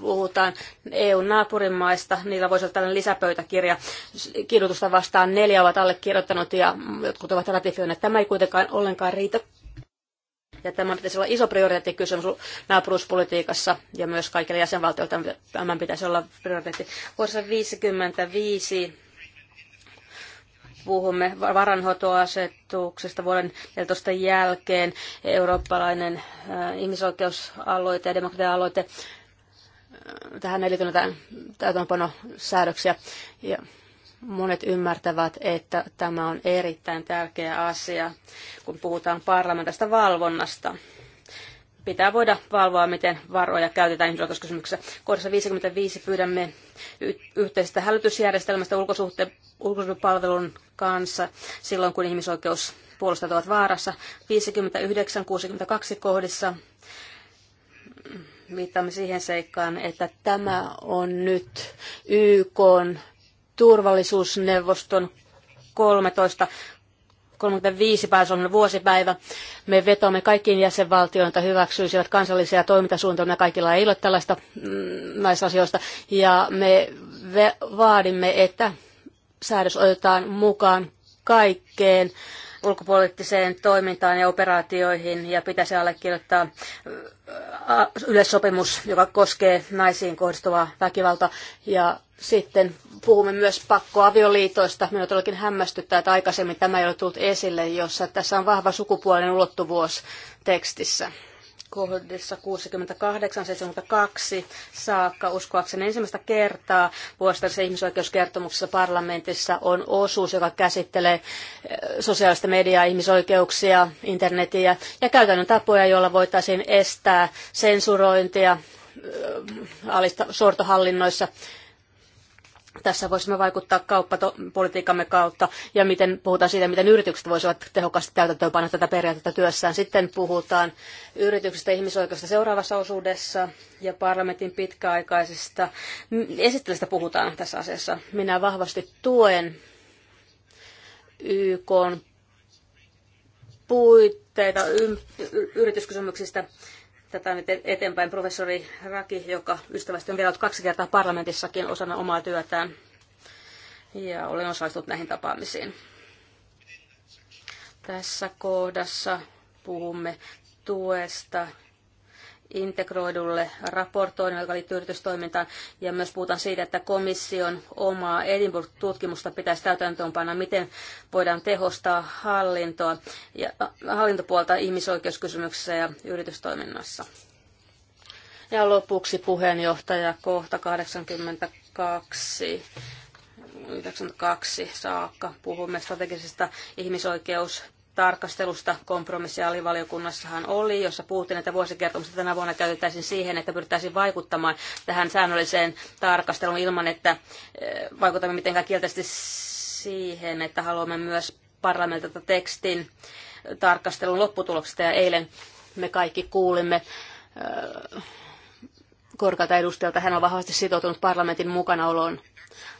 puhutaan EU-naapurimaista, niillä voisi olla tällainen lisäpöytäkirja. Kidutusta vastaan neljä ovat allekirjoittanut ja jotkut ovat ratifioineet. Tämä ei kuitenkaan ollenkaan riitä ja tämä pitäisi olla iso prioriteettikysymys naapuruuspolitiikassa ja myös kaikille jäsenvaltioille tämän pitäisi olla prioriteetti. Vuodessa 55 puhumme varanhoitoasetuksesta vuoden 14 jälkeen eurooppalainen äh, ihmisoikeusaloite ja demokratia-aloite. Äh, tähän ei liity mitään täytäntöpano säädöksiä. Ja Monet ymmärtävät, että tämä on erittäin tärkeä asia, kun puhutaan parlamentista valvonnasta. Pitää voida valvoa, miten varoja käytetään ihmisoikeuskysymyksessä. Kohdassa 55 pyydämme yhteisestä hälytysjärjestelmästä ulkosuhdepalvelun kanssa silloin, kun ihmisoikeuspuolustajat ovat vaarassa. 59-62 kohdissa viittaamme siihen seikkaan, että tämä on nyt YK turvallisuusneuvoston 13 35 pääsonnan vuosipäivä. Me vetoamme kaikkiin jäsenvaltioihin, että hyväksyisivät kansallisia toimintasuunnitelmia. Kaikilla ei ole tällaista mm, näissä asioista. Ja me vaadimme, että säädös otetaan mukaan kaikkeen ulkopoliittiseen toimintaan ja operaatioihin ja pitäisi allekirjoittaa yleissopimus, joka koskee naisiin kohdistuvaa väkivaltaa. Ja sitten puhumme myös pakkoavioliitoista. Minua todellakin hämmästyttää, että aikaisemmin tämä ei ole tullut esille, jossa tässä on vahva sukupuolinen ulottuvuus tekstissä kohdissa 68-72 saakka uskoakseni ensimmäistä kertaa vuosittaisessa ihmisoikeuskertomuksessa parlamentissa on osuus, joka käsittelee eh, sosiaalista mediaa, ihmisoikeuksia, internetiä ja käytännön tapoja, joilla voitaisiin estää sensurointia eh, alista sortohallinnoissa tässä voisimme vaikuttaa kauppapolitiikkamme kautta ja miten puhutaan siitä, miten yritykset voisivat tehokkaasti täytäntöönpanna tätä periaatetta työssään. Sitten puhutaan yrityksistä ihmisoikeuksista seuraavassa osuudessa ja parlamentin pitkäaikaisista esittelystä puhutaan tässä asiassa. Minä vahvasti tuen YK puitteita yrityskysymyksistä tätä nyt eteenpäin professori Raki, joka ystävästi on vielä kaksi kertaa parlamentissakin osana omaa työtään. Ja olen osallistunut näihin tapaamisiin. Tässä kohdassa puhumme tuesta integroidulle raportoinnille, joka liittyy yritystoimintaan, ja myös puhutaan siitä, että komission omaa Edinburgh-tutkimusta pitäisi täytäntöönpanna, miten voidaan tehostaa hallintoa ja äh, hallintopuolta ihmisoikeuskysymyksissä ja yritystoiminnassa. Ja lopuksi puheenjohtaja kohta 82. 92 saakka puhumme strategisista ihmisoikeus tarkastelusta kompromissialivaliokunnassahan oli, jossa puhuttiin, että vuosikertomusta tänä vuonna käytettäisiin siihen, että pyrittäisiin vaikuttamaan tähän säännölliseen tarkasteluun ilman, että eh, vaikutamme mitenkään kielteisesti siihen, että haluamme myös parlamentilta tekstin tarkastelun lopputuloksesta. Ja eilen me kaikki kuulimme eh, korkealta edustajalta, hän on vahvasti sitoutunut parlamentin mukanaoloon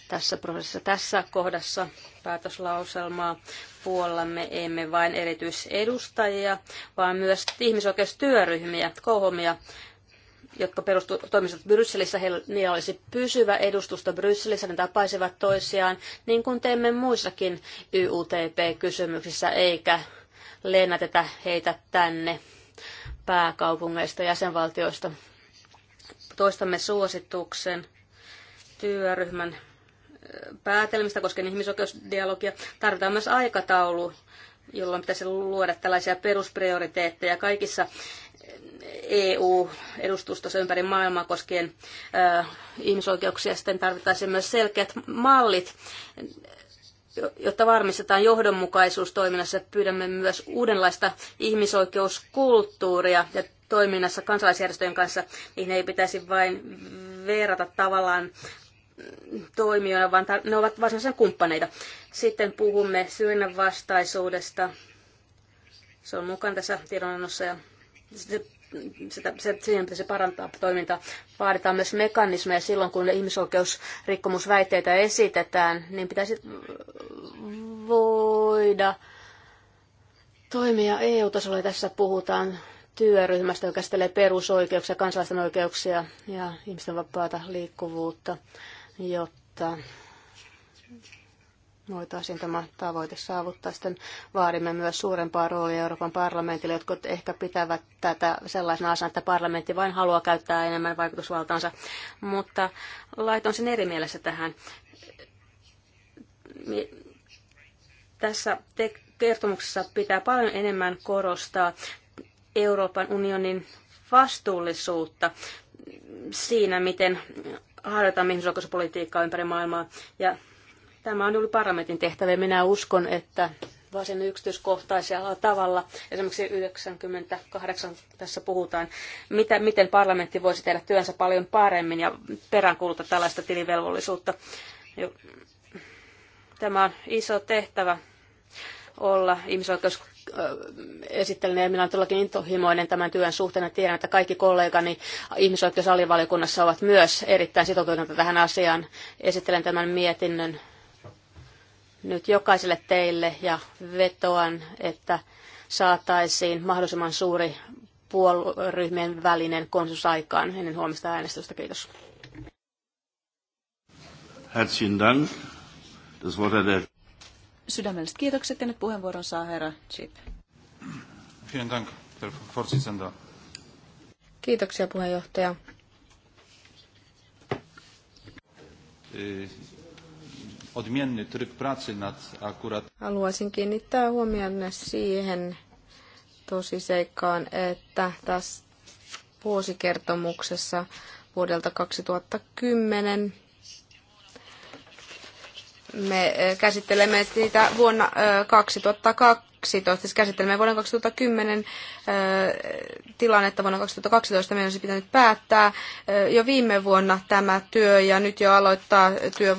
tässä prosessissa. Tässä kohdassa päätöslauselmaa puolellamme emme vain erityisedustajia, vaan myös ihmisoikeustyöryhmiä, kohomia, jotka perustu, toimisivat Brysselissä, heillä, niillä olisi pysyvä edustusta Brysselissä, ne tapaisivat toisiaan, niin kuin teemme muissakin YUTP-kysymyksissä, eikä lennätetä heitä tänne pääkaupungeista, jäsenvaltioista. Toistamme suosituksen työryhmän päätelmistä koskien ihmisoikeusdialogia. Tarvitaan myös aikataulu, jolloin pitäisi luoda tällaisia perusprioriteetteja kaikissa EU-edustustossa ympäri maailmaa koskien äh, ihmisoikeuksia. Sitten tarvittaisiin myös selkeät mallit, jotta varmistetaan johdonmukaisuus toiminnassa. Pyydämme myös uudenlaista ihmisoikeuskulttuuria ja toiminnassa kansalaisjärjestöjen kanssa, Niihin ei pitäisi vain verrata tavallaan toimijoina, vaan ne ovat varsinaisia kumppaneita. Sitten puhumme syrjinnän vastaisuudesta. Se on mukana tässä tiedonannossa ja se, sitä, se, siihen se parantaa toimintaa. Vaaditaan myös mekanismeja silloin, kun ihmisoikeusrikkomusväitteitä esitetään, niin pitäisi voida toimia EU-tasolla. Tässä puhutaan työryhmästä, joka käsittelee perusoikeuksia, kansalaisten oikeuksia ja ihmisten vapaata liikkuvuutta jotta voitaisiin tämä tavoite saavuttaa. Sitten vaadimme myös suurempaa roolia Euroopan parlamentille, jotka ehkä pitävät tätä sellaisena asiana, että parlamentti vain haluaa käyttää enemmän vaikutusvaltaansa. Mutta laiton sen eri mielessä tähän. Tässä kertomuksessa pitää paljon enemmän korostaa Euroopan unionin vastuullisuutta siinä, miten harjoitamme ihmisoikeuspolitiikkaa ympäri maailmaa. Ja tämä on juuri parlamentin tehtävä minä uskon, että varsin yksityiskohtaisella tavalla. Esimerkiksi 98 tässä puhutaan, mitä, miten parlamentti voisi tehdä työnsä paljon paremmin ja peräänkuuluta tällaista tilivelvollisuutta. Tämä on iso tehtävä olla ihmisoikeus esittelen, ja minä olen todellakin intohimoinen tämän työn suhteen. ja Tiedän, että kaikki kollegani ihmisoikeusalivaliokunnassa ovat myös erittäin sitoutuneita tähän asiaan. Esittelen tämän mietinnön nyt jokaiselle teille ja vetoan, että saataisiin mahdollisimman suuri puolueryhmien välinen konsensus aikaan ennen huomista äänestystä. Kiitos. Herzlichen Dank. Das Wort hat der Sydämelliset kiitokset ja nyt puheenvuoron saa herra Chip. Kiitoksia puheenjohtaja. Eh, odmienny tryb pracy nad akurat... Haluaisin kiinnittää huomionne siihen tosiseikkaan, että tässä vuosikertomuksessa vuodelta 2010 me käsittelemme sitä vuonna 2012, siis käsittelemme vuoden 2010 tilannetta vuonna 2012. Meidän olisi pitänyt päättää jo viime vuonna tämä työ ja nyt jo aloittaa työ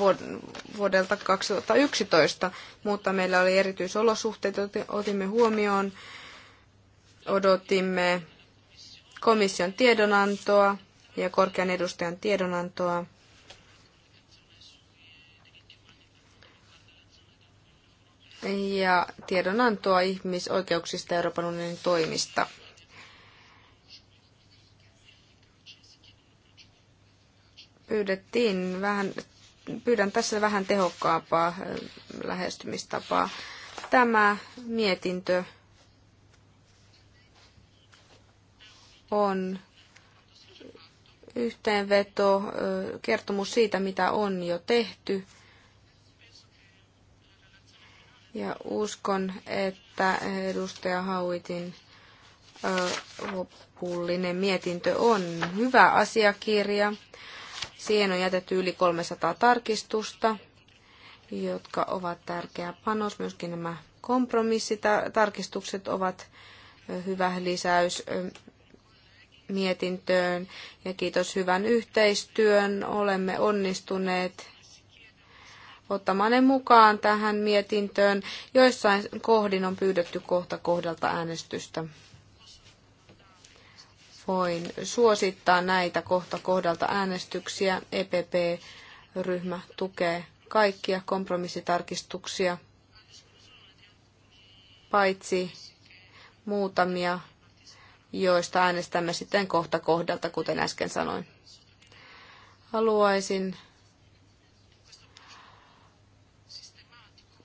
vuodelta 2011, mutta meillä oli erityisolosuhteet, otimme huomioon, odotimme komission tiedonantoa ja korkean edustajan tiedonantoa. ja tiedonantoa ihmisoikeuksista Euroopan unionin toimista. Pyydettiin vähän, pyydän tässä vähän tehokkaampaa lähestymistapaa. Tämä mietintö on yhteenveto, kertomus siitä, mitä on jo tehty – ja uskon, että edustaja Hauitin loppullinen mietintö on hyvä asiakirja. Siihen on jätetty yli 300 tarkistusta, jotka ovat tärkeä panos. Myöskin nämä kompromissitarkistukset ovat hyvä lisäys mietintöön. Ja kiitos hyvän yhteistyön. Olemme onnistuneet ottamaan ne mukaan tähän mietintöön. Joissain kohdin on pyydetty kohta kohdalta äänestystä. Voin suosittaa näitä kohta kohdalta äänestyksiä. EPP-ryhmä tukee kaikkia kompromissitarkistuksia, paitsi muutamia, joista äänestämme sitten kohta kohdalta, kuten äsken sanoin. Haluaisin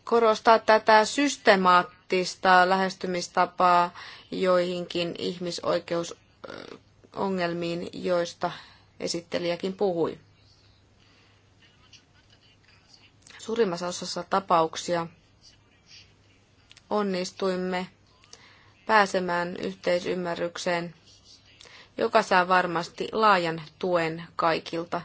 korostaa tätä systemaattista lähestymistapaa joihinkin ihmisoikeusongelmiin, joista esittelijäkin puhui. Suurimmassa osassa tapauksia onnistuimme pääsemään yhteisymmärrykseen, joka saa varmasti laajan tuen kaikilta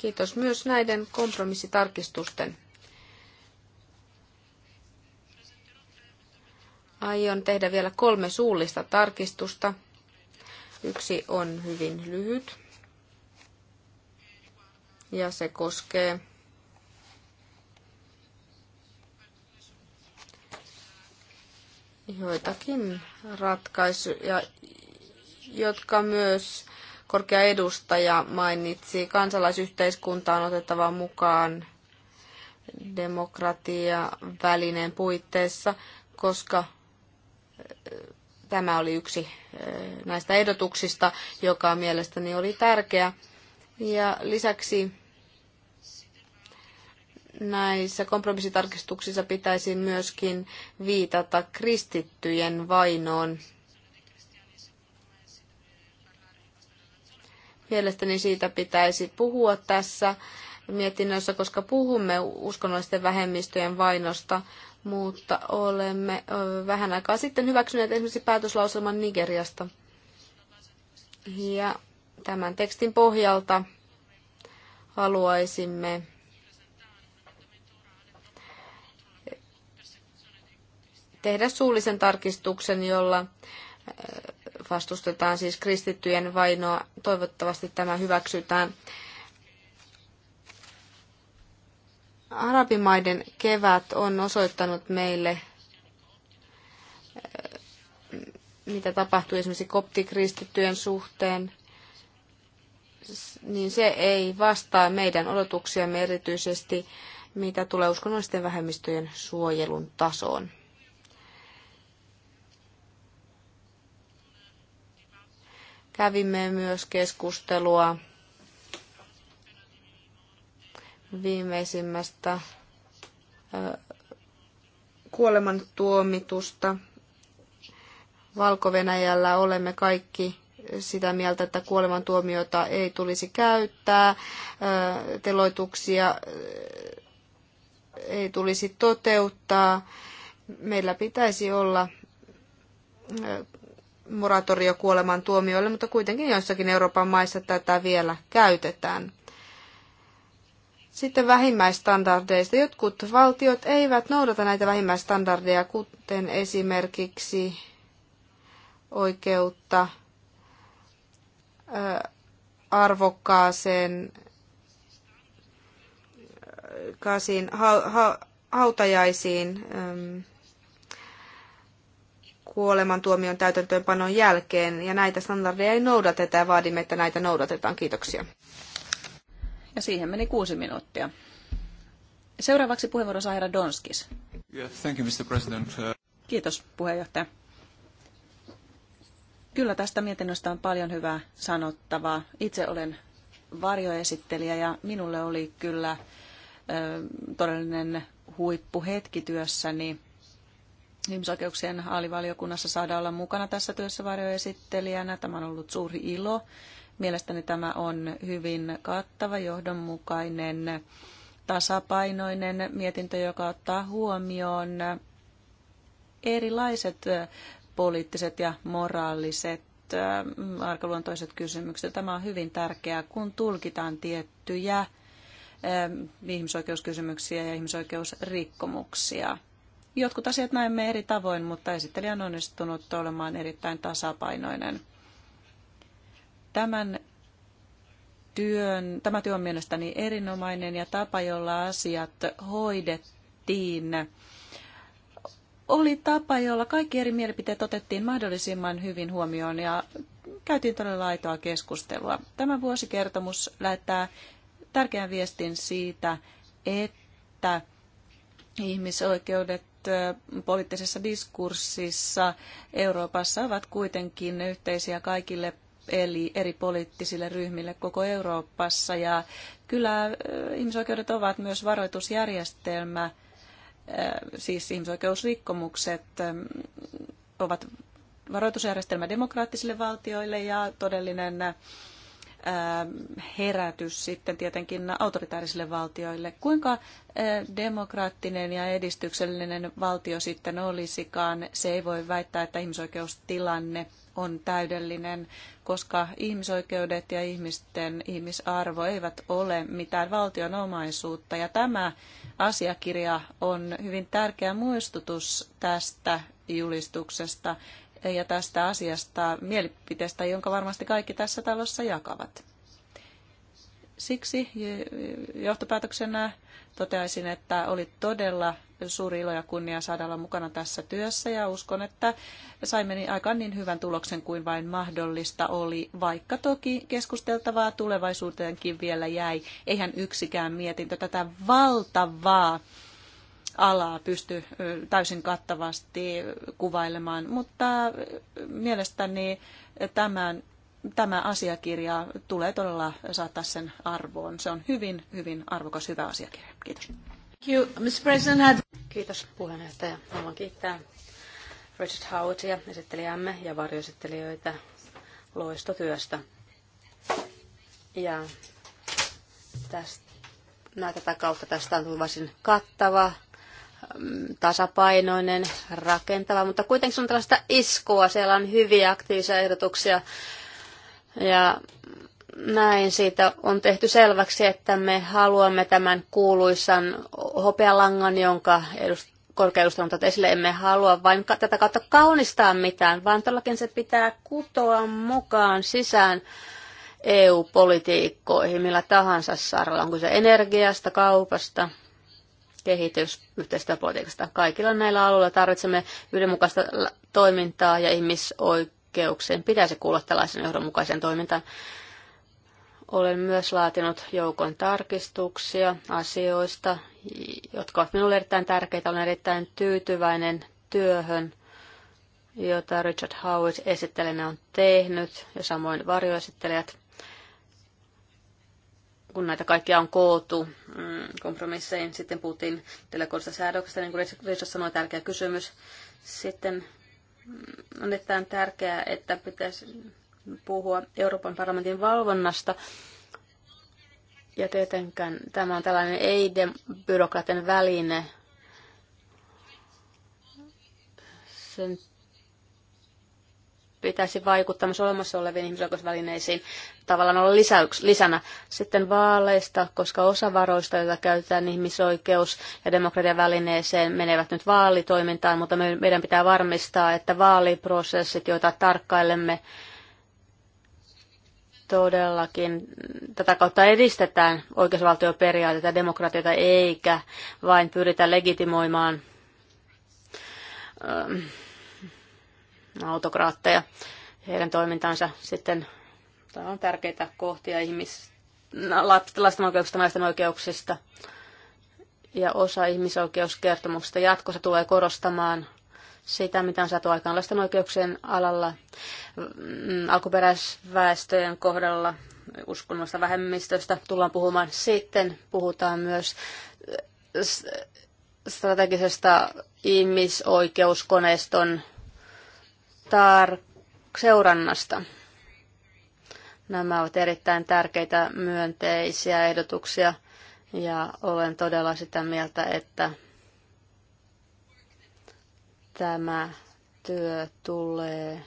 Kiitos myös näiden kompromissitarkistusten. Aion tehdä vielä kolme suullista tarkistusta. Yksi on hyvin lyhyt ja se koskee joitakin ratkaisuja, jotka myös korkea edustaja mainitsi kansalaisyhteiskuntaan otettava mukaan demokratia välineen puitteissa, koska eh, tämä oli yksi eh, näistä ehdotuksista, joka mielestäni oli tärkeä. Ja lisäksi näissä kompromissitarkistuksissa pitäisi myöskin viitata kristittyjen vainoon Mielestäni siitä pitäisi puhua tässä mietinnössä, koska puhumme uskonnollisten vähemmistöjen vainosta, mutta olemme vähän aikaa sitten hyväksyneet esimerkiksi päätöslauselman Nigeriasta. Ja tämän tekstin pohjalta haluaisimme tehdä suullisen tarkistuksen, jolla vastustetaan siis kristittyjen vainoa. Toivottavasti tämä hyväksytään. Arabimaiden kevät on osoittanut meille, eh, mitä tapahtuu esimerkiksi koptikristittyjen suhteen, niin se ei vastaa meidän odotuksiamme erityisesti, mitä tulee uskonnollisten vähemmistöjen suojelun tasoon. Kävimme myös keskustelua viimeisimmästä kuolemantuomitusta. valko olemme kaikki sitä mieltä, että kuolemantuomiota ei tulisi käyttää, teloituksia ei tulisi toteuttaa. Meillä pitäisi olla moratorio kuoleman tuomioille, mutta kuitenkin joissakin Euroopan maissa tätä vielä käytetään. Sitten vähimmäistandardeista. Jotkut valtiot eivät noudata näitä vähimmäistandardeja, kuten esimerkiksi oikeutta arvokkaaseen kasiin, ha, ha, hautajaisiin kuolemantuomion täytäntöönpanon jälkeen, ja näitä standardeja ei noudateta, ja vaadimme, että näitä noudatetaan. Kiitoksia. Ja siihen meni kuusi minuuttia. Seuraavaksi puheenvuoro saa Donskis. Yeah, thank you, Mr. President. Uh, Kiitos, puheenjohtaja. Kyllä tästä mietinnöstä on paljon hyvää sanottavaa. Itse olen varjoesittelijä ja minulle oli kyllä todellinen huippuhetki työssäni ihmisoikeuksien alivaliokunnassa saada olla mukana tässä työssä varjoesittelijänä. Tämä on ollut suuri ilo. Mielestäni tämä on hyvin kattava, johdonmukainen, tasapainoinen mietintö, joka ottaa huomioon erilaiset poliittiset ja moraaliset arkaluontoiset kysymykset. Tämä on hyvin tärkeää, kun tulkitaan tiettyjä ihmisoikeuskysymyksiä ja ihmisoikeusrikkomuksia. Jotkut asiat näemme eri tavoin, mutta esittelijä on onnistunut olemaan erittäin tasapainoinen. Tämän työn, tämä työ on mielestäni erinomainen ja tapa, jolla asiat hoidettiin, oli tapa, jolla kaikki eri mielipiteet otettiin mahdollisimman hyvin huomioon ja käytiin todella aitoa keskustelua. Tämä vuosikertomus lähettää tärkeän viestin siitä, että ihmisoikeudet poliittisessa diskurssissa Euroopassa ovat kuitenkin yhteisiä kaikille eli eri poliittisille ryhmille koko Euroopassa. Ja kyllä ihmisoikeudet ovat myös varoitusjärjestelmä, siis ihmisoikeusrikkomukset ovat varoitusjärjestelmä demokraattisille valtioille ja todellinen Ähm, herätys sitten tietenkin autoritaarisille valtioille. Kuinka äh, demokraattinen ja edistyksellinen valtio sitten olisikaan, se ei voi väittää, että ihmisoikeustilanne on täydellinen, koska ihmisoikeudet ja ihmisten ihmisarvo eivät ole mitään valtion omaisuutta. Ja tämä asiakirja on hyvin tärkeä muistutus tästä julistuksesta ja tästä asiasta mielipiteestä, jonka varmasti kaikki tässä talossa jakavat. Siksi johtopäätöksenä toteaisin, että oli todella suuri ilo ja kunnia saada olla mukana tässä työssä ja uskon, että saimme aikaan niin hyvän tuloksen kuin vain mahdollista oli, vaikka toki keskusteltavaa tulevaisuuteenkin vielä jäi. Eihän yksikään mietintö tätä valtavaa alaa pysty täysin kattavasti kuvailemaan, mutta mielestäni tämän, tämä asiakirja tulee todella saattaa sen arvoon. Se on hyvin, hyvin arvokas, hyvä asiakirja. Kiitos. Kiitos puheenjohtaja. Haluan kiittää Richard Howardsia, esittelijämme ja varjoesittelijöitä loistotyöstä. Ja tästä, näitä tätä kautta tästä on tullut varsin kattava Mm, tasapainoinen, rakentava, mutta kuitenkin se on tällaista iskua. Siellä on hyviä aktiivisia ehdotuksia ja näin siitä on tehty selväksi, että me haluamme tämän kuuluisan hopealangan, jonka edust- korkeudusta on esille. Emme halua vain tätä kautta kaunistaa mitään, vaan todellakin se pitää kutoa mukaan sisään EU-politiikkoihin millä tahansa saralla. Onko se energiasta, kaupasta, kehitysyhteistyöpolitiikasta. Kaikilla näillä alueilla tarvitsemme yhdenmukaista toimintaa ja ihmisoikeuksien pitäisi kuulla tällaisen johdonmukaisen toimintaan. Olen myös laatinut joukon tarkistuksia asioista, jotka ovat minulle erittäin tärkeitä. Olen erittäin tyytyväinen työhön, jota Richard Howard esittelijänä on tehnyt ja samoin varjoesittelijät kun näitä kaikkia on koottu mm, kompromisseihin, sitten puhuttiin delegoidusta säädöksestä, niin kuin Richard sanoi, tärkeä kysymys. Sitten mm, on erittäin tärkeää, että pitäisi puhua Euroopan parlamentin valvonnasta. Ja tietenkään tämä on tällainen ei-byrokraatin väline. Sen pitäisi vaikuttaa myös olemassa oleviin ihmisoikeusvälineisiin tavallaan olla lisäyks, lisänä sitten vaaleista, koska osa varoista, joita käytetään ihmisoikeus- ja demokratian välineeseen, menevät nyt vaalitoimintaan, mutta me, meidän pitää varmistaa, että vaaliprosessit, joita tarkkailemme, todellakin tätä kautta edistetään oikeusvaltioperiaatteita ja demokratiota, eikä vain pyritä legitimoimaan ähm, autokraatteja. Heidän toimintansa sitten tämä on tärkeitä kohtia ihmis, lasten oikeuksista, naisten oikeuksista. Ja osa ihmisoikeuskertomuksesta jatkossa tulee korostamaan sitä, mitä on saatu aikaan lasten oikeuksien alalla, mm, alkuperäisväestöjen kohdalla, uskonnollista vähemmistöstä tullaan puhumaan. Sitten puhutaan myös äh, strategisesta ihmisoikeuskoneiston Star seurannasta. Nämä ovat erittäin tärkeitä myönteisiä ehdotuksia ja olen todella sitä mieltä, että tämä työ tulee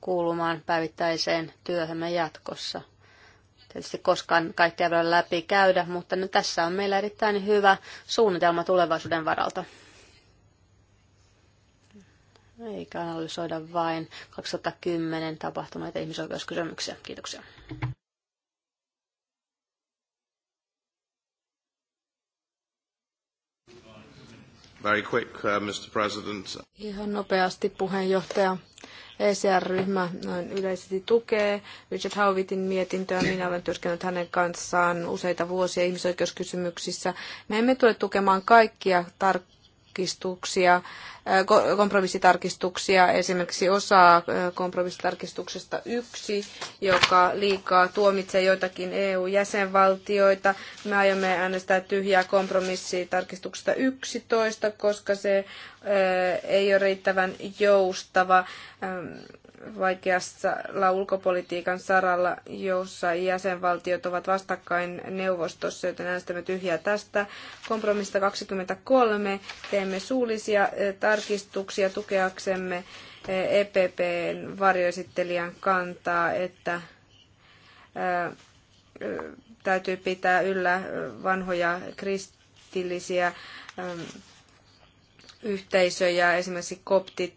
kuulumaan päivittäiseen työhömme jatkossa. Tietysti koskaan kaikkea voi läpi käydä, mutta nyt tässä on meillä erittäin hyvä suunnitelma tulevaisuuden varalta eikä analysoida vain 2010 tapahtuneita ihmisoikeuskysymyksiä. Kiitoksia. Very quick, uh, Mr. President. Ihan nopeasti puheenjohtaja. ECR-ryhmä noin yleisesti tukee Richard Howittin mietintöä. Minä olen työskennellyt hänen kanssaan useita vuosia ihmisoikeuskysymyksissä. Me emme tule tukemaan kaikkia tar- tarkistuksia, kompromissitarkistuksia, esimerkiksi osa kompromissitarkistuksesta yksi, joka liikaa tuomitsee joitakin EU-jäsenvaltioita. Me aiomme äänestää tyhjää kompromissitarkistuksesta 11, koska se ei ole riittävän joustava vaikeassa ulkopolitiikan saralla, jossa jäsenvaltiot ovat vastakkain neuvostossa, joten äänestämme tyhjää tästä. Kompromista 23 teemme suullisia eh, tarkistuksia tukeaksemme EPPn eh, e varjoesittelijän kantaa, että eh, täytyy pitää yllä vanhoja kristillisiä yhteisöjä, esimerkiksi koptit,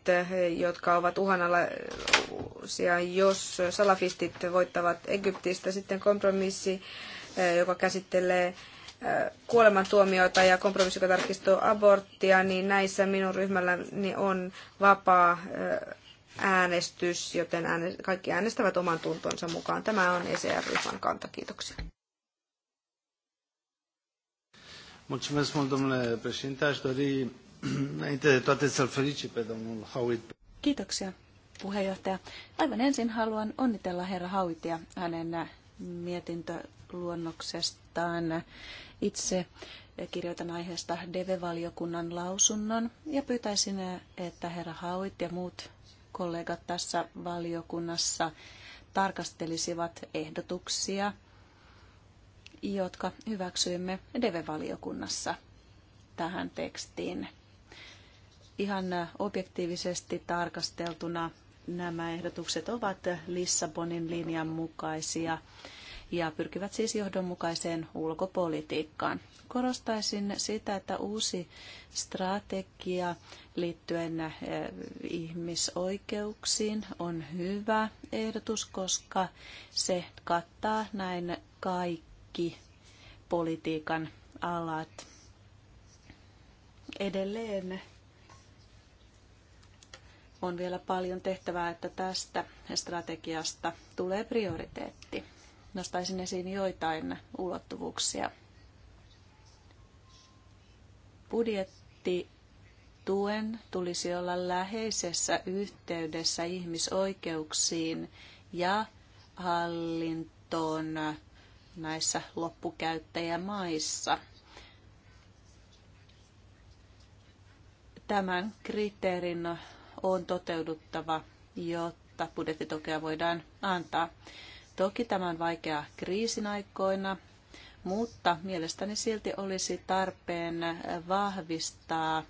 jotka ovat uhanalaisia, jos salafistit voittavat Egyptistä. Sitten kompromissi, joka käsittelee äh, kuolemantuomioita ja kompromissi, joka tarkistuu aborttia, niin näissä minun ryhmälläni on vapaa äh, äänestys, joten kaikki äänestävät oman tuntonsa mukaan. Tämä on ECR-ryhmän kanta. Kiitoksia. Mulțumesc mult, domnule președinte. Aș dori Înainte toate să-l domnul Kiitoksia, puheenjohtaja. Aivan ensin haluan onnitella herra Hauitia hänen mietintöluonnoksestaan. Itse kirjoitan aiheesta DEVE-valiokunnan lausunnon ja pyytäisin, että herra Hauit ja muut kollegat tässä valiokunnassa tarkastelisivat ehdotuksia, jotka hyväksyimme DEVE-valiokunnassa tähän tekstiin ihan objektiivisesti tarkasteltuna nämä ehdotukset ovat Lissabonin linjan mukaisia ja pyrkivät siis johdonmukaiseen ulkopolitiikkaan. Korostaisin sitä, että uusi strategia liittyen eh, ihmisoikeuksiin on hyvä ehdotus, koska se kattaa näin kaikki politiikan alat. Edelleen on vielä paljon tehtävää, että tästä strategiasta tulee prioriteetti. Nostaisin esiin joitain ulottuvuuksia. Budjetti tuen tulisi olla läheisessä yhteydessä ihmisoikeuksiin ja hallintoon näissä loppukäyttäjämaissa. Tämän kriteerin on toteuduttava, jotta budjettitukea voidaan antaa. Toki tämä on vaikeaa kriisin aikoina, mutta mielestäni silti olisi tarpeen vahvistaa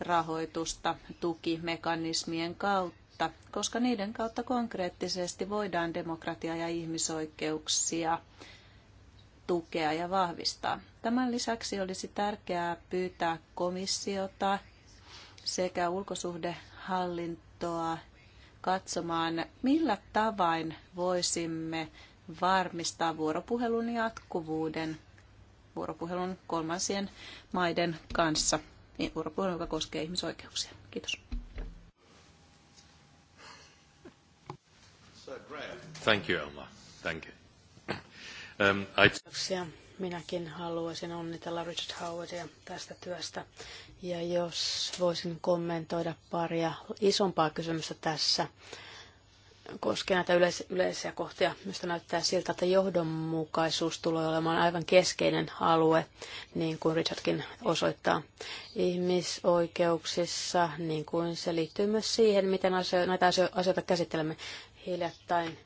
rahoitusta tukimekanismien kautta, koska niiden kautta konkreettisesti voidaan demokratiaa ja ihmisoikeuksia tukea ja vahvistaa. Tämän lisäksi olisi tärkeää pyytää komissiota sekä ulkosuhdehallintoa katsomaan, millä tavain voisimme varmistaa vuoropuhelun jatkuvuuden vuoropuhelun kolmansien maiden kanssa, niin vuoropuhelun, joka koskee ihmisoikeuksia. Kiitos. Thank you, Elma. Thank you. Um, I... Kiitoksia. Minäkin haluaisin onnitella Richard Howardia tästä työstä. Ja jos voisin kommentoida paria isompaa kysymystä tässä koskien näitä yleis- yleisiä kohtia, mistä näyttää siltä, että johdonmukaisuus tulee olemaan aivan keskeinen alue, niin kuin Richardkin osoittaa ihmisoikeuksissa, niin kuin se liittyy myös siihen, miten asio- näitä asio- asioita käsittelemme hiljattain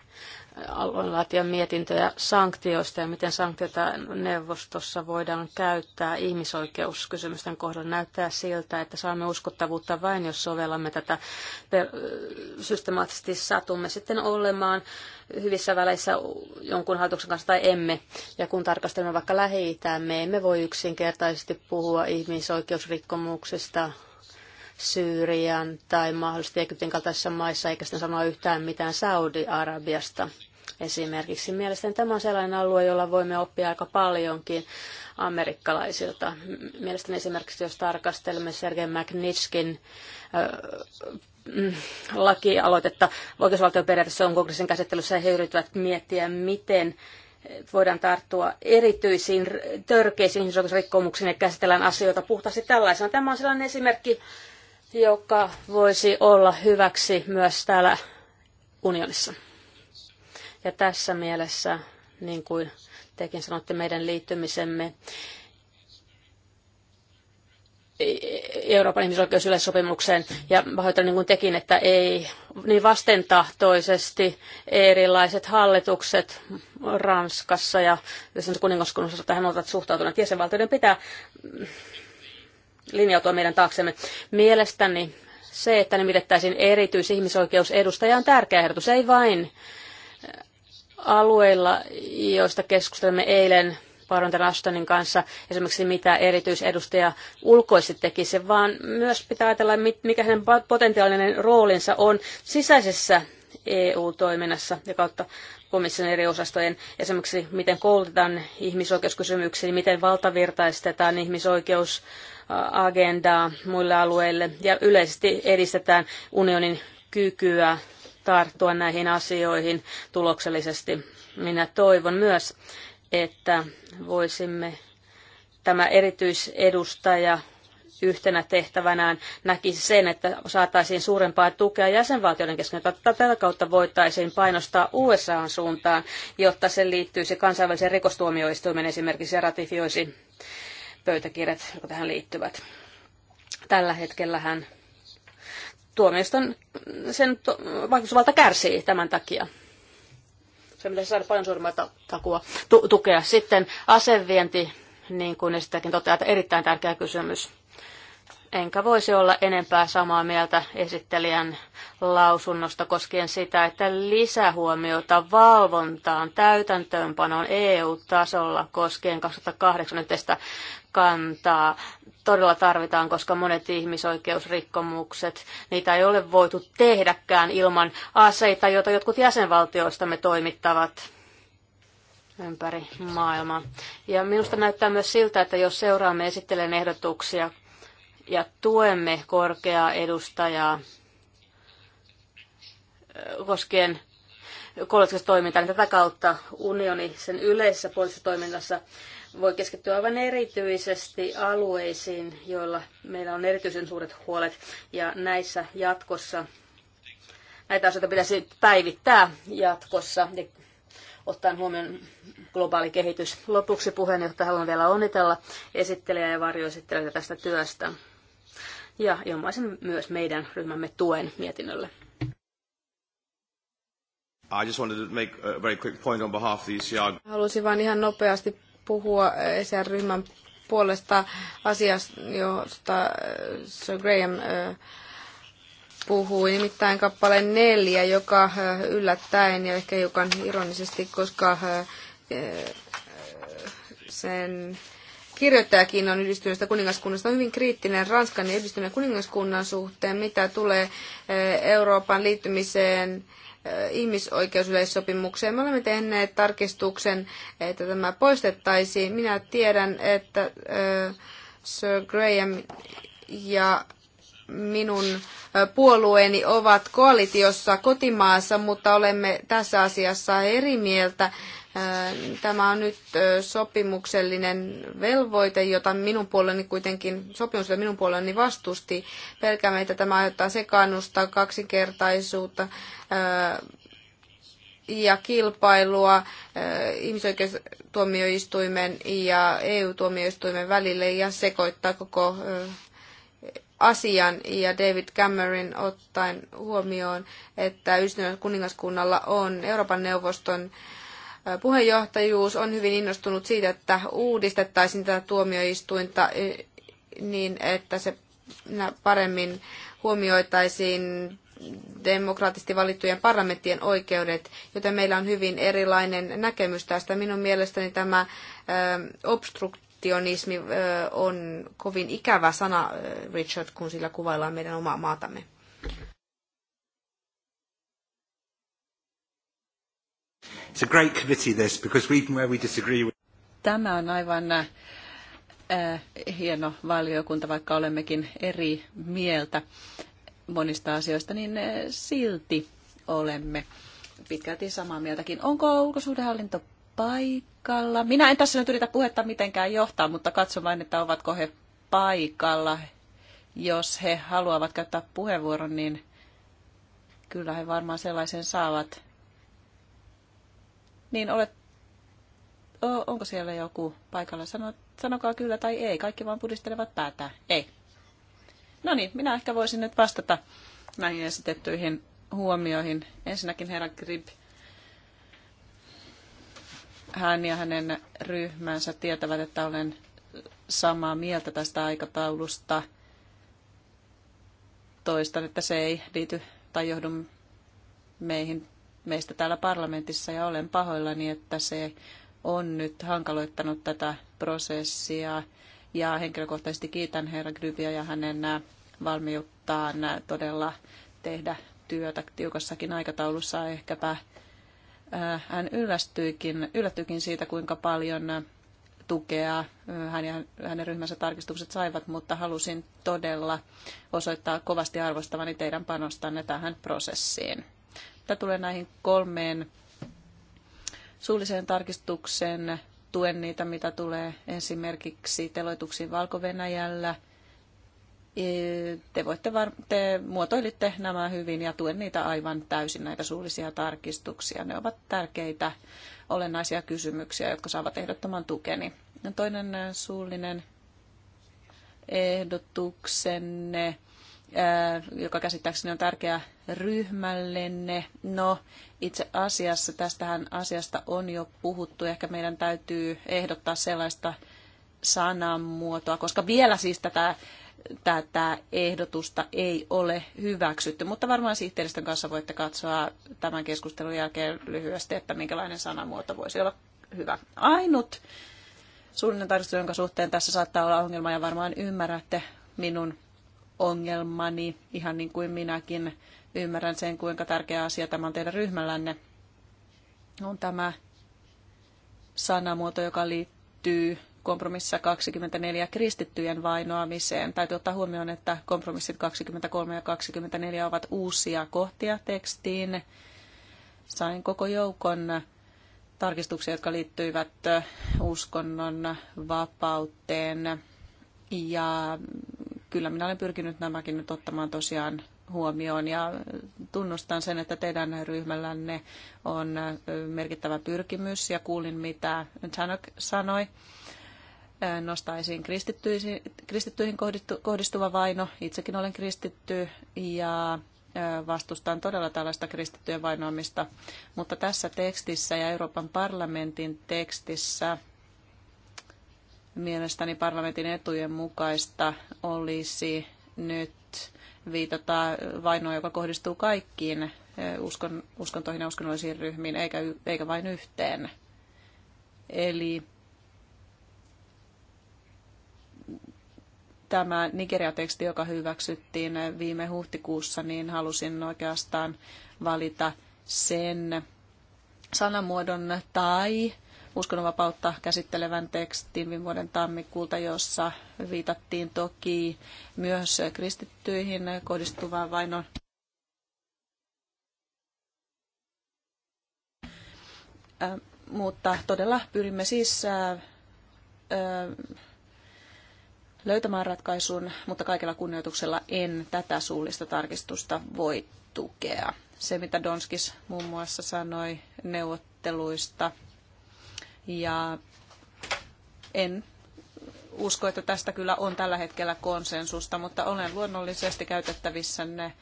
laatia mietintöjä sanktioista ja miten sanktioita neuvostossa voidaan käyttää ihmisoikeuskysymysten kohdalla. Näyttää siltä, että saamme uskottavuutta vain, jos sovellamme tätä systemaattisesti satumme sitten olemaan hyvissä väleissä jonkun hallituksen kanssa tai emme. Ja kun tarkastelemme vaikka lähi me emme voi yksinkertaisesti puhua ihmisoikeusrikkomuksista Syyrian tai mahdollisesti Egyptin kaltaisissa maissa, eikä sitten sanoa yhtään mitään Saudi-Arabiasta esimerkiksi. Mielestäni tämä on sellainen alue, jolla voimme oppia aika paljonkin amerikkalaisilta. Mielestäni esimerkiksi jos tarkastelemme Sergei Magnitskin mm, lakialoitetta oikeusvaltioperiaatteessa on kongressin käsittelyssä ja he yrittävät miettiä, miten voidaan tarttua erityisiin törkeisiin ihmisoikeusrikkomuksiin ja käsitellään asioita puhtaasti tällaisena. Tämä on sellainen esimerkki joka voisi olla hyväksi myös täällä unionissa. Ja tässä mielessä, niin kuin tekin sanotte, meidän liittymisemme Euroopan ihmisoikeusyleissopimukseen ja pahoittelen niin kuin tekin, että ei niin vastentahtoisesti erilaiset hallitukset Ranskassa ja kuningaskunnassa tähän ovat suhtautuneet. Jäsenvaltioiden pitää linjautua meidän taaksemme. Mielestäni se, että nimitettäisiin erityisihmisoikeusedustaja on tärkeä ehdotus, ei vain äh, alueilla, joista keskustelimme eilen Paronten Ashtonin kanssa, esimerkiksi mitä erityisedustaja ulkoisesti tekisi, vaan myös pitää ajatella, mikä hänen potentiaalinen roolinsa on sisäisessä EU-toiminnassa ja kautta komission eri osastojen, esimerkiksi miten koulutetaan ihmisoikeuskysymyksiin, miten valtavirtaistetaan ihmisoikeusagendaa muille alueille ja yleisesti edistetään unionin kykyä tarttua näihin asioihin tuloksellisesti. Minä toivon myös, että voisimme tämä erityisedustaja yhtenä tehtävänään näkisi sen, että saataisiin suurempaa tukea jäsenvaltioiden kesken, jotta tätä kautta voitaisiin painostaa n suuntaan, jotta se liittyisi kansainväliseen rikostuomioistuimen esimerkiksi ja ratifioisi pöytäkirjat, jotka tähän liittyvät. Tällä hetkellähän tuomioiston sen vaikutusvalta kärsii tämän takia. Se pitäisi saada paljon suuremmalta takua, tu- tukea. Sitten asevienti, niin kuin esittäkin toteaa, erittäin tärkeä kysymys. Enkä voisi olla enempää samaa mieltä esittelijän lausunnosta koskien sitä, että lisähuomiota valvontaan täytäntöönpanoon EU-tasolla koskien 2018 kantaa todella tarvitaan, koska monet ihmisoikeusrikkomukset, niitä ei ole voitu tehdäkään ilman aseita, joita jotkut jäsenvaltioista me toimittavat ympäri maailmaa. Ja minusta näyttää myös siltä, että jos seuraamme esittelen ehdotuksia ja tuemme korkeaa edustajaa koskien koulutuksesta toimintaa. Tätä kautta unioni sen yleisessä poliittisessa toiminnassa voi keskittyä aivan erityisesti alueisiin, joilla meillä on erityisen suuret huolet. Ja näissä jatkossa, näitä asioita pitäisi päivittää jatkossa ja ottaen huomioon globaali kehitys. Lopuksi puheenjohtaja haluan vielä onnitella esittelijä ja varjoesittelijä tästä työstä ja ilmaisen myös meidän ryhmämme tuen mietinnölle. I just wanted to make a very quick point on behalf of the ECR. Halusin vain ihan nopeasti puhua ECR-ryhmän eh, e puolesta asiasta, josta eh, Sir Graham eh, puhui, nimittäin kappale neljä, joka yllättäen ja ehkä hiukan ironisesti, koska sen kirjoittajakin on yhdistyneestä kuningaskunnasta hyvin kriittinen Ranskan ja yhdistyneen kuningaskunnan suhteen, mitä tulee eh, Euroopan liittymiseen eh, ihmisoikeusyleissopimukseen. Me olemme tehneet tarkistuksen, että tämä poistettaisiin. Minä tiedän, että eh, Sir Graham ja minun puolueeni ovat koalitiossa kotimaassa, mutta olemme tässä asiassa eri mieltä. Tämä on nyt sopimuksellinen velvoite, jota minun puoleni kuitenkin, sopimus, jota minun puoleni vastusti. Pelkäämme, että tämä aiheuttaa sekaannusta, kaksinkertaisuutta ja kilpailua ihmisoikeustuomioistuimen ja EU-tuomioistuimen välille ja sekoittaa koko asian ja David Cameron ottaen huomioon, että yhdistyneellä kuningaskunnalla on Euroopan neuvoston äh, puheenjohtajuus on hyvin innostunut siitä, että uudistettaisiin tätä tuomioistuinta e, niin, että se paremmin huomioitaisiin demokraattisesti valittujen parlamenttien oikeudet, joten meillä on hyvin erilainen näkemys tästä. Minun mielestäni tämä e, obstruktionismi e, on kovin ikävä sana, Richard, kun sillä kuvaillaan meidän omaa maatamme. It's a great committee this, because even where we disagree with... Tämä on aivan äh, hieno valiokunta, vaikka olemmekin eri mieltä monista asioista, niin äh, silti olemme pitkälti samaa mieltäkin. Onko ulkosuhdehallinto paikalla? Minä en tässä nyt yritä puhetta mitenkään johtaa, mutta katson vain, että ovatko he paikalla. Jos he haluavat käyttää puheenvuoron, niin kyllä he varmaan sellaisen saavat niin olet, onko siellä joku paikalla? Sano, sanokaa kyllä tai ei. Kaikki vaan pudistelevat päätään. Ei. No niin, minä ehkä voisin nyt vastata näihin esitettyihin huomioihin. Ensinnäkin herra Grib, hän ja hänen ryhmänsä tietävät, että olen samaa mieltä tästä aikataulusta. Toistan, että se ei liity tai johdu meihin meistä täällä parlamentissa ja olen pahoillani, että se on nyt hankaloittanut tätä prosessia. Ja henkilökohtaisesti kiitän herra Grybia ja hänen äh, valmiuttaan äh, todella tehdä työtä tiukassakin aikataulussa. Ehkäpä äh, hän yllättyikin, yllättyikin siitä, kuinka paljon tukea hän ja hänen ryhmänsä tarkistukset saivat, mutta halusin todella osoittaa kovasti arvostavani teidän panostanne tähän prosessiin. Mitä tulee näihin kolmeen suulliseen tarkistukseen, tuen niitä, mitä tulee esimerkiksi teloituksiin Valko-Venäjällä. E, te, voitte var- te muotoilitte nämä hyvin ja tuen niitä aivan täysin, näitä suullisia tarkistuksia. Ne ovat tärkeitä olennaisia kysymyksiä, jotka saavat ehdottoman tukeni. toinen suullinen ehdotuksenne joka käsittääkseni on tärkeä ryhmällenne. No, itse asiassa tästähän asiasta on jo puhuttu. Ehkä meidän täytyy ehdottaa sellaista sananmuotoa, koska vielä siis tätä, tätä ehdotusta ei ole hyväksytty. Mutta varmaan sihteeristön kanssa voitte katsoa tämän keskustelun jälkeen lyhyesti, että minkälainen sanamuoto voisi olla hyvä. Ainut suullinen tarkistus, jonka suhteen tässä saattaa olla ongelma ja varmaan ymmärrätte minun ongelmani, ihan niin kuin minäkin ymmärrän sen, kuinka tärkeä asia tämä on teidän ryhmällänne, on tämä sanamuoto, joka liittyy kompromississa 24 kristittyjen vainoamiseen. Täytyy ottaa huomioon, että kompromissit 23 ja 24 ovat uusia kohtia tekstiin. Sain koko joukon tarkistuksia, jotka liittyivät uskonnon vapauteen ja kyllä minä olen pyrkinyt nämäkin nyt ottamaan tosiaan huomioon ja tunnustan sen, että teidän ryhmällänne on merkittävä pyrkimys ja kuulin mitä Chanok sanoi. Nostaisin kristittyihin kohdistuva vaino. Itsekin olen kristitty ja vastustan todella tällaista kristittyjen vainoamista, mutta tässä tekstissä ja Euroopan parlamentin tekstissä – Mielestäni parlamentin etujen mukaista olisi nyt viitata vainoa, joka kohdistuu kaikkiin uskon, uskontoihin ja uskonnollisiin ryhmiin, eikä, eikä vain yhteen. Eli tämä Nigeria-teksti, joka hyväksyttiin viime huhtikuussa, niin halusin oikeastaan valita sen sanamuodon tai uskonnonvapautta käsittelevän tekstin viime vuoden tammikuulta, jossa viitattiin toki myös kristittyihin kohdistuvaan vainoon. Mutta todella pyrimme siis löytämään ratkaisun, mutta kaikella kunnioituksella en tätä suullista tarkistusta voi tukea. Se, mitä Donskis muun muassa sanoi neuvotteluista ja en usko, että tästä kyllä on tällä hetkellä konsensusta, mutta olen luonnollisesti käytettävissänne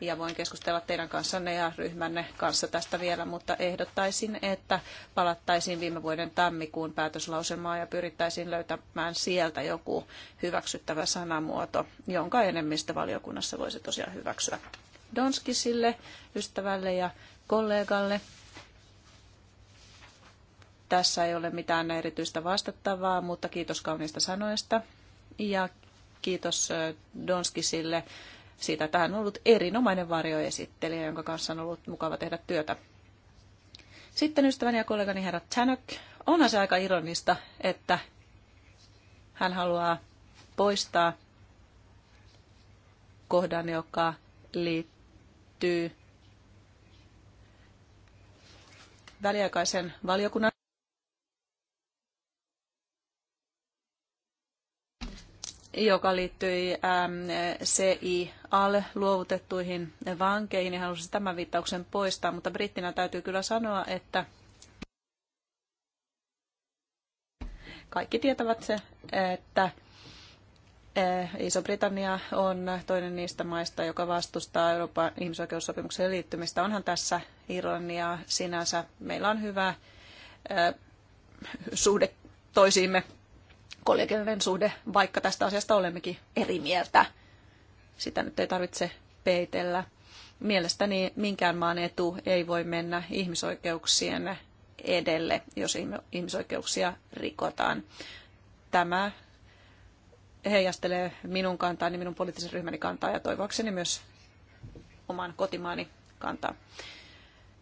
ja voin keskustella teidän kanssanne ja ryhmänne kanssa tästä vielä, mutta ehdottaisin, että palattaisiin viime vuoden tammikuun päätöslauselmaa ja pyrittäisiin löytämään sieltä joku hyväksyttävä sanamuoto, jonka enemmistö valiokunnassa voisi tosiaan hyväksyä Donskisille, ystävälle ja kollegalle. Tässä ei ole mitään erityistä vastattavaa, mutta kiitos kauniista sanoista ja kiitos Donskisille siitä, että hän on ollut erinomainen varjoesittelijä, jonka kanssa on ollut mukava tehdä työtä. Sitten ystäväni ja kollegani herra Tanok. Onhan se aika ironista, että hän haluaa poistaa kohdan, joka liittyy väliaikaisen valiokunnan joka liittyi ähm, CI alle luovutettuihin vankeihin ja halusi tämän viittauksen poistaa, mutta brittinä täytyy kyllä sanoa, että kaikki tietävät se, että äh, Iso-Britannia on toinen niistä maista, joka vastustaa Euroopan ihmisoikeussopimukseen liittymistä. Onhan tässä Irlannia sinänsä. Meillä on hyvä äh, suhde toisiimme kollegiallinen suhde, vaikka tästä asiasta olemmekin eri mieltä. Sitä nyt ei tarvitse peitellä. Mielestäni minkään maan etu ei voi mennä ihmisoikeuksien edelle, jos ihmisoikeuksia rikotaan. Tämä heijastelee minun kantaani, minun poliittisen ryhmäni kantaa ja toivoakseni myös oman kotimaani kantaa.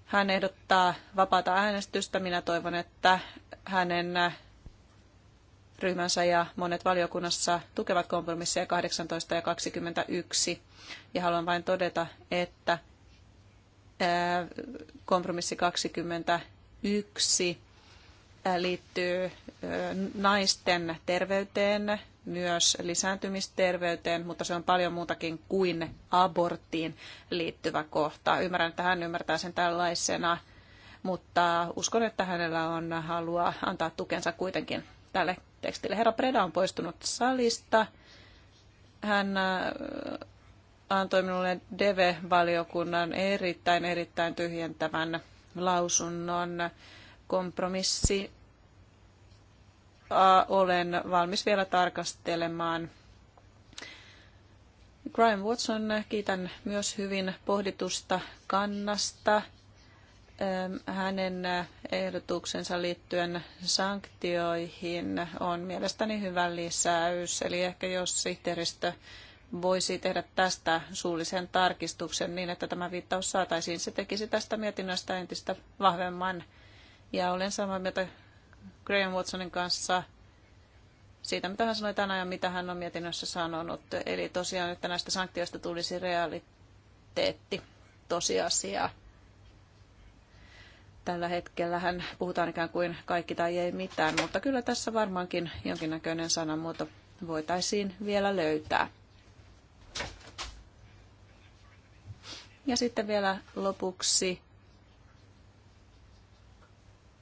Hän ehdottaa vapaata äänestystä. Minä toivon, että hänen ryhmänsä ja monet valiokunnassa tukevat kompromisseja 18 ja 21. Ja haluan vain todeta, että kompromissi 21 liittyy naisten terveyteen, myös lisääntymisterveyteen, mutta se on paljon muutakin kuin aborttiin liittyvä kohta. Ymmärrän, että hän ymmärtää sen tällaisena, mutta uskon, että hänellä on halua antaa tukensa kuitenkin tälle tekstille. Herra Preda on poistunut salista. Hän äh, antoi minulle DEVE-valiokunnan erittäin, erittäin tyhjentävän lausunnon kompromissi. Olen valmis vielä tarkastelemaan. Graham Watson, kiitän myös hyvin pohditusta kannasta hänen äh, ehdotuksensa liittyen sanktioihin on mielestäni hyvä lisäys. Eli ehkä jos sihteeristö voisi tehdä tästä suullisen tarkistuksen niin, että tämä viittaus saataisiin, se tekisi tästä mietinnöstä entistä vahvemman. Ja olen samaa mieltä Graham Watsonin kanssa siitä, mitä hän sanoi tänään ja mitä hän on mietinnössä sanonut. Eli tosiaan, että näistä sanktioista tulisi realiteetti, tosiasia. Tällä hetkellähän puhutaan ikään kuin kaikki tai ei mitään, mutta kyllä tässä varmaankin jonkinnäköinen sanamuoto voitaisiin vielä löytää. Ja sitten vielä lopuksi,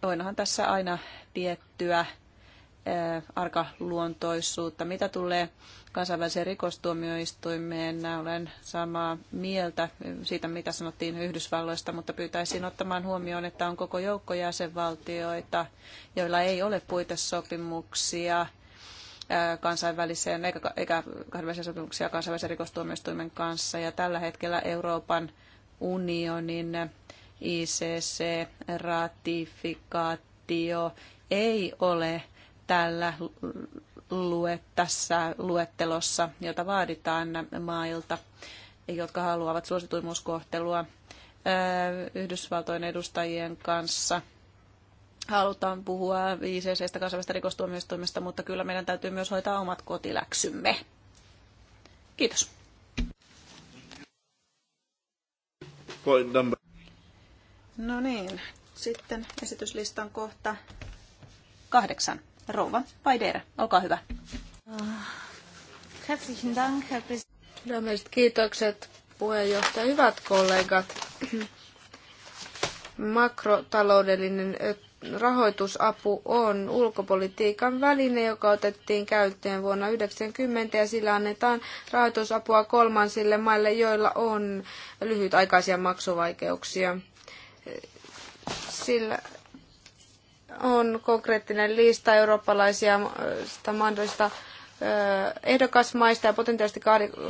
oinahan tässä aina tiettyä arkaluontoisuutta, mitä tulee kansainväliseen rikostuomioistuimeen. Olen samaa mieltä siitä, mitä sanottiin Yhdysvalloista, mutta pyytäisin ottamaan huomioon, että on koko joukko jäsenvaltioita, joilla ei ole puitesopimuksia kansainväliseen, eikä, eikä kansainvälisiä sopimuksia kansainvälisen rikostuomioistuimen kanssa. Ja tällä hetkellä Euroopan unionin ICC-ratifikaatio ei ole tällä lue tässä luettelossa, jota vaaditaan mailta, jotka haluavat suosituimuuskohtelua äh, Yhdysvaltojen edustajien kanssa – halutaan puhua ICCstä kansainvälisestä rikostuomioistuimesta, mutta kyllä meidän täytyy myös hoitaa omat kotiläksymme. Kiitos. No niin, sitten esityslistan kohta kahdeksan. Rouva Paidera, olkaa hyvä. Ah, herzlichen Dank, Herr kiitokset, puheenjohtaja. Hyvät kollegat, makrotaloudellinen rahoitusapu on ulkopolitiikan väline, joka otettiin käyttöön vuonna 1990 ja sillä annetaan rahoitusapua kolmansille maille, joilla on lyhytaikaisia maksuvaikeuksia. Sillä on konkreettinen lista eurooppalaisia mahdollisista ehdokasmaista ja potentiaalisesti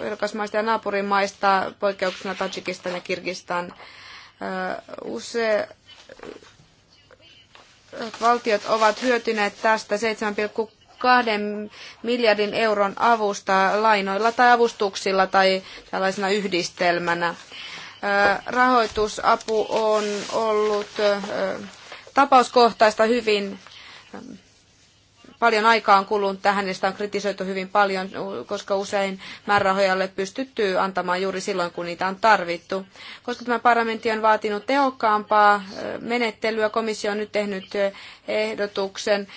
ehdokasmaista ja naapurimaista, poikkeuksena Tajikistan ja Kirgistan. Use valtiot ovat hyötyneet tästä 7,6 kahden miljardin euron avusta lainoilla tai avustuksilla tai tällaisena yhdistelmänä. Rahoitusapu on ollut tapauskohtaista hyvin. Paljon aikaa on kulunut tähän, niistä on kritisoitu hyvin paljon, koska usein määrärahoja ole pystytty antamaan juuri silloin, kun niitä on tarvittu. Koska tämä parlamentti on vaatinut tehokkaampaa menettelyä, komissio on nyt tehnyt ehdotuksen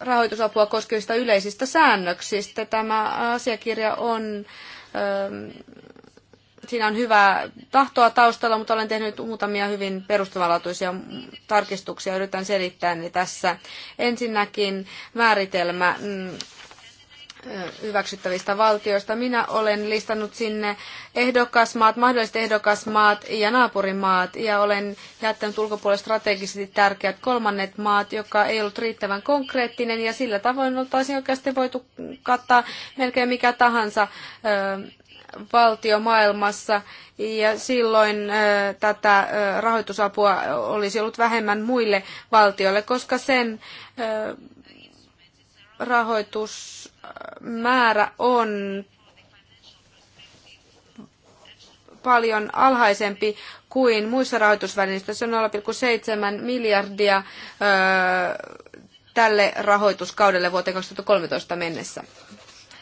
rahoitusapua koskevista yleisistä säännöksistä. Tämä asiakirja on siinä on hyvää tahtoa taustalla, mutta olen tehnyt muutamia hyvin perustavanlaatuisia tarkistuksia. Yritän selittää ne tässä. Ensinnäkin määritelmä mm, hyväksyttävistä valtioista. Minä olen listannut sinne ehdokasmaat, mahdolliset ehdokasmaat ja naapurimaat, ja olen jättänyt ulkopuolelle strategisesti tärkeät kolmannet maat, joka ei ollut riittävän konkreettinen, ja sillä tavoin oltaisiin oikeasti voitu kattaa melkein mikä tahansa ö, valtio maailmassa ja silloin tätä rahoitusapua olisi ollut vähemmän muille valtioille, koska sen rahoitusmäärä on paljon alhaisempi kuin muissa rahoitusvälineissä. Se on 0,7 miljardia tälle rahoituskaudelle vuoteen 2013 mennessä.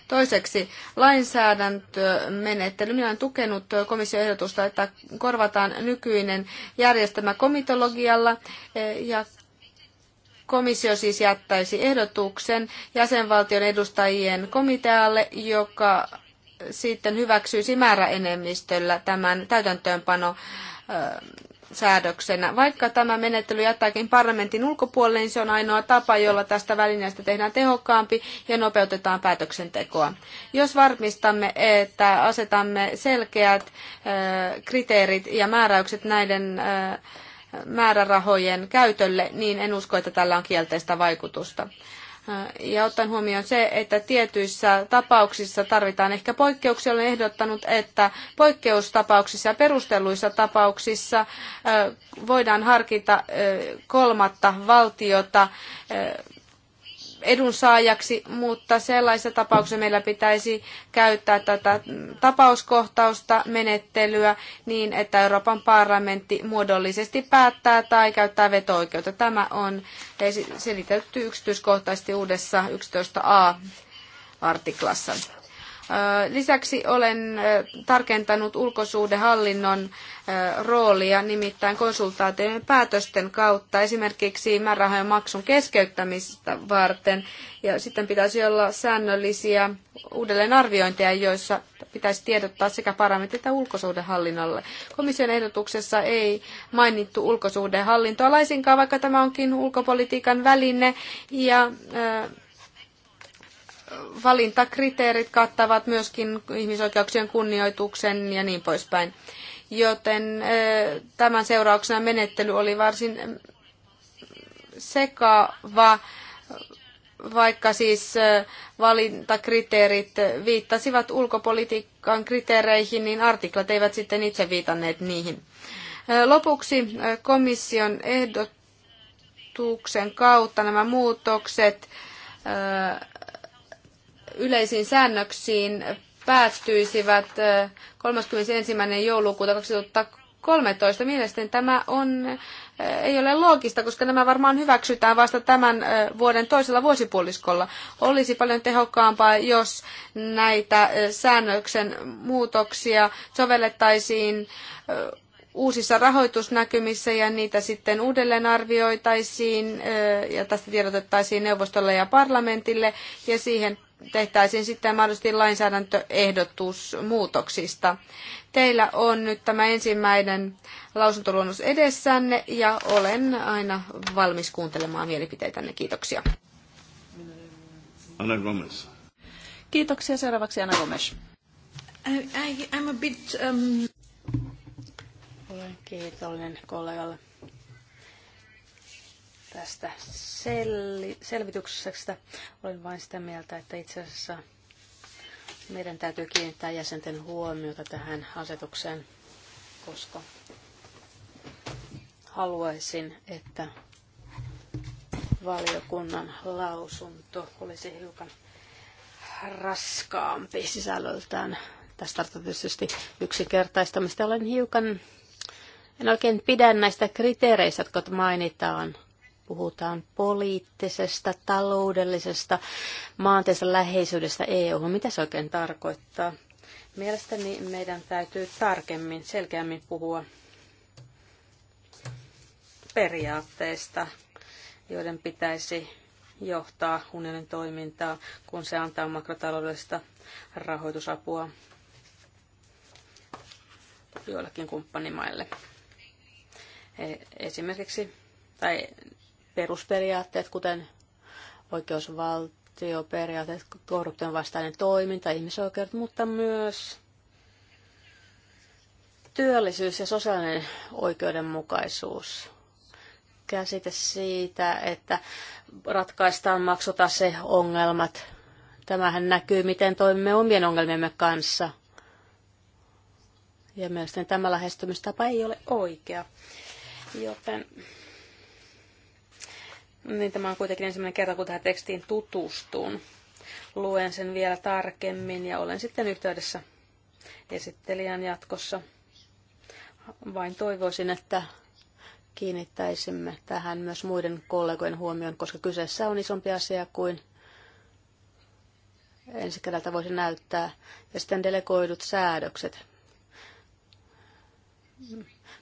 Toiseksi lainsäädäntömenettely. Minä olen tukenut komission ehdotusta, että korvataan nykyinen järjestelmä komitologialla e, ja Komissio siis jättäisi ehdotuksen jäsenvaltion edustajien komitealle, joka sitten hyväksyisi määräenemmistöllä tämän täytäntöönpano e, säädöksenä. Vaikka tämä menettely jättääkin parlamentin ulkopuolelle, niin se on ainoa tapa, jolla tästä välineestä tehdään tehokkaampi ja nopeutetaan päätöksentekoa. Jos varmistamme, että asetamme selkeät kriteerit ja määräykset näiden määrärahojen käytölle, niin en usko, että tällä on kielteistä vaikutusta. Äh, ja ottaen huomioon se, että tietyissä tapauksissa tarvitaan ehkä poikkeuksia, olen ehdottanut, että poikkeustapauksissa ja perustelluissa tapauksissa äh, voidaan harkita äh, kolmatta valtiota edunsaajaksi, mutta sellaisessa tapauksessa meillä pitäisi käyttää tätä tapauskohtausta menettelyä niin, että Euroopan parlamentti muodollisesti päättää tai käyttää veto-oikeutta. Tämä on selitetty yksityiskohtaisesti uudessa 11a artiklassa. Lisäksi olen tarkentanut ulkosuhdehallinnon roolia nimittäin konsultaatioiden päätösten kautta, esimerkiksi määrärahojen maksun keskeyttämistä varten. Ja sitten pitäisi olla säännöllisiä uudelleenarviointeja, joissa pitäisi tiedottaa sekä parlamentti että ulkosuhdehallinnolle. Komission ehdotuksessa ei mainittu ulkosuhdehallintoa laisinkaan, vaikka tämä onkin ulkopolitiikan väline. Ja, äh, valintakriteerit kattavat myöskin ihmisoikeuksien kunnioituksen ja niin poispäin. Joten tämän seurauksena menettely oli varsin sekava, vaikka siis valintakriteerit viittasivat ulkopolitiikan kriteereihin, niin artiklat eivät sitten itse viitanneet niihin. Lopuksi komission ehdotuksen kautta nämä muutokset yleisiin säännöksiin päättyisivät 31. joulukuuta 2013. Mielestäni tämä on, ei ole loogista, koska nämä varmaan hyväksytään vasta tämän vuoden toisella vuosipuoliskolla. Olisi paljon tehokkaampaa, jos näitä säännöksen muutoksia sovellettaisiin uusissa rahoitusnäkymissä ja niitä sitten uudelleen arvioitaisiin ja tästä tiedotettaisiin neuvostolle ja parlamentille ja siihen tehtäisiin sitten mahdollisesti lainsäädäntöehdotus muutoksista. Teillä on nyt tämä ensimmäinen lausuntoluonnos edessänne ja olen aina valmis kuuntelemaan mielipiteitänne. Kiitoksia. Anna Gomez. Kiitoksia. Seuraavaksi Anna Gomes. I, I, I'm a bit, um... Olen kiitollinen kollegalle tästä sel- selvityksestä. Olin vain sitä mieltä, että itse asiassa meidän täytyy kiinnittää jäsenten huomiota tähän asetukseen, koska haluaisin, että valiokunnan lausunto olisi hiukan raskaampi sisällöltään. Tästä on tietysti yksinkertaistamista. Olen hiukan, en oikein pidä näistä kriteereistä, jotka mainitaan – puhutaan poliittisesta, taloudellisesta, maanteista läheisyydestä EU. Mitä se oikein tarkoittaa? Mielestäni meidän täytyy tarkemmin, selkeämmin puhua periaatteista, joiden pitäisi johtaa unionin toimintaa, kun se antaa makrotaloudellista rahoitusapua joillakin kumppanimaille. E, esimerkiksi, tai perusperiaatteet, kuten oikeusvaltioperiaatteet, korruption vastainen toiminta, ihmisoikeudet, mutta myös työllisyys ja sosiaalinen oikeudenmukaisuus. Käsite siitä, että ratkaistaan maksutaseongelmat. Tämähän näkyy, miten toimimme omien ongelmiemme kanssa. Ja mielestäni tämä lähestymistapa ei ole oikea. Joten niin tämä on kuitenkin ensimmäinen kerta, kun tähän tekstiin tutustun. Luen sen vielä tarkemmin ja olen sitten yhteydessä esittelijän jatkossa. Vain toivoisin, että kiinnittäisimme tähän myös muiden kollegojen huomioon, koska kyseessä on isompi asia kuin ensi kerralta voisi näyttää. Ja sitten delegoidut säädökset.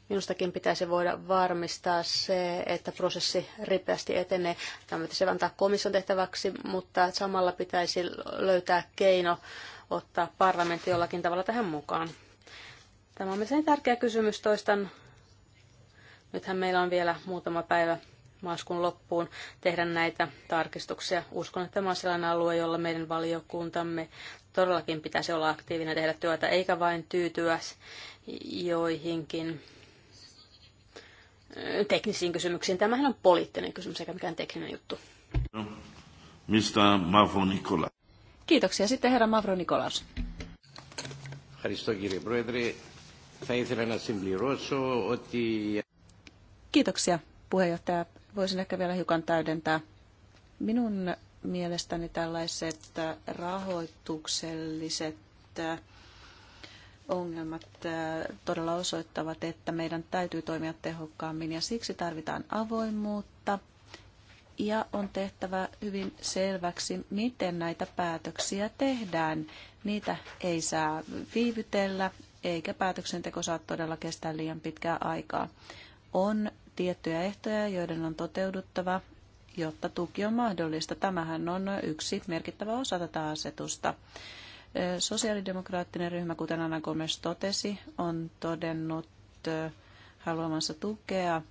Minustakin pitäisi voida varmistaa se, että prosessi ripeästi etenee. Tämä pitäisi antaa komission tehtäväksi, mutta samalla pitäisi löytää keino ottaa parlamentti jollakin tavalla tähän mukaan. Tämä on mielestäni tärkeä kysymys. Toistan, nythän meillä on vielä muutama päivä maaliskuun loppuun tehdä näitä tarkistuksia. Uskon, että tämä on sellainen alue, jolla meidän valiokuntamme todellakin pitäisi olla aktiivinen tehdä työtä, eikä vain tyytyä joihinkin teknisiin kysymyksiin. Tämähän on poliittinen kysymys eikä mikään tekninen juttu. No, mistä Mavro Nikola? Kiitoksia. Sitten herra Mavro Nikolas. Kiitoksia puheenjohtaja. Voisin ehkä vielä hiukan täydentää. Minun mielestäni tällaiset rahoitukselliset ongelmat äh, todella osoittavat, että meidän täytyy toimia tehokkaammin ja siksi tarvitaan avoimuutta ja on tehtävä hyvin selväksi, miten näitä päätöksiä tehdään. Niitä ei saa viivytellä eikä päätöksenteko saa todella kestää liian pitkää aikaa. On tiettyjä ehtoja, joiden on toteuduttava, jotta tuki on mahdollista. Tämähän on yksi merkittävä osa tätä asetusta. Sosiaalidemokraattinen ryhmä, kuten Anna Gomes totesi, on todennut haluamansa tukea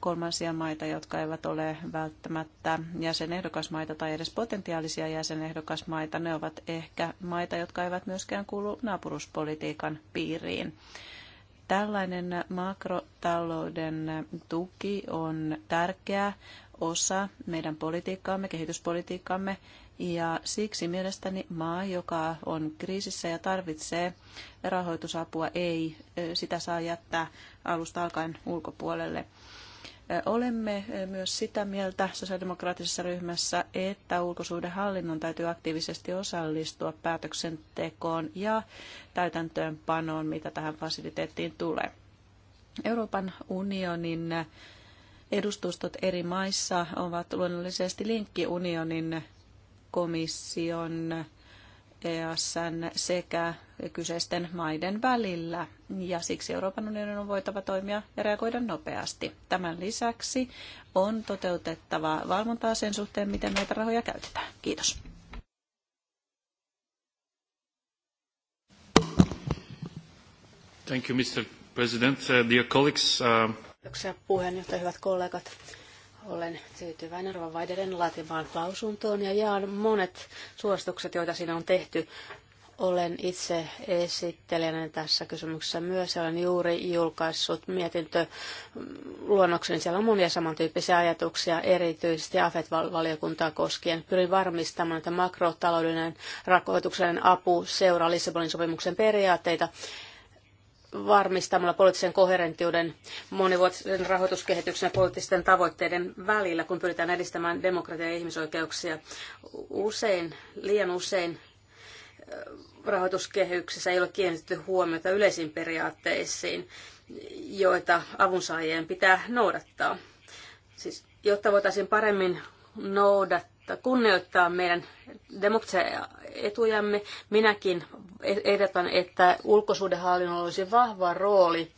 kolmansia maita, jotka eivät ole välttämättä jäsenehdokasmaita tai edes potentiaalisia jäsenehdokasmaita. Ne ovat ehkä maita, jotka eivät myöskään kuulu naapuruspolitiikan piiriin. Tällainen makrotalouden tuki on tärkeä osa meidän politiikkaamme, kehityspolitiikkaamme ja siksi mielestäni maa, joka on kriisissä ja tarvitsee rahoitusapua, ei sitä saa jättää alusta alkaen ulkopuolelle. Olemme myös sitä mieltä sosiaalidemokraattisessa ryhmässä, että ulkosuhdehallinnon täytyy aktiivisesti osallistua päätöksentekoon ja täytäntöönpanoon, mitä tähän fasiliteettiin tulee. Euroopan unionin edustustot eri maissa ovat luonnollisesti linkki unionin komission EASN sekä kyseisten maiden välillä. Ja siksi Euroopan unionin on voitava toimia ja reagoida nopeasti. Tämän lisäksi on toteutettava valvontaa sen suhteen, miten näitä rahoja käytetään. Kiitos. Thank you, Mr. President. Uh, dear colleagues, uh... Kiitoksia puheenjohtaja, hyvät kollegat. Olen tyytyväinen Ruoan Vaideren laatimaan lausuntoon ja jaan monet suositukset, joita siinä on tehty. Olen itse esittelijänä tässä kysymyksessä myös olen juuri julkaissut mietintöluonnoksen. Siellä on monia samantyyppisiä ajatuksia, erityisesti AFET-valiokuntaa koskien. Pyrin varmistamaan, että makrotaloudellinen rakoituksen apu seuraa Lissabonin sopimuksen periaatteita varmistamalla poliittisen koherentiuden monivuotisen rahoituskehityksen ja poliittisten tavoitteiden välillä, kun pyritään edistämään demokratiaa ja ihmisoikeuksia. Usein, liian usein äh, rahoituskehyksessä ei ole kiinnitetty huomiota yleisiin periaatteisiin, joita avunsaajien pitää noudattaa. Siis, jotta voitaisiin paremmin noudattaa kunnioittaa meidän demokratian etujamme. Minäkin ehdotan, että ulkosuhdehallinnolla olisi vahva rooli,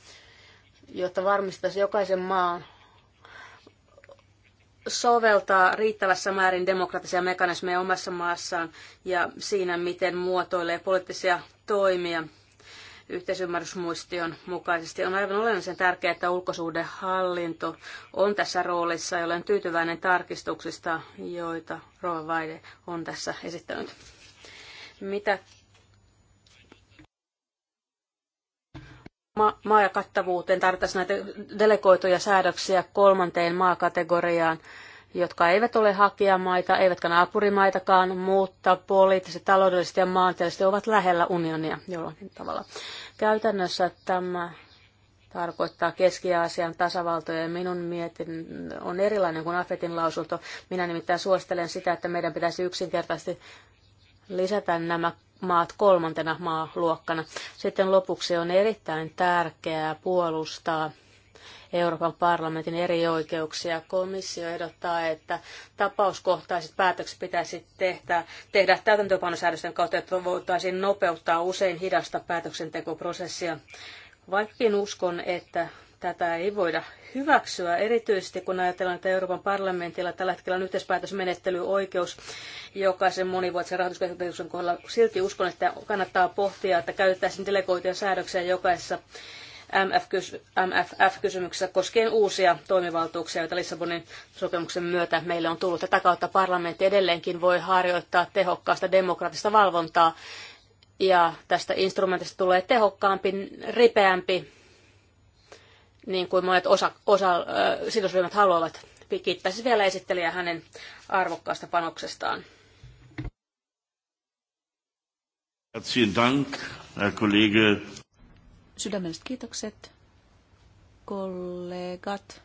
jotta varmistaisi jokaisen maan soveltaa riittävässä määrin demokratisia mekanismeja omassa maassaan ja siinä, miten muotoilee poliittisia toimia yhteisymmärrysmuistion mukaisesti. On aivan olennaisen tärkeää, että ulkosuhdehallinto on tässä roolissa ja olen tyytyväinen tarkistuksista, joita Rova Vaide on tässä esittänyt. Mitä ma- kattavuuteen tarvitaan näitä delegoituja säädöksiä kolmanteen maakategoriaan jotka eivät ole hakijamaita, eivätkä naapurimaitakaan, mutta poliittisesti, taloudellisesti ja maantieteellisesti ovat lähellä unionia jollakin tavalla. Käytännössä tämä tarkoittaa Keski-Aasian tasavaltoja. Minun mietin on erilainen kuin Afetin lausunto. Minä nimittäin suosittelen sitä, että meidän pitäisi yksinkertaisesti lisätä nämä maat kolmantena maaluokkana. Sitten lopuksi on erittäin tärkeää puolustaa Euroopan parlamentin eri oikeuksia. Komissio ehdottaa, että tapauskohtaiset päätökset pitäisi tehdä, tehdä täytäntöpanosäädösten kautta, että voitaisiin nopeuttaa usein hidasta päätöksentekoprosessia. Vaikkakin uskon, että tätä ei voida hyväksyä, erityisesti kun ajatellaan, että Euroopan parlamentilla tällä hetkellä on yhteispäätösmenettelyoikeus jokaisen monivuotisen rahoituskehityksen kohdalla. Silti uskon, että kannattaa pohtia, että käytettäisiin delegoituja säädöksiä jokaisessa MFF-kysymyksessä koskien uusia toimivaltuuksia, joita Lissabonin sopimuksen myötä meille on tullut. Tätä kautta parlamentti edelleenkin voi harjoittaa tehokkaasta demokraattista valvontaa ja tästä instrumentista tulee tehokkaampi, ripeämpi, niin kuin monet osa, osa äh, sidosryhmät haluavat. Kiittäisin vielä esittelijää hänen arvokkaasta panoksestaan. Herzlichen Dank, Herr Kollege Sydämelliset kiitokset, kollegat.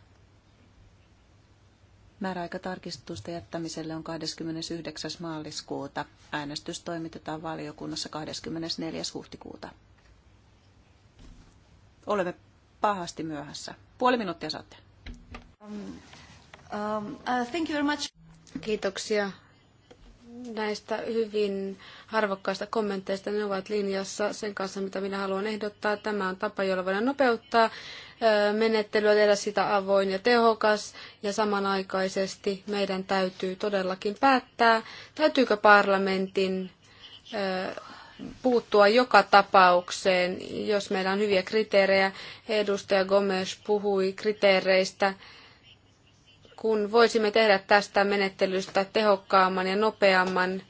Määräaikatarkistusta jättämiselle on 29. maaliskuuta. Äänestys toimitetaan valiokunnassa 24. huhtikuuta. Olemme pahasti myöhässä. Puoli minuuttia saatte. Um, um, uh, thank you very much. Kiitoksia näistä hyvin harvokkaista kommenteista. Ne ovat linjassa sen kanssa, mitä minä haluan ehdottaa. Tämä on tapa, jolla voidaan nopeuttaa menettelyä, tehdä sitä avoin ja tehokas. Ja samanaikaisesti meidän täytyy todellakin päättää, täytyykö parlamentin puuttua joka tapaukseen, jos meillä on hyviä kriteerejä. Edustaja Gomes puhui kriteereistä kun voisimme tehdä tästä menettelystä tehokkaamman ja nopeamman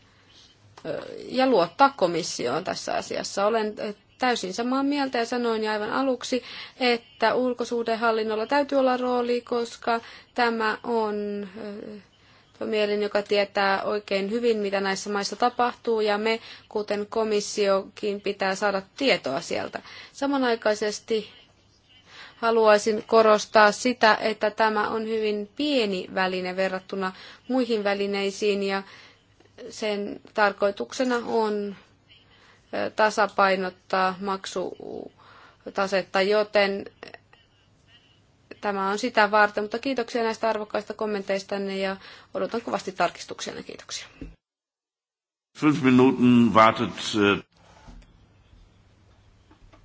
ja luottaa komissioon tässä asiassa. Olen täysin samaa mieltä ja sanoin jo aivan aluksi, että ulkosuhdehallinnolla täytyy olla rooli, koska tämä on mielin, joka tietää oikein hyvin, mitä näissä maissa tapahtuu, ja me, kuten komissiokin, pitää saada tietoa sieltä. Samanaikaisesti haluaisin korostaa sitä, että tämä on hyvin pieni väline verrattuna muihin välineisiin ja sen tarkoituksena on tasapainottaa maksutasetta, joten tämä on sitä varten. Mutta kiitoksia näistä arvokkaista kommenteistanne ja odotan kovasti tarkistuksenne. Kiitoksia. Äh,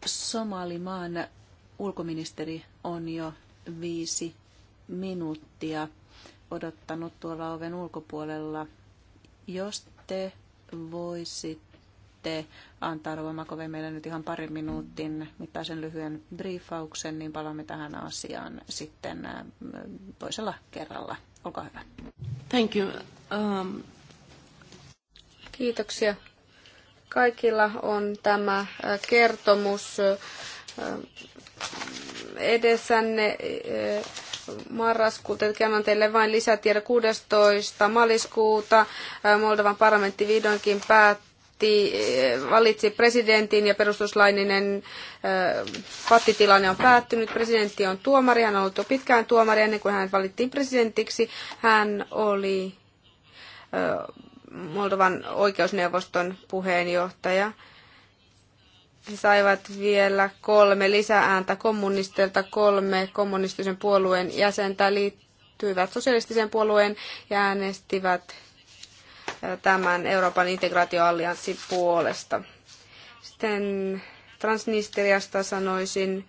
Somalimaan ulkoministeri on jo viisi minuuttia odottanut tuolla oven ulkopuolella. Jos te voisitte antaa Rova Makove meille nyt ihan parin minuutin mittaisen lyhyen briefauksen, niin palaamme tähän asiaan sitten toisella kerralla. Olkaa hyvä. Thank you. Um... Kiitoksia. Kaikilla on tämä kertomus edessänne e, e, marraskuuta, eli annan teille vain lisätiedä 16. maaliskuuta. E, Moldovan parlamentti vihdoinkin päätti, valitsi presidentin ja perustuslaininen pattitilanne on päättynyt. Presidentti on tuomari, hän on ollut jo pitkään tuomari ennen kuin hän valittiin presidentiksi. Hän oli Moldovan oikeusneuvoston puheenjohtaja he saivat vielä kolme lisäääntä kommunistilta, kolme kommunistisen puolueen jäsentä liittyivät sosialistiseen puolueen ja äänestivät äh, tämän Euroopan integraatioallianssin puolesta. Sitten Transnistriasta sanoisin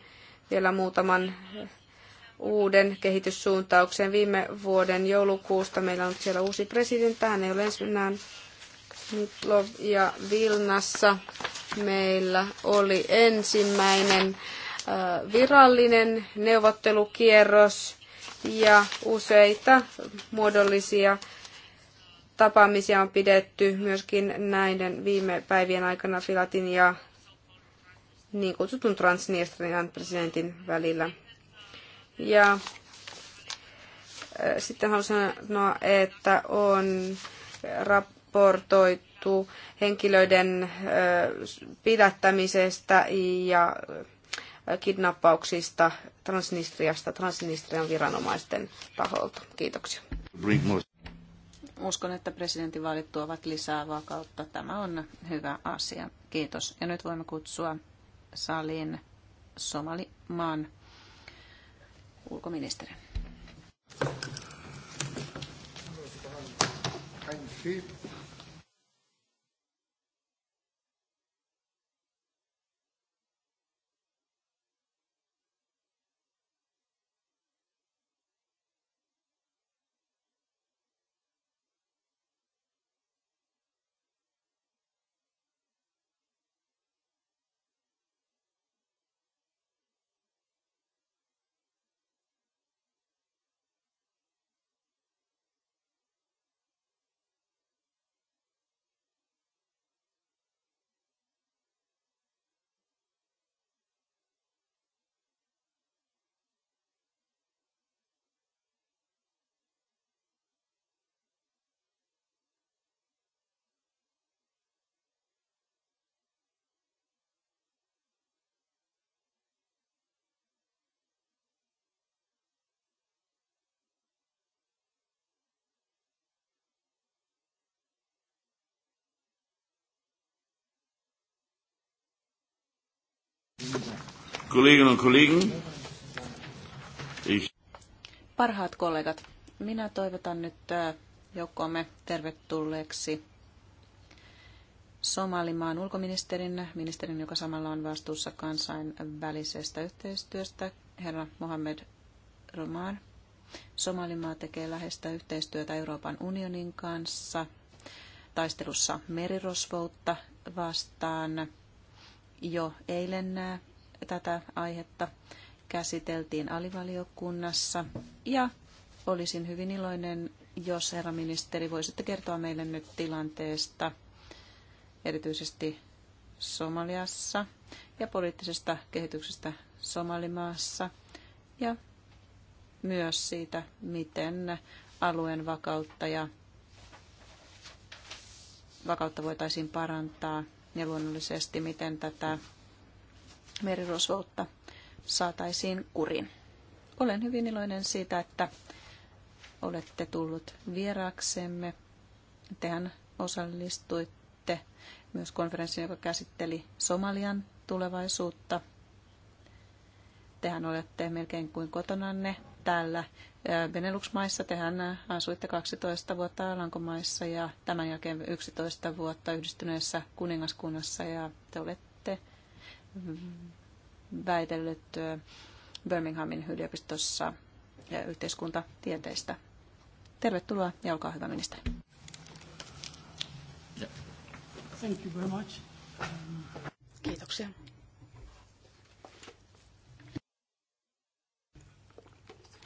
vielä muutaman äh, uuden kehityssuuntauksen. Viime vuoden joulukuusta meillä on siellä uusi presidentti. Hän ei ole enää Mitlov ja Vilnassa meillä oli ensimmäinen äh, virallinen neuvottelukierros ja useita muodollisia tapaamisia on pidetty myöskin näiden viime päivien aikana Filatin ja niin kutsutun Transnistrian presidentin välillä. Ja äh, sitten haluan sanoa, että on rap- raportoitu henkilöiden pidättämisestä ja kidnappauksista Transnistriasta Transnistrian viranomaisten taholta. Kiitoksia. Uskon, että presidentinvaalit tuovat lisää vakautta. Tämä on hyvä asia. Kiitos. Ja nyt voimme kutsua saliin Somalimaan ulkoministeri. Thank you. Kolleginnen und Kollegen. Ich... Parhaat kollegat, minä toivotan nyt äh, joukkoomme tervetulleeksi Somalimaan ulkoministerin, ministerin, joka samalla on vastuussa kansainvälisestä yhteistyöstä, herra Mohamed Romar. Somalimaa tekee läheistä yhteistyötä Euroopan unionin kanssa taistelussa merirosvoutta vastaan jo eilen tätä aihetta käsiteltiin alivaliokunnassa ja olisin hyvin iloinen, jos herra ministeri voisitte kertoa meille nyt tilanteesta, erityisesti Somaliassa ja poliittisesta kehityksestä Somalimaassa ja myös siitä, miten alueen vakautta ja vakautta voitaisiin parantaa – ja luonnollisesti, miten tätä merirosvoutta saataisiin kuriin. Olen hyvin iloinen siitä, että olette tullut vieraaksemme. Tehän osallistuitte myös konferenssiin, joka käsitteli Somalian tulevaisuutta. Tehän olette melkein kuin kotonanne täällä Benelux-maissa. Tehän asuitte 12 vuotta Alankomaissa ja tämän jälkeen 11 vuotta yhdistyneessä kuningaskunnassa ja te olette väitellyt Birminghamin yliopistossa yhteiskuntatieteistä. Tervetuloa ja olkaa hyvä ministeri. Thank you very much. Kiitoksia.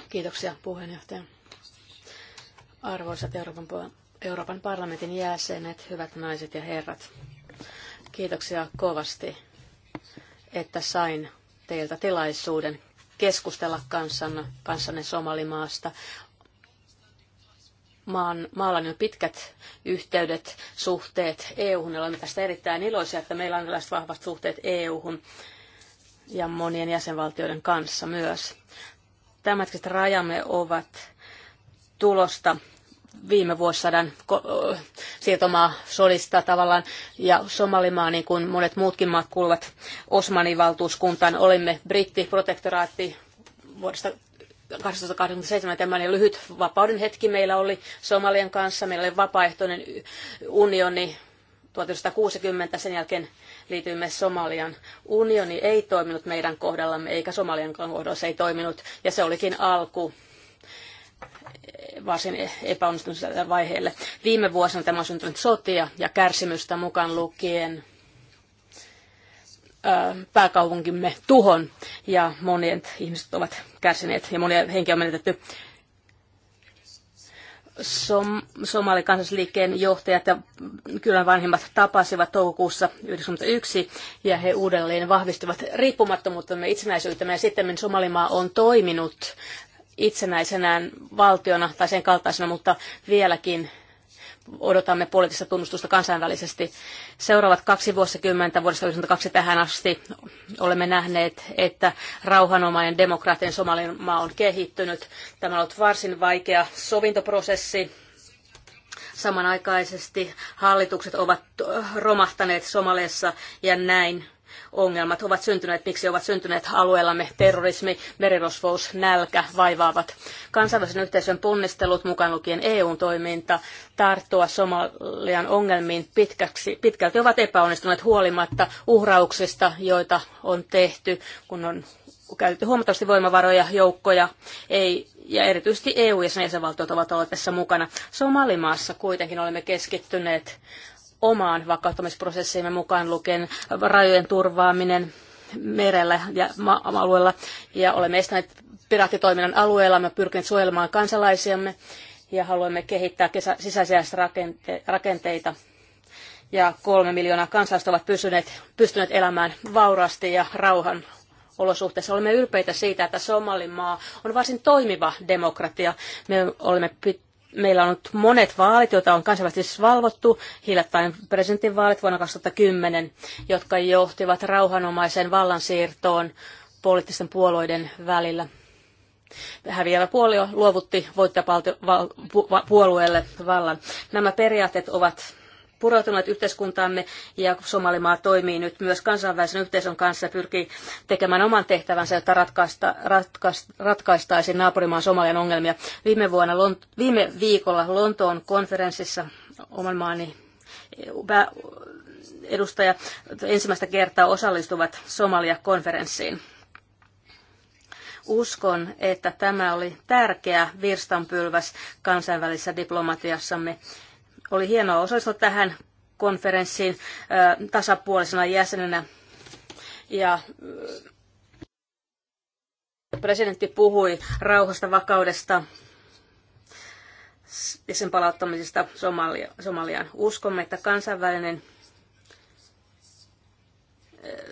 Kiitoksia puheenjohtaja. Arvoisat Euroopan, Euroopan parlamentin jäsenet, hyvät naiset ja herrat. Kiitoksia kovasti, että sain teiltä tilaisuuden keskustella kanssanne, kanssanne Somalimaasta. Maan, maalla on jo pitkät yhteydet, suhteet EU-hun. Olemme tästä erittäin iloisia, että meillä on tällaiset vahvat suhteet EU-hun ja monien jäsenvaltioiden kanssa myös tämänhetkiset rajamme ovat tulosta viime vuosisadan siirtomaa sodista tavallaan, ja Somalimaa, niin kuin monet muutkin maat kuuluvat Osmanin valtuuskuntaan, olimme brittiprotektoraatti vuodesta 1887 tämmöinen lyhyt vapauden hetki meillä oli Somalian kanssa. Meillä oli vapaaehtoinen unioni 1960, sen jälkeen liityimme Somalian. Unioni ei toiminut meidän kohdallamme, eikä Somalian kohdalla se ei toiminut, ja se olikin alku varsin e- epäonnistuneelle vaiheelle. Viime vuosina tämä on syntynyt sotia ja kärsimystä mukaan lukien pääkaupunkimme tuhon ja monet ihmiset ovat kärsineet ja monia henkiä on menetetty som, somalikansasliikkeen johtajat ja kylän vanhimmat tapasivat toukokuussa 1991 ja he uudelleen vahvistivat riippumattomuuttamme itsenäisyyttämme ja sitten Somalimaa on toiminut itsenäisenään valtiona tai sen kaltaisena, mutta vieläkin odotamme poliittista tunnustusta kansainvälisesti. Seuraavat kaksi vuosikymmentä, vuodesta 1992 tähän asti, olemme nähneet, että rauhanomainen demokraattinen Somalian maa on kehittynyt. Tämä on ollut varsin vaikea sovintoprosessi. Samanaikaisesti hallitukset ovat romahtaneet Somaliassa ja näin ongelmat ovat syntyneet, miksi ovat syntyneet alueellamme terrorismi, merirosvous, nälkä vaivaavat. Kansainvälisen yhteisön ponnistelut, mukaan lukien EUn toiminta, tarttua Somalian ongelmiin pitkäksi, pitkälti ovat epäonnistuneet huolimatta uhrauksista, joita on tehty, kun on käytetty huomattavasti voimavaroja, joukkoja, ei, ja erityisesti EU ja sen jäsenvaltiot ovat olleet tässä mukana. Somalimaassa kuitenkin olemme keskittyneet omaan vakauttamisprosessiimme mukaan lukien rajojen turvaaminen merellä ja alueella. Ja olemme estäneet piraattitoiminnan alueella, me pyrkineet suojelemaan kansalaisiamme ja haluamme kehittää kesä, sisäisiä rakente- rakenteita. Ja kolme miljoonaa kansalaista ovat pysyneet, pystyneet elämään vauraasti ja rauhan olosuhteissa. Olemme ylpeitä siitä, että Somalimaa on varsin toimiva demokratia. Me olemme meillä on ollut monet vaalit, joita on kansainvälisesti valvottu, hiljattain presidentinvaalit vuonna 2010, jotka johtivat rauhanomaiseen vallansiirtoon poliittisten puolueiden välillä. Häviävä puolue luovutti voittajapuolueelle vallan. Nämä periaatteet ovat pureutuneet yhteiskuntaamme ja Somalimaa toimii nyt myös kansainvälisen yhteisön kanssa ja pyrkii tekemään oman tehtävänsä, jotta ratkaista, ratkaista, ratkaistaisiin naapurimaan Somalian ongelmia. Viime, vuonna, viime viikolla Lontoon konferenssissa oman maani edustaja ensimmäistä kertaa osallistuvat Somalia-konferenssiin. Uskon, että tämä oli tärkeä virstanpylväs kansainvälisessä diplomatiassamme oli hienoa osallistua tähän konferenssiin tasapuolisena jäsenenä. Ja presidentti puhui rauhasta, vakaudesta ja sen palauttamisesta Somalia, Somaliaan. Uskomme, että kansainvälinen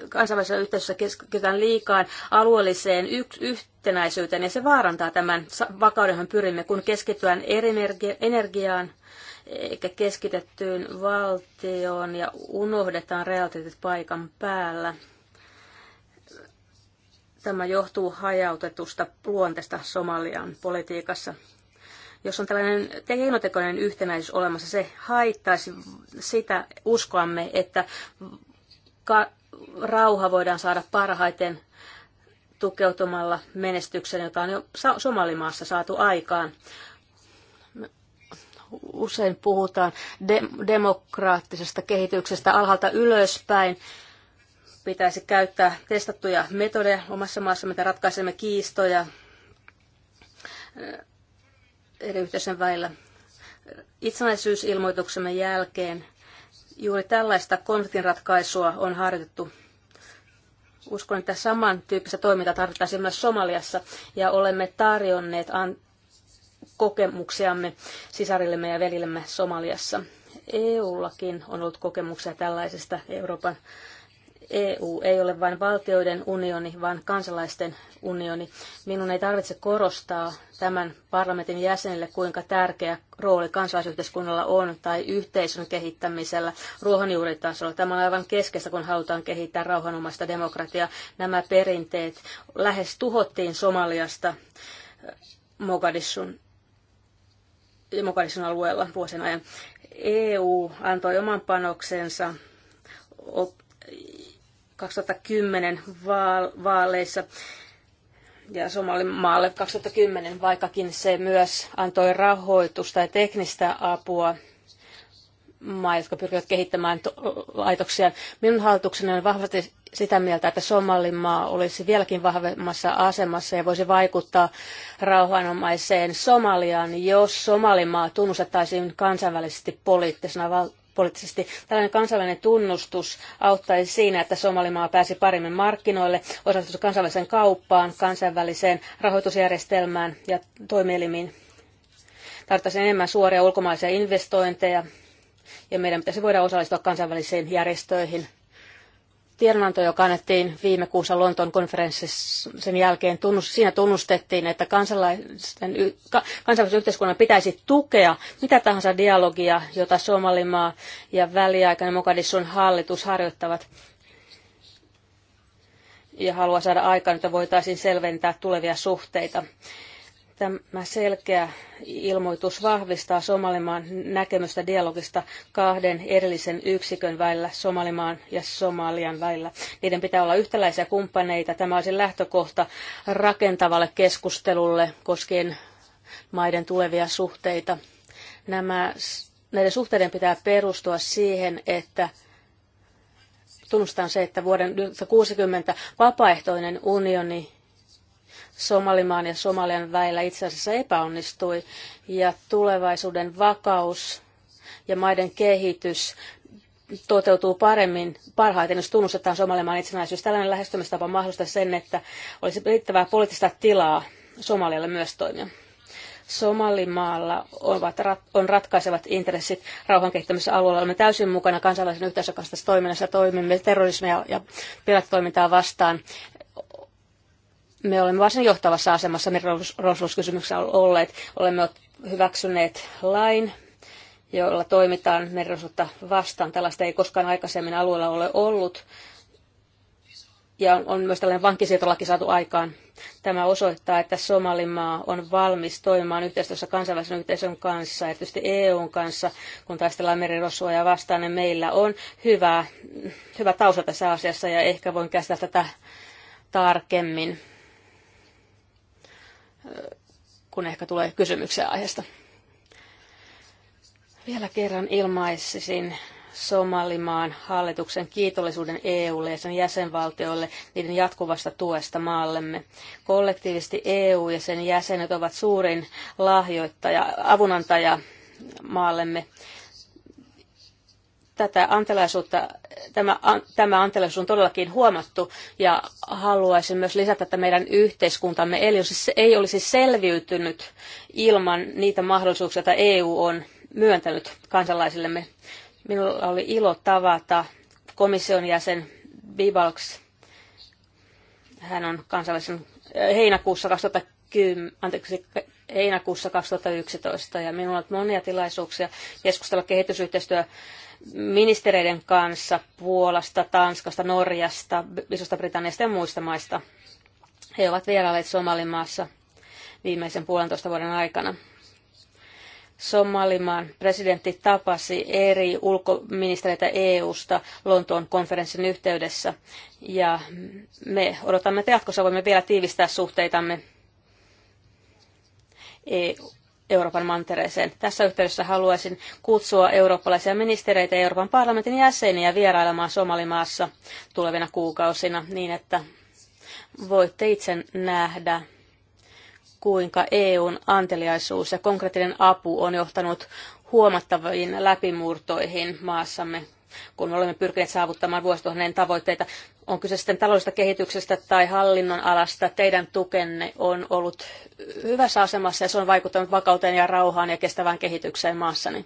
kansainvälisessä yhteisössä keskitytään liikaan alueelliseen yhtenäisyyteen, ja se vaarantaa tämän johon pyrimme, kun keskitytään eri energiaan, eikä keskitettyyn valtioon ja unohdetaan realiteetit paikan päällä. Tämä johtuu hajautetusta luonteesta Somalian politiikassa. Jos on tällainen keinotekoinen yhtenäisyys olemassa, se haittaisi sitä uskoamme, että rauha voidaan saada parhaiten tukeutumalla menestykseen, jota on jo Somalimaassa saatu aikaan usein puhutaan de- demokraattisesta kehityksestä alhaalta ylöspäin. Pitäisi käyttää testattuja metodeja omassa maassa, mitä ratkaisemme kiistoja eh, eri yhteisön välillä. Itsenäisyysilmoituksemme jälkeen juuri tällaista konfliktinratkaisua on harjoitettu uskon, että samantyyppistä toimintaa tarvittaisiin myös Somaliassa ja olemme tarjonneet kokemuksiamme sisarillemme ja velillemme Somaliassa. EUllakin on ollut kokemuksia tällaisesta Euroopan EU ei ole vain valtioiden unioni, vaan kansalaisten unioni. Minun ei tarvitse korostaa tämän parlamentin jäsenille, kuinka tärkeä rooli kansalaisyhteiskunnalla on tai yhteisön kehittämisellä ruohonjuuritasolla. Tämä on aivan keskeistä, kun halutaan kehittää rauhanomaista demokratiaa. Nämä perinteet lähes tuhottiin Somaliasta Mogadishun demokratian alueella vuosien ajan. EU antoi oman panoksensa 2010 vaaleissa ja Somalimaalle 2010, vaikkakin se myös antoi rahoitusta ja teknistä apua maa, jotka pyrkivät kehittämään laitoksia. Minun hallitukseni on vahvasti sitä mieltä, että Somalimaa olisi vieläkin vahvemmassa asemassa ja voisi vaikuttaa rauhanomaiseen Somaliaan, jos Somalimaa tunnustettaisiin kansainvälisesti poliittisena val- poliittisesti. Tällainen kansainvälinen tunnustus auttaisi siinä, että Somalimaa pääsi paremmin markkinoille, osallistuisi kansainväliseen kauppaan, kansainväliseen rahoitusjärjestelmään ja toimielimiin. Tarvittaisiin enemmän suoria ulkomaisia investointeja ja meidän pitäisi voida osallistua kansainvälisiin järjestöihin. Tiedonanto, joka annettiin viime kuussa Lontoon konferenssissa sen jälkeen, tunnus, siinä tunnustettiin, että kansalaisen, kansainvälisen yhteiskunnan pitäisi tukea mitä tahansa dialogia, jota Somalimaa ja väliaikainen Mogadishun hallitus harjoittavat ja haluaa saada aikaan, että voitaisiin selventää tulevia suhteita Tämä selkeä ilmoitus vahvistaa Somalimaan näkemystä dialogista kahden erillisen yksikön välillä, Somalimaan ja Somalian välillä. Niiden pitää olla yhtäläisiä kumppaneita. Tämä olisi lähtökohta rakentavalle keskustelulle koskien maiden tulevia suhteita. Nämä, näiden suhteiden pitää perustua siihen, että tunnustan se, että vuoden 1960 vapaaehtoinen unioni Somalimaan ja Somalian väillä itse asiassa epäonnistui ja tulevaisuuden vakaus ja maiden kehitys toteutuu paremmin, parhaiten, jos tunnustetaan Somalimaan itsenäisyys. Tällainen lähestymistapa mahdollistaa sen, että olisi riittävää poliittista tilaa Somalialle myös toimia. Somalimaalla ovat, on ratkaisevat intressit rauhan alueella. Olemme täysin mukana kansainvälisen yhteisön kanssa toiminnassa. Toimimme terrorismia ja piratoimintaa vastaan me olemme varsin johtavassa asemassa merirosvouskysymyksessä olleet. Olemme hyväksyneet lain, jolla toimitaan merirosvoutta vastaan. Tällaista ei koskaan aikaisemmin alueella ole ollut. Ja on myös tällainen vankisietolaki saatu aikaan. Tämä osoittaa, että Somalimaa on valmis toimimaan yhteistyössä kansainvälisen yhteisön kanssa, erityisesti EUn kanssa, kun taistellaan merirosvoja vastaan, Ja meillä on hyvä, hyvä tausta tässä asiassa ja ehkä voin käsitellä tätä tarkemmin kun ehkä tulee kysymyksiä aiheesta. Vielä kerran ilmaisisin Somalimaan hallituksen kiitollisuuden EUlle ja sen jäsenvaltioille niiden jatkuvasta tuesta maallemme. Kollektiivisesti EU ja sen jäsenet ovat suurin lahjoittaja, avunantaja maallemme tätä antelaisuutta, tämä, tämä antelaisuus on todellakin huomattu ja haluaisin myös lisätä, että meidän yhteiskuntamme ei olisi selviytynyt ilman niitä mahdollisuuksia, joita EU on myöntänyt kansalaisillemme. Minulla oli ilo tavata komission jäsen Bibalks. Hän on kansallisen äh, heinäkuussa 2010, anteeksi, heinäkuussa 2011 ja minulla on monia tilaisuuksia keskustella kehitysyhteistyö ministereiden kanssa Puolasta, Tanskasta, Norjasta, Isosta Britanniasta ja muista maista. He ovat vierailleet Somalimaassa viimeisen puolentoista vuoden aikana. Somalimaan presidentti tapasi eri ulkoministereitä EU-sta Lontoon konferenssin yhteydessä ja me odotamme, että jatkossa voimme vielä tiivistää suhteitamme e Euroopan mantereeseen. Tässä yhteydessä haluaisin kutsua eurooppalaisia ministereitä ja Euroopan parlamentin jäseniä vierailemaan Somalimaassa tulevina kuukausina niin, että voitte itse nähdä, kuinka EUn anteliaisuus ja konkreettinen apu on johtanut huomattaviin läpimurtoihin maassamme kun olemme pyrkineet saavuttamaan vuosituhannen tavoitteita. On kyse sitten taloudellisesta kehityksestä tai hallinnon alasta. Teidän tukenne on ollut hyvässä asemassa ja se on vaikuttanut vakauteen ja rauhaan ja kestävään kehitykseen maassani.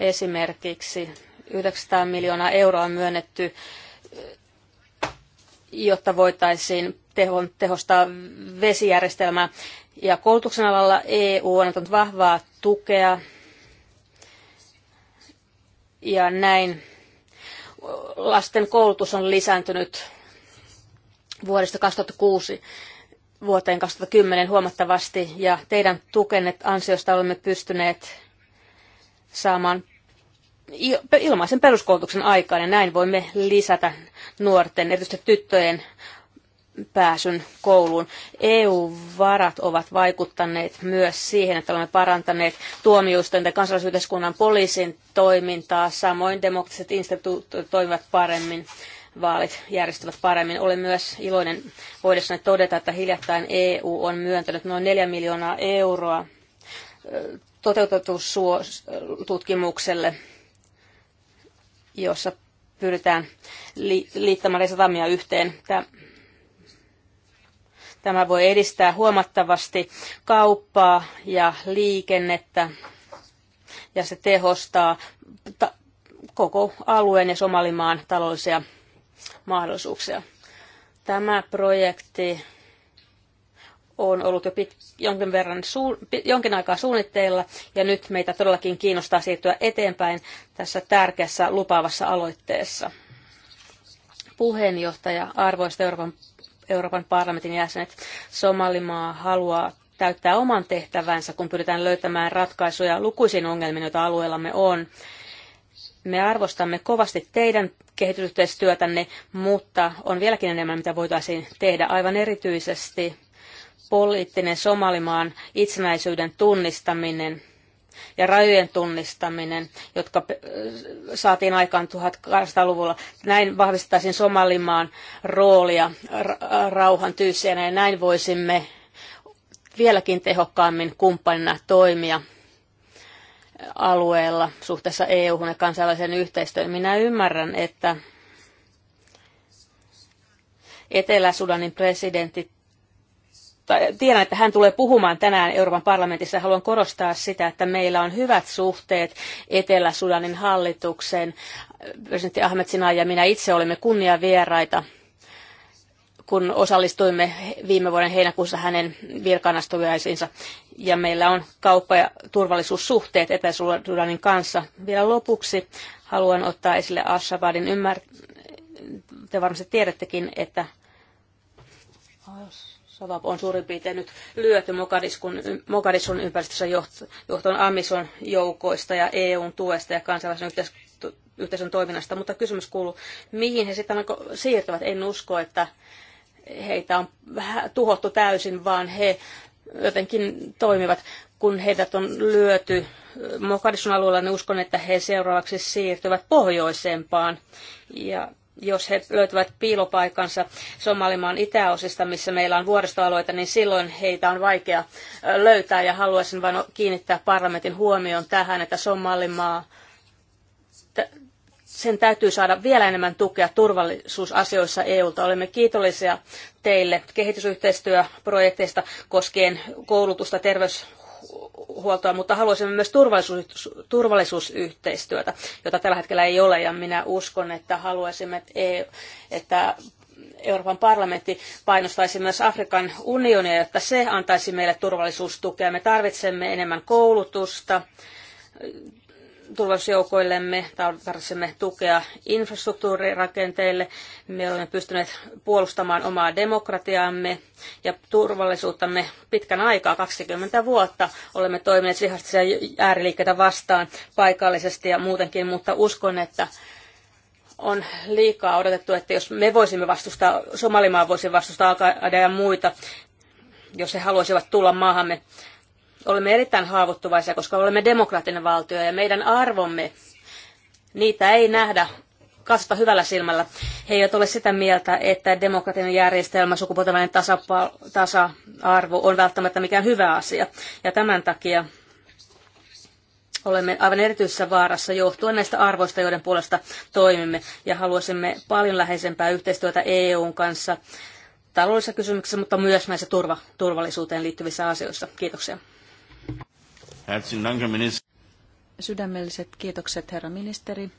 Esimerkiksi 900 miljoonaa euroa on myönnetty jotta voitaisiin tehostaa vesijärjestelmää. Ja koulutuksen alalla EU on antanut vahvaa tukea ja näin lasten koulutus on lisääntynyt vuodesta 2006 vuoteen 2010 huomattavasti ja teidän tukenne ansiosta olemme pystyneet saamaan ilmaisen peruskoulutuksen aikaan ja näin voimme lisätä nuorten, erityisesti tyttöjen pääsyn kouluun. EU-varat ovat vaikuttaneet myös siihen, että olemme parantaneet tuomioistuinten kansalaisyhteiskunnan poliisin toimintaa. Samoin demokraattiset instituutiot toimivat paremmin vaalit järjestyvät paremmin. Olen myös iloinen voidessani todeta, että hiljattain EU on myöntänyt noin 4 miljoonaa euroa toteutetututkimukselle, jossa pyritään liittämään eri satamia yhteen. Tämä Tämä voi edistää huomattavasti kauppaa ja liikennettä ja se tehostaa koko alueen ja Somalimaan taloudellisia mahdollisuuksia. Tämä projekti on ollut jo pit, jonkin, verran, su, jonkin aikaa suunnitteilla ja nyt meitä todellakin kiinnostaa siirtyä eteenpäin tässä tärkeässä lupaavassa aloitteessa. Puheenjohtaja, arvoista Euroopan Euroopan parlamentin jäsenet. Somalimaa haluaa täyttää oman tehtävänsä, kun pyritään löytämään ratkaisuja lukuisiin ongelmiin, joita alueellamme on. Me arvostamme kovasti teidän kehitysyhteistyötänne, mutta on vieläkin enemmän, mitä voitaisiin tehdä aivan erityisesti poliittinen Somalimaan itsenäisyyden tunnistaminen ja rajojen tunnistaminen, jotka saatiin aikaan 1800-luvulla. Näin vahvistaisin Somalimaan roolia rauhan tyysseenä ja näin voisimme vieläkin tehokkaammin kumppanina toimia alueella suhteessa EU-hun ja kansainväliseen yhteistyöhön. Minä ymmärrän, että Etelä-Sudanin presidentti tiedän, että hän tulee puhumaan tänään Euroopan parlamentissa. Haluan korostaa sitä, että meillä on hyvät suhteet Etelä-Sudanin hallitukseen. Presidentti Ahmed Sinai ja minä itse olimme kunniavieraita kun osallistuimme viime vuoden heinäkuussa hänen virkanastujaisiinsa. Ja meillä on kauppa- ja turvallisuussuhteet Etelä-Sudanin kanssa. Vielä lopuksi haluan ottaa esille Ashabadin ymmärtämisen. Te varmasti tiedättekin, että on suurin piirtein nyt lyöty Mogadishun ympäristössä johtoon Amison joukoista ja EUn tuesta ja kansainvälisen yhteis- yhteisön toiminnasta. Mutta kysymys kuuluu, mihin he sitten siirtyvät? En usko, että heitä on tuhottu täysin, vaan he jotenkin toimivat. Kun heidät on lyöty Mogadishun alueella, niin uskon, että he seuraavaksi siirtyvät pohjoisempaan. Ja jos he löytävät piilopaikansa Somalimaan itäosista, missä meillä on vuoristoalueita, niin silloin heitä on vaikea löytää. Ja haluaisin vain kiinnittää parlamentin huomion tähän, että Somalimaa, sen täytyy saada vielä enemmän tukea turvallisuusasioissa EUlta. Olemme kiitollisia teille kehitysyhteistyöprojekteista koskien koulutusta, terveys, terveydenhuoltoa, mutta haluaisimme myös turvallisuus, turvallisuusyhteistyötä, jota tällä hetkellä ei ole, ja minä uskon, että haluaisimme, että, e, että Euroopan parlamentti painostaisi myös Afrikan unionia, jotta se antaisi meille turvallisuustukea. Me tarvitsemme enemmän koulutusta, turvallisuusjoukoillemme, tarvitsemme tukea infrastruktuurirakenteille, me olemme pystyneet puolustamaan omaa demokratiaamme ja turvallisuuttamme pitkän aikaa, 20 vuotta. Olemme toimineet lihastisia ääriliikkeitä vastaan paikallisesti ja muutenkin, mutta uskon, että on liikaa odotettu, että jos me voisimme vastustaa, Somalimaa voisi vastustaa al ja muita, jos he haluaisivat tulla maahamme olemme erittäin haavoittuvaisia, koska olemme demokraattinen valtio ja meidän arvomme, niitä ei nähdä kasvata hyvällä silmällä. He eivät ole sitä mieltä, että demokratian järjestelmä, sukupuolten välinen tasa-arvo on välttämättä mikään hyvä asia. Ja tämän takia olemme aivan erityisessä vaarassa johtuen näistä arvoista, joiden puolesta toimimme. Ja haluaisimme paljon läheisempää yhteistyötä EUn kanssa taloudellisissa kysymyksissä, mutta myös näissä turva, turvallisuuteen liittyvissä asioissa. Kiitoksia. Sydämelliset kiitokset, herra ministeri.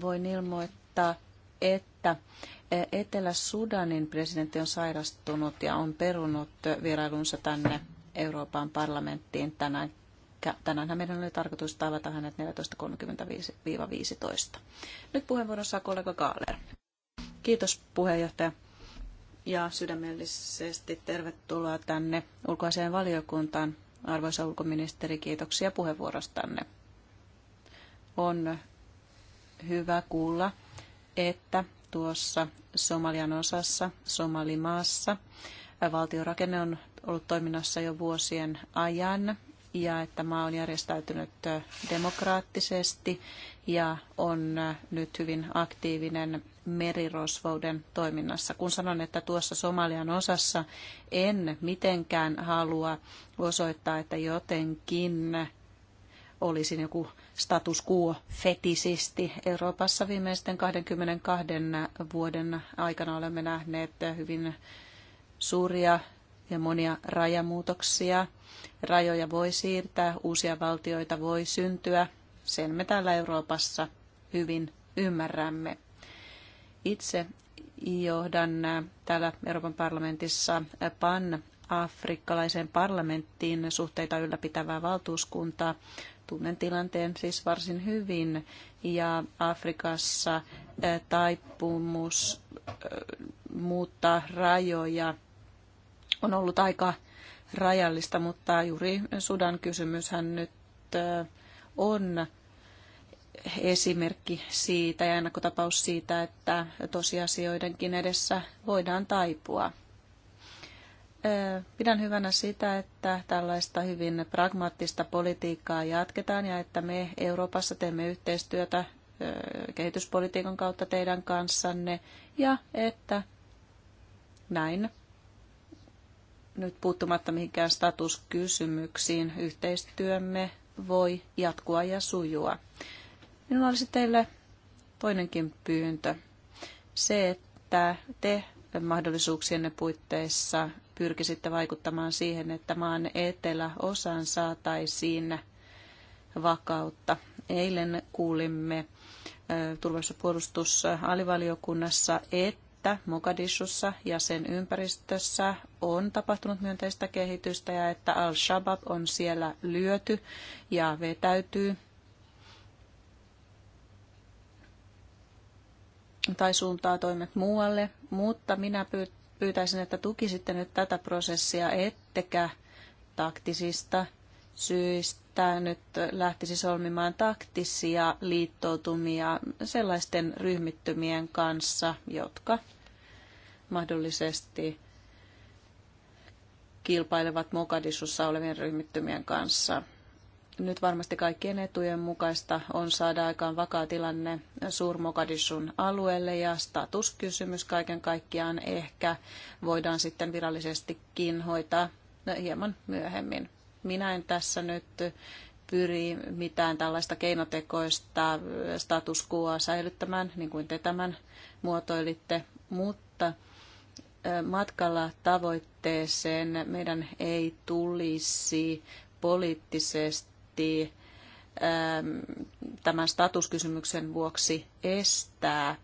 Voin ilmoittaa, että eh, Etelä-Sudanin presidentti on sairastunut ja on perunut vierailunsa tänne Euroopan parlamenttiin tänään. Tänäänhän meidän oli tarkoitus tavata hänet 14.35-15. Nyt puheenvuoron saa kollega Kaaler. Kiitos puheenjohtaja ja sydämellisesti tervetuloa tänne ulkoiseen valiokuntaan. Arvoisa ulkoministeri, kiitoksia puheenvuorostanne. On hyvä kuulla, että tuossa Somalian osassa, Somalimaassa, valtiorakenne on ollut toiminnassa jo vuosien ajan ja että maa on järjestäytynyt demokraattisesti ja on nyt hyvin aktiivinen merirosvouden toiminnassa. Kun sanon, että tuossa Somalian osassa en mitenkään halua osoittaa, että jotenkin olisin joku status quo-fetisisti. Euroopassa viimeisten 22 vuoden aikana olemme nähneet hyvin suuria ja monia rajamuutoksia – Rajoja voi siirtää, uusia valtioita voi syntyä. Sen me täällä Euroopassa hyvin ymmärrämme. Itse johdan täällä Euroopan parlamentissa PAN afrikkalaiseen parlamenttiin suhteita ylläpitävää valtuuskuntaa. Tunnen tilanteen siis varsin hyvin ja Afrikassa taipumus muuttaa rajoja on ollut aika rajallista, mutta juuri Sudan kysymyshän nyt on esimerkki siitä ja ennakkotapaus siitä, että tosiasioidenkin edessä voidaan taipua. Pidän hyvänä sitä, että tällaista hyvin pragmaattista politiikkaa jatketaan ja että me Euroopassa teemme yhteistyötä kehityspolitiikan kautta teidän kanssanne ja että näin nyt puuttumatta mihinkään statuskysymyksiin, yhteistyömme voi jatkua ja sujua. Minulla olisi teille toinenkin pyyntö. Se, että te mahdollisuuksienne puitteissa pyrkisitte vaikuttamaan siihen, että maan eteläosaan saataisiin vakautta. Eilen kuulimme turvallisuus- ja puolustusalivaliokunnassa, että että Mogadishussa ja sen ympäristössä on tapahtunut myönteistä kehitystä ja että Al-Shabaab on siellä lyöty ja vetäytyy tai suuntaa toimet muualle, mutta minä pyytäisin, että tukisitte nyt tätä prosessia, ettekä taktisista syistä nyt lähtisi solmimaan taktisia liittoutumia sellaisten ryhmittymien kanssa, jotka mahdollisesti kilpailevat Mogadishussa olevien ryhmittymien kanssa. Nyt varmasti kaikkien etujen mukaista on saada aikaan vakaa tilanne suur alueelle ja statuskysymys kaiken kaikkiaan ehkä voidaan sitten virallisestikin hoitaa hieman myöhemmin. Minä en tässä nyt pyri mitään tällaista keinotekoista status quoa säilyttämään, niin kuin te tämän muotoilitte, mutta matkalla tavoitteeseen meidän ei tulisi poliittisesti tämän statuskysymyksen vuoksi estää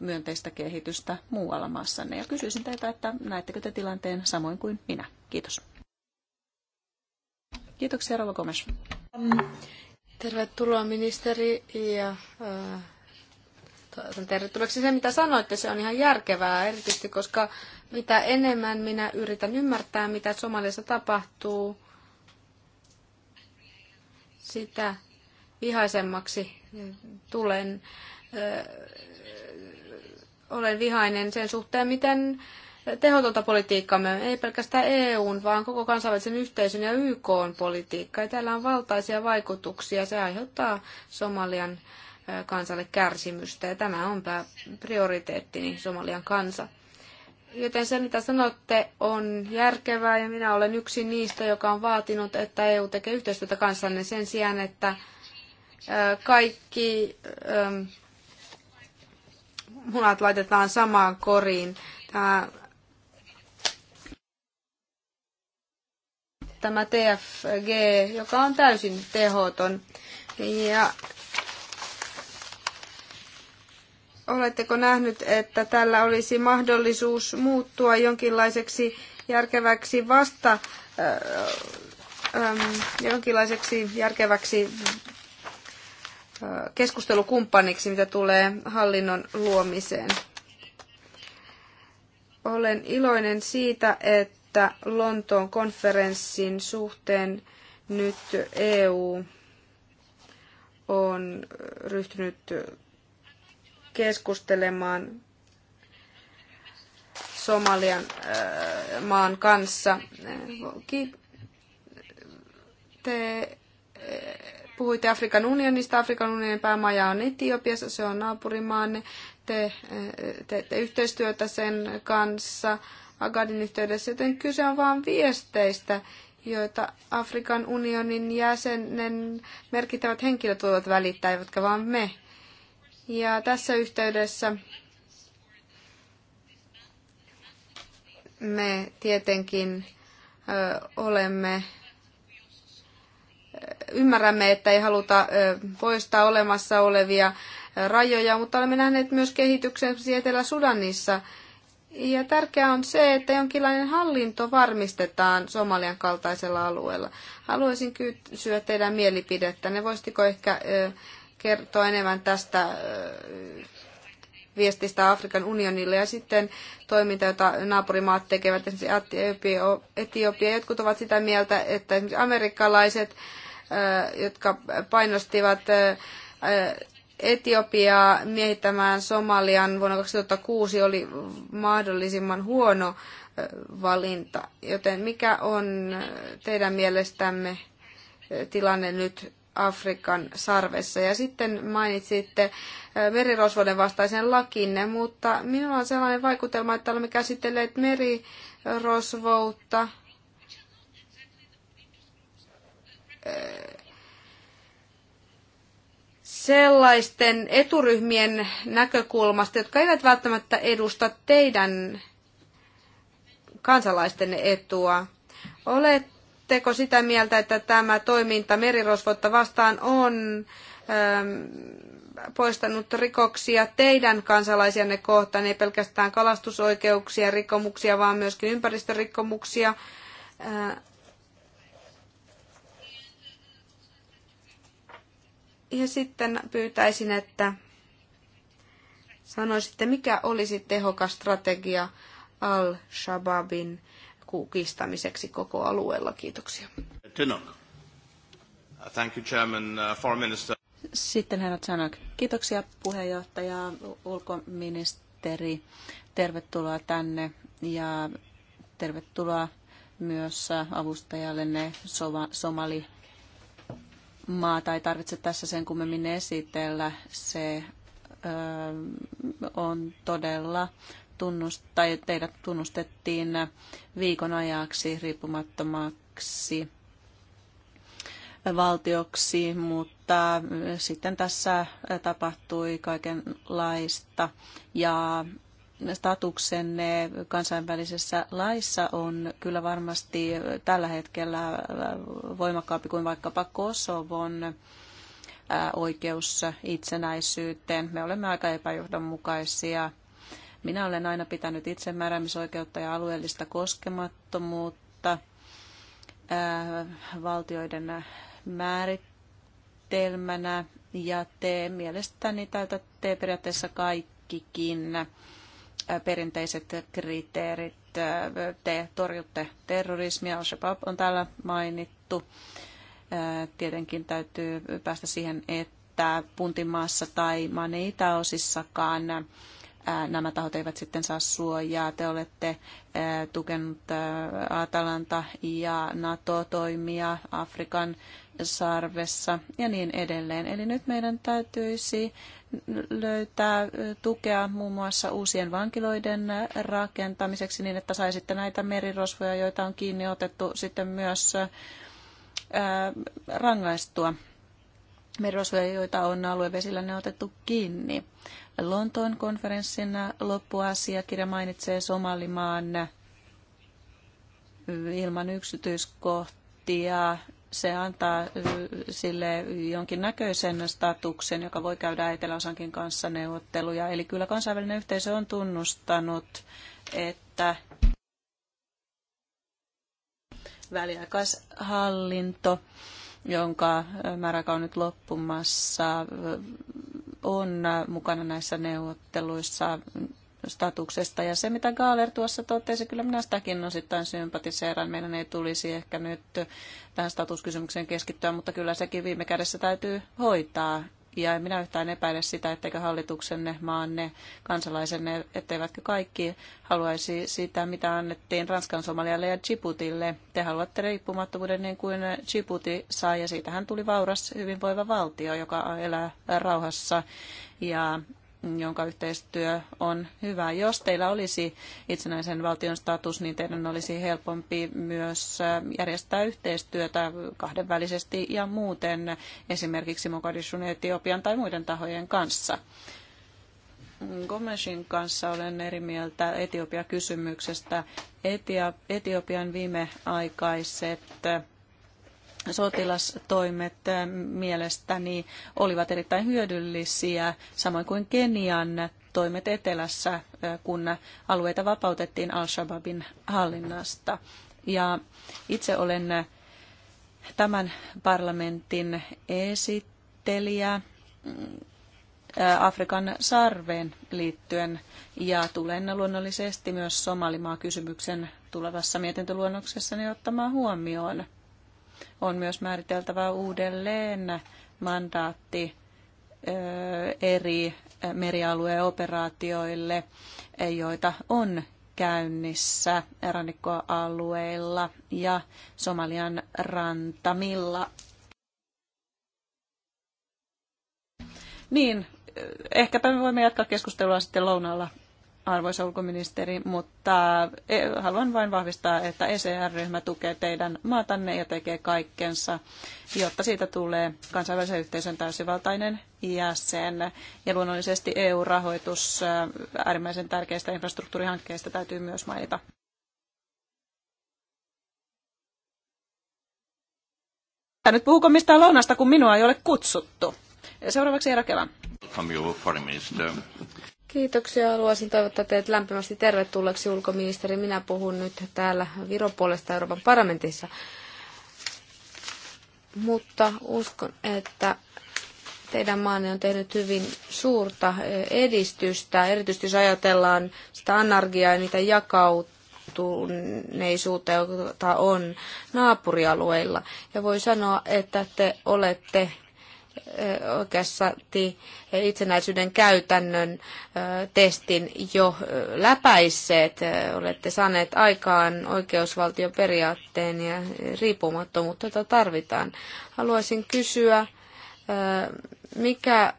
myönteistä kehitystä muualla maassanne. Ja kysyisin teitä, että näettekö te tilanteen samoin kuin minä? Kiitos. Kiitoksia, Rova Gomes. Tervetuloa ministeri ja äh, tervetuloksi se, mitä sanoitte, se on ihan järkevää, erityisesti koska mitä enemmän minä yritän ymmärtää, mitä Somaliassa tapahtuu, sitä vihaisemmaksi äh, tulen. Äh, olen vihainen sen suhteen, miten äh, tehotonta politiikkaamme, ei pelkästään EUn, vaan koko kansainvälisen yhteisön ja YKn politiikkaa. Ja on valtaisia vaikutuksia. Se aiheuttaa Somalian kansalle kärsimystä ja tämä on prioriteettini Somalian kansa. Joten se, mitä sanotte, on järkevää ja minä olen yksi niistä, joka on vaatinut, että EU tekee yhteistyötä kanssanne sen sijaan, että kaikki munat laitetaan samaan koriin. Tämä tämä TFG, joka on täysin tehoton. Ja oletteko nähnyt, että tällä olisi mahdollisuus muuttua jonkinlaiseksi järkeväksi vasta, ähm, jonkinlaiseksi järkeväksi keskustelukumppaniksi, mitä tulee hallinnon luomiseen. Olen iloinen siitä, että että Lontoon konferenssin suhteen nyt EU on ryhtynyt keskustelemaan Somalian äh, maan kanssa. Te äh, puhuitte Afrikan unionista. Afrikan unionin päämaja on Etiopiassa, se on naapurimaanne. Te äh, teette yhteistyötä sen kanssa. Agadin yhteydessä, joten kyse on vain viesteistä, joita Afrikan unionin jäsenen merkittävät henkilöt voivat välittää, eivätkä vain me. Ja tässä yhteydessä me tietenkin ö, olemme ymmärrämme, että ei haluta poistaa olemassa olevia rajoja, mutta olemme nähneet myös kehityksen Etelä-Sudanissa, ja tärkeää on se, että jonkinlainen hallinto varmistetaan Somalian kaltaisella alueella. Haluaisin kysyä teidän Ne Voisitko ehkä kertoa enemmän tästä viestistä Afrikan unionille ja sitten toiminta, jota naapurimaat tekevät, esimerkiksi Etiopia. Jotkut ovat sitä mieltä, että esimerkiksi amerikkalaiset, jotka painostivat Etiopiaa miehittämään Somalian vuonna 2006 oli mahdollisimman huono valinta. Joten mikä on teidän mielestämme tilanne nyt Afrikan sarvessa? Ja sitten mainitsitte merirosvoiden vastaisen lakinne, mutta minulla on sellainen vaikutelma, että olemme käsitelleet merirosvoutta sellaisten eturyhmien näkökulmasta, jotka eivät välttämättä edusta teidän kansalaisten etua. Oletteko sitä mieltä, että tämä toiminta merirosvotta vastaan on ähm, poistanut rikoksia teidän kansalaisianne kohtaan, ei pelkästään kalastusoikeuksia, rikomuksia vaan myöskin ympäristörikkomuksia? Äh, Ja sitten pyytäisin, että sanoisitte, mikä olisi tehokas strategia al-Shababin kukistamiseksi koko alueella. Kiitoksia. Thank you, Chairman, uh, Foreign Minister. Sitten herrat Sanak. Kiitoksia puheenjohtaja, ulkoministeri. Tervetuloa tänne ja tervetuloa myös avustajallenne Somali maata ei tarvitse tässä sen kummemmin esitellä. Se on todella tunnust, tai teidät tunnustettiin viikon ajaksi riippumattomaksi valtioksi, mutta sitten tässä tapahtui kaikenlaista ja statuksenne kansainvälisessä laissa on kyllä varmasti tällä hetkellä voimakkaampi kuin vaikkapa Kosovon oikeus itsenäisyyteen. Me olemme aika epäjohdonmukaisia. Minä olen aina pitänyt itsemääräämisoikeutta ja alueellista koskemattomuutta valtioiden määritelmänä ja te mielestäni täytätte periaatteessa kaikkikin perinteiset kriteerit. Te torjutte terrorismia, Al-Shabaab on täällä mainittu. Tietenkin täytyy päästä siihen, että Puntimaassa tai Manita-osissakaan nämä tahot eivät sitten saa suojaa. Te olette tukenut Atalanta ja NATO-toimia Afrikan sarvessa ja niin edelleen. Eli nyt meidän täytyisi löytää tukea muun muassa uusien vankiloiden rakentamiseksi niin, että saisitte näitä merirosvoja, joita on kiinni otettu sitten myös rangaistua merirosvoja, joita on aluevesillä ne otettu kiinni. Lontoon konferenssin loppuasiakirja mainitsee Somalimaan ilman yksityiskohtia. Se antaa sille jonkinnäköisen statuksen, joka voi käydä Eteläosankin kanssa neuvotteluja. Eli kyllä kansainvälinen yhteisö on tunnustanut, että väliaikaishallinto, jonka määräka on nyt loppumassa, on mukana näissä neuvotteluissa statuksesta. Ja se, mitä Gaaler tuossa totesi, kyllä minä sitäkin osittain sympatiseeran. Meidän ei tulisi ehkä nyt tähän statuskysymykseen keskittyä, mutta kyllä sekin viime kädessä täytyy hoitaa. Ja en minä yhtään epäile sitä, etteikö hallituksenne, maanne, kansalaisenne, etteivätkö kaikki haluaisi sitä, mitä annettiin Ranskan, Somalialle ja Djiboutille. Te haluatte riippumattomuuden niin kuin Djibouti sai, ja siitähän tuli vauras hyvinvoiva valtio, joka elää rauhassa ja jonka yhteistyö on hyvä. Jos teillä olisi itsenäisen valtion status, niin teidän olisi helpompi myös äh, järjestää yhteistyötä kahdenvälisesti ja muuten esimerkiksi Mogadishun, Etiopian tai muiden tahojen kanssa. Gomesin kanssa olen eri mieltä Etiopia-kysymyksestä. Etiopian viimeaikaiset sotilastoimet eh, mielestäni olivat erittäin hyödyllisiä, samoin kuin Kenian toimet etelässä, eh, kun alueita vapautettiin Al-Shabaabin hallinnasta. Ja itse olen eh, tämän parlamentin esittelijä mm, Afrikan sarveen liittyen ja tulen luonnollisesti myös Somalimaa kysymyksen tulevassa mietintöluonnoksessani ottamaan huomioon on myös määriteltävä uudelleen mandaatti eri merialueen operaatioille, joita on käynnissä rannikkoalueilla ja Somalian rantamilla. Niin, ehkäpä me voimme jatkaa keskustelua sitten lounalla arvoisa ulkoministeri, mutta e, haluan vain vahvistaa, että ECR-ryhmä tukee teidän maatanne ja tekee kaikkensa, jotta siitä tulee kansainvälisen yhteisön täysivaltainen jäsen. Ja luonnollisesti EU-rahoitus äärimmäisen tärkeistä infrastruktuurihankkeista täytyy myös mainita. Tämä nyt puhuko mistään lounasta, kun minua ei ole kutsuttu. Seuraavaksi Eera Kevä. Kiitoksia. Haluaisin toivottaa teidät lämpimästi tervetulleeksi ulkoministeri. Minä puhun nyt täällä Viron puolesta Euroopan parlamentissa. Mutta uskon, että teidän maanne on tehnyt hyvin suurta edistystä, erityisesti jos ajatellaan sitä anarkiaa ja niitä jakautuneisuutta, joita on naapurialueilla. Ja voi sanoa, että te olette oikeastaan itsenäisyyden käytännön testin jo läpäisseet. Olette saaneet aikaan oikeusvaltioperiaatteen ja riippumattomuutta, jota tarvitaan. Haluaisin kysyä, mikä,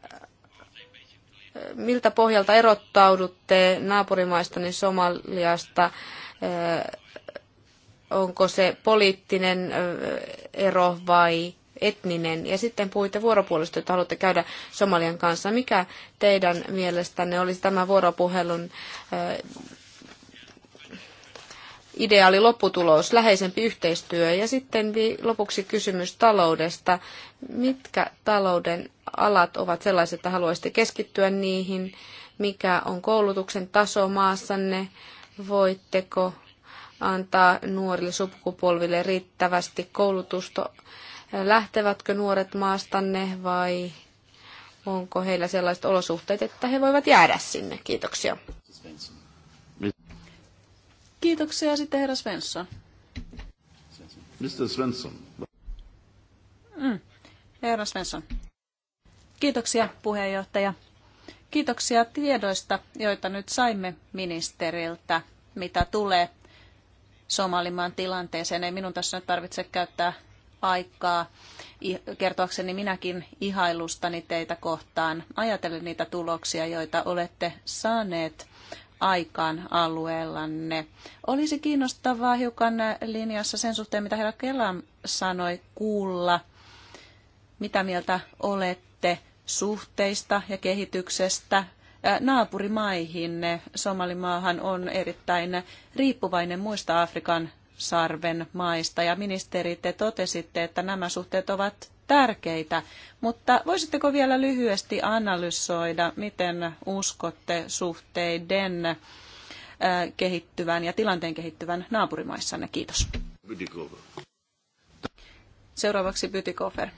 miltä pohjalta erottaudutte naapurimaistani Somaliasta onko se poliittinen ero vai etninen. Ja sitten puhuitte vuoropuhelusta jota haluatte käydä Somalian kanssa. Mikä teidän mielestänne olisi tämä vuoropuhelun ideaali lopputulos, läheisempi yhteistyö. Ja sitten lopuksi kysymys taloudesta. Mitkä talouden alat ovat sellaiset, että haluaisitte keskittyä niihin? Mikä on koulutuksen taso maassanne? Voitteko antaa nuorille sukupolville riittävästi koulutusta lähtevätkö nuoret maastanne vai onko heillä sellaiset olosuhteet, että he voivat jäädä sinne? Kiitoksia. Kiitoksia sitten herra Svensson. Mr. Svensson. Mm. Herra Svensson. Kiitoksia puheenjohtaja. Kiitoksia tiedoista, joita nyt saimme ministeriltä, mitä tulee Somalimaan tilanteeseen. Ei minun tässä nyt tarvitse käyttää aikaa kertoakseni minäkin ihailustani teitä kohtaan. Ajatellen niitä tuloksia, joita olette saaneet aikaan alueellanne. Olisi kiinnostavaa hiukan linjassa sen suhteen, mitä herra Kelam sanoi, kuulla, mitä mieltä olette suhteista ja kehityksestä naapurimaihinne. Somalimaahan on erittäin riippuvainen muista Afrikan sarven maista. Ja ministeri, te totesitte, että nämä suhteet ovat tärkeitä, mutta voisitteko vielä lyhyesti analysoida, miten uskotte suhteiden äh, kehittyvän ja tilanteen kehittyvän naapurimaissanne? Kiitos. Seuraavaksi Bytikofer.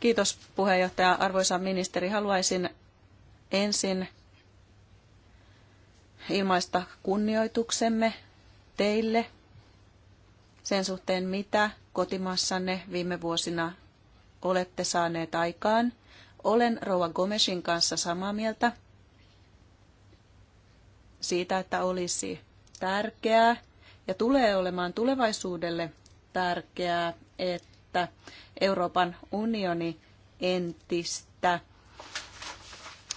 Kiitos puheenjohtaja. Arvoisa ministeri, haluaisin ensin ilmaista kunnioituksemme teille sen suhteen, mitä kotimaassanne viime vuosina olette saaneet aikaan. Olen Rouva Gomesin kanssa samaa mieltä siitä, että olisi tärkeää ja tulee olemaan tulevaisuudelle tärkeää, että Euroopan unioni entistä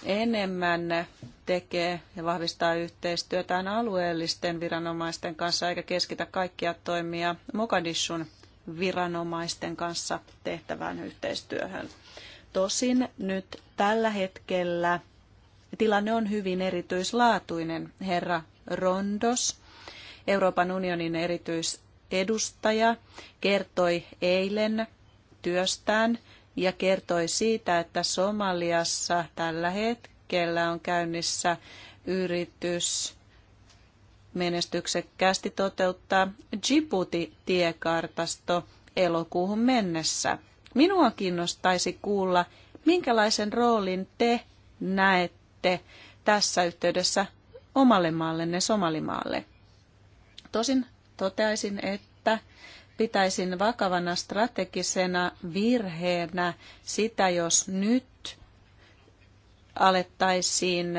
enemmän tekee ja vahvistaa yhteistyötään alueellisten viranomaisten kanssa eikä keskitä kaikkia toimia Mogadishun viranomaisten kanssa tehtävään yhteistyöhön. Tosin nyt tällä hetkellä tilanne on hyvin erityislaatuinen. Herra Rondos, Euroopan unionin erityisedustaja, kertoi eilen työstään ja kertoi siitä, että Somaliassa tällä hetkellä on käynnissä yritys menestyksekkäästi toteuttaa Djibouti-tiekartasto elokuuhun mennessä. Minua kiinnostaisi kuulla, minkälaisen roolin te näette tässä yhteydessä omalle maallenne Somalimaalle. Tosin toteaisin, että pitäisin vakavana strategisena virheenä sitä, jos nyt alettaisiin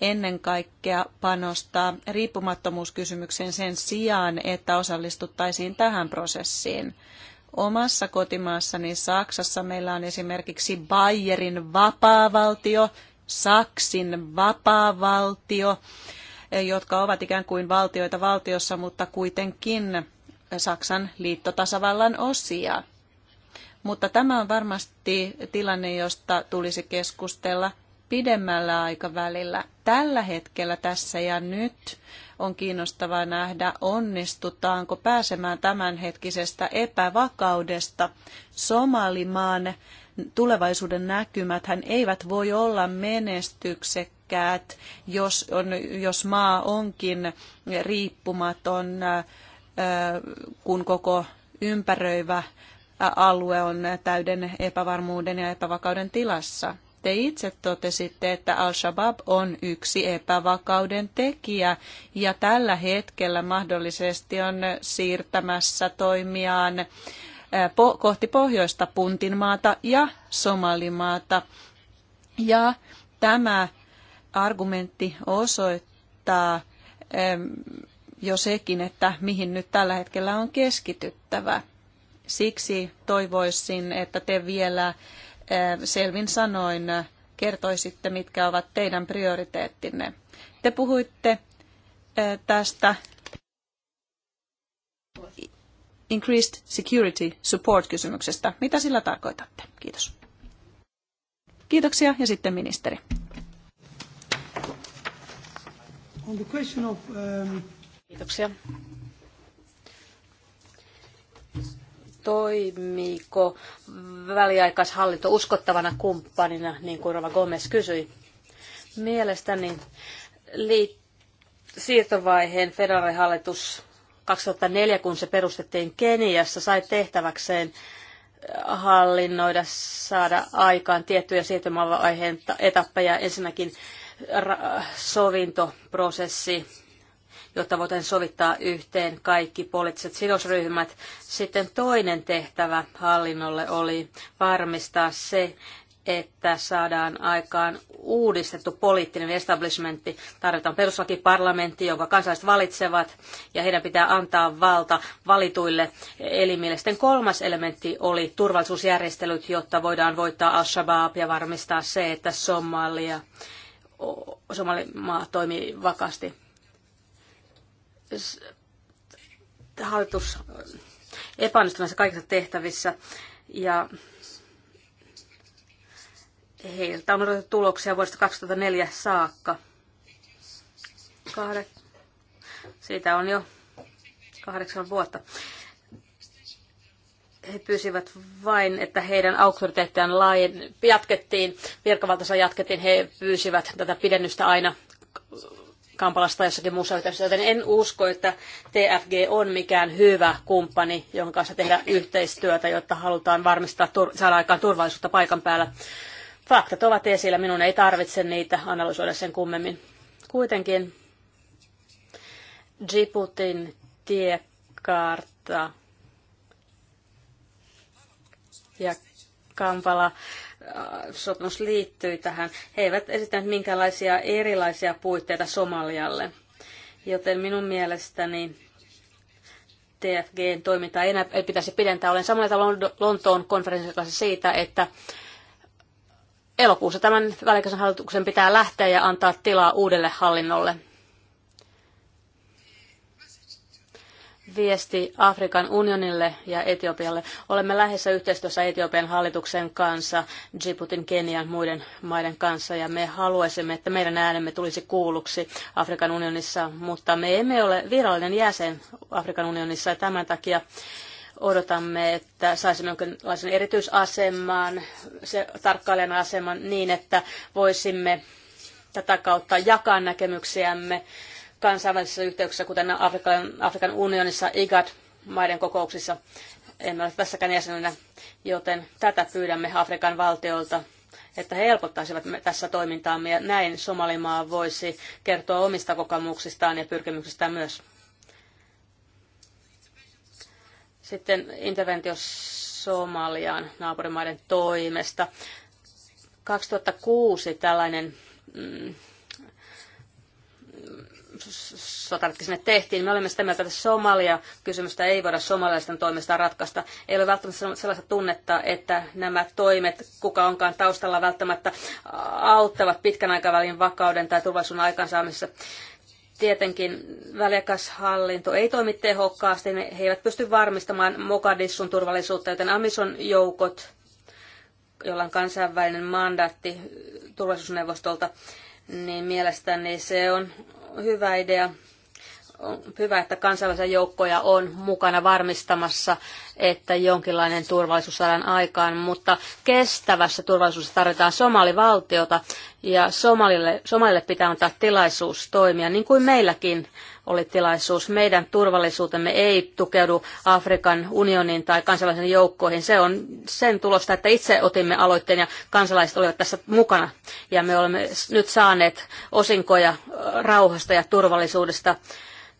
ennen kaikkea panostaa riippumattomuuskysymykseen sen sijaan, että osallistuttaisiin tähän prosessiin. Omassa kotimaassani Saksassa meillä on esimerkiksi Bayerin vapaavaltio, Saksin vapaavaltio, jotka ovat ikään kuin valtioita valtiossa, mutta kuitenkin Saksan liittotasavallan osia. Mutta tämä on varmasti tilanne, josta tulisi keskustella pidemmällä aikavälillä. Tällä hetkellä tässä ja nyt on kiinnostavaa nähdä, onnistutaanko pääsemään tämänhetkisestä epävakaudesta. Somalimaan tulevaisuuden näkymät hän eivät voi olla menestyksekkäät, jos, on, jos maa onkin riippumaton kun koko ympäröivä alue on täyden epävarmuuden ja epävakauden tilassa. Te itse totesitte, että Al-Shabaab on yksi epävakauden tekijä ja tällä hetkellä mahdollisesti on siirtämässä toimiaan kohti pohjoista Puntinmaata ja Somalimaata. Ja tämä argumentti osoittaa, jo sekin, että mihin nyt tällä hetkellä on keskityttävä. Siksi toivoisin, että te vielä eh, selvin sanoin kertoisitte, mitkä ovat teidän prioriteettinne. Te puhuitte eh, tästä Increased Security Support-kysymyksestä. Mitä sillä tarkoitatte? Kiitos. Kiitoksia ja sitten ministeri. On the question of, um, Kiitoksia. Toimiiko väliaikaishallinto uskottavana kumppanina, niin kuin Rova Gomez kysyi? Mielestäni liittyy siirtovaiheen federaalihallitus 2004, kun se perustettiin Keniassa, sai tehtäväkseen äh, hallinnoida, saada aikaan tiettyjä siirtymävaiheen etappeja. Ensinnäkin sovintoprosessi, jotta voitaisiin sovittaa yhteen kaikki poliittiset sidosryhmät. Sitten toinen tehtävä hallinnolle oli varmistaa se, että saadaan aikaan uudistettu poliittinen establishmentti. Tarvitaan peruslakiparlamentti, jonka kansalaiset valitsevat, ja heidän pitää antaa valta valituille elimille. Sitten kolmas elementti oli turvallisuusjärjestelyt, jotta voidaan voittaa Al-Shabaab ja varmistaa se, että Somalia, Somalimaa toimii vakaasti hallitus äh, näissä kaikissa tehtävissä ja heiltä on odotettu tuloksia vuodesta 2004 saakka. Kahde... Siitä on jo kahdeksan vuotta. He pyysivät vain, että heidän auktoriteettiaan laajen, jatkettiin, virkavaltansa jatkettiin. He pyysivät tätä pidennystä aina Kampalasta jossakin muussa yhteydessä, joten en usko, että TFG on mikään hyvä kumppani, jonka kanssa tehdä yhteistyötä, jotta halutaan varmistaa, saada aikaan turvallisuutta paikan päällä. Faktat ovat esillä, minun ei tarvitse niitä analysoida sen kummemmin. Kuitenkin Djiboutin tiekartta ja Kampala sopimus liittyi tähän. He eivät esittäneet minkälaisia erilaisia puitteita Somalialle. Joten minun mielestäni TFGn toimintaa ei, enää, ei pitäisi pidentää. Olen samalla tavalla Lontoon konferenssin kanssa siitä, että elokuussa tämän välikäisen hallituksen pitää lähteä ja antaa tilaa uudelle hallinnolle. viesti Afrikan unionille ja Etiopialle. Olemme läheisessä yhteistyössä Etiopian hallituksen kanssa, Djiboutin, Kenian muiden maiden kanssa ja me haluaisimme, että meidän äänemme tulisi kuulluksi Afrikan unionissa, mutta me emme ole virallinen jäsen Afrikan unionissa ja tämän takia odotamme, että saisimme jonkinlaisen erityisaseman, se tarkkailijan aseman niin, että voisimme tätä kautta jakaa näkemyksiämme kansainvälisissä yhteyksissä, kuten Afrikan, Afrikan unionissa, IGAD-maiden kokouksissa. Emme ole tässäkään jäsenenä, joten tätä pyydämme Afrikan valtioilta että he helpottaisivat tässä toimintaamme ja näin Somalimaa voisi kertoa omista kokemuksistaan ja pyrkimyksistään myös. Sitten interventio Somaliaan naapurimaiden toimesta. 2006 tällainen mm, sotaretki sinne tehtiin, me olemme sitä mieltä, että Somalia-kysymystä ei voida somalialaisten toimesta ratkaista. Ei ole välttämättä sellaista tunnetta, että nämä toimet, kuka onkaan taustalla, välttämättä auttavat pitkän aikavälin vakauden tai turvallisuuden aikansaamisessa tietenkin hallinto ei toimi tehokkaasti, ne he eivät pysty varmistamaan Mogadissun turvallisuutta, joten Amison joukot, joilla on kansainvälinen mandaatti turvallisuusneuvostolta, niin mielestäni se on hyvä idea on hyvä, että kansainvälisiä joukkoja on mukana varmistamassa, että jonkinlainen turvallisuus saadaan aikaan, mutta kestävässä turvallisuudessa tarvitaan somalivaltiota ja Somalille, Somalille pitää antaa tilaisuus toimia, niin kuin meilläkin oli tilaisuus. Meidän turvallisuutemme ei tukeudu Afrikan unionin tai kansainvälisiin joukkoihin. Se on sen tulosta, että itse otimme aloitteen ja kansalaiset olivat tässä mukana. Ja me olemme nyt saaneet osinkoja rauhasta ja turvallisuudesta.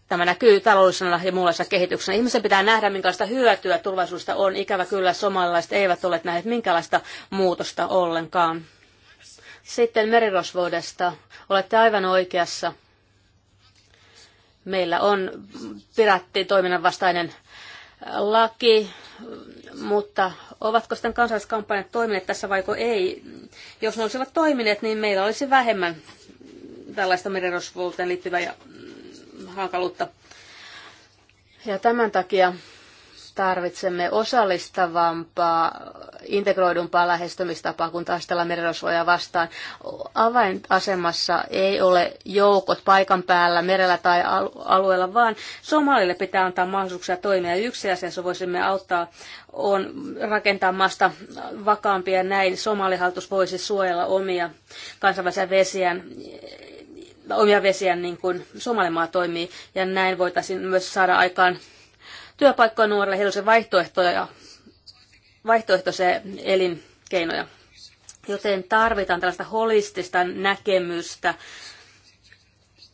Tämä näkyy taloudellisena ja muunlaisena kehityksenä. Ihmisen pitää nähdä, minkälaista hyötyä turvallisuudesta on. Ikävä kyllä somalilaiset eivät ole nähneet minkälaista muutosta ollenkaan. Sitten merirosvoudesta. Olette aivan oikeassa. Meillä on toiminnan vastainen laki, mutta ovatko sitten kansalliskampanjat toimineet tässä vaiko ei? Jos ne olisivat toimineet, niin meillä olisi vähemmän tällaista merirosvuuteen liittyvää hankaluutta. Ja tämän takia tarvitsemme osallistavampaa, integroidumpaa lähestymistapaa, kun taistellaan merirosvoja vastaan. Avainasemassa ei ole joukot paikan päällä, merellä tai alueella, vaan Somalille pitää antaa mahdollisuuksia toimia. Yksi asia, jossa voisimme auttaa, on rakentaa maasta vakaampia näin. Somalihallitus voisi suojella omia kansainvälisiä vesiään omia vesiä niin kuin Somalimaa toimii. Ja näin voitaisiin myös saada aikaan työpaikkoja nuorille, heillä on vaihtoehtoja, vaihtoehtoisia elinkeinoja. Joten tarvitaan tällaista holistista näkemystä,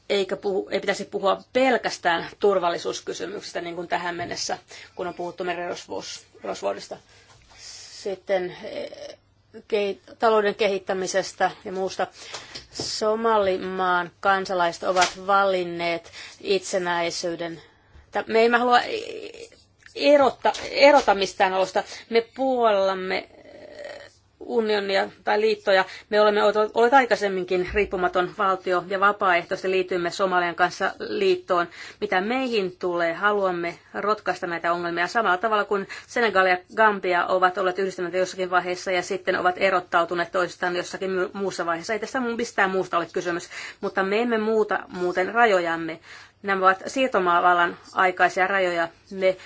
eikä puhu, ei pitäisi puhua pelkästään turvallisuuskysymyksistä, niin kuin tähän mennessä, kun on puhuttu merirosvuudesta. Sitten talouden kehittämisestä ja muusta. Somalimaan kansalaiset ovat valinneet itsenäisyyden. Me emme halua erota, erota mistään olosta. Me puolellamme unionia tai liittoja. Me olemme olleet aikaisemminkin riippumaton valtio ja vapaaehtoisesti liityimme Somalian kanssa liittoon. Mitä meihin tulee, haluamme rotkaista näitä ongelmia samalla tavalla kuin Senegal ja Gambia ovat olleet yhdistyneet jossakin vaiheessa ja sitten ovat erottautuneet toisistaan jossakin muussa vaiheessa. Ei tässä mistään muusta ole kysymys, mutta me emme muuta muuten rajojamme. Nämä ovat siirtomaavallan aikaisia rajoja. Me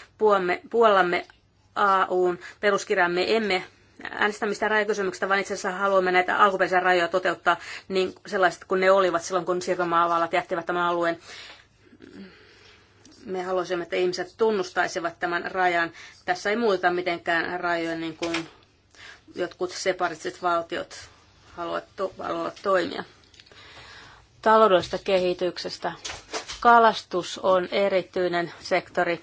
puolamme AUn peruskirjaan me emme äänestämistä rajakysymyksistä, vaan itse asiassa haluamme näitä alkuperäisiä rajoja toteuttaa niin sellaiset kuin ne olivat silloin, kun siirtomaavallat jättivät tämän alueen. Me haluaisimme, että ihmiset tunnustaisivat tämän rajan. Tässä ei muuteta mitenkään rajoja, niin kuin jotkut separatistiset valtiot haluavat, to- haluavat toimia. Taloudellisesta kehityksestä. Kalastus on erityinen sektori.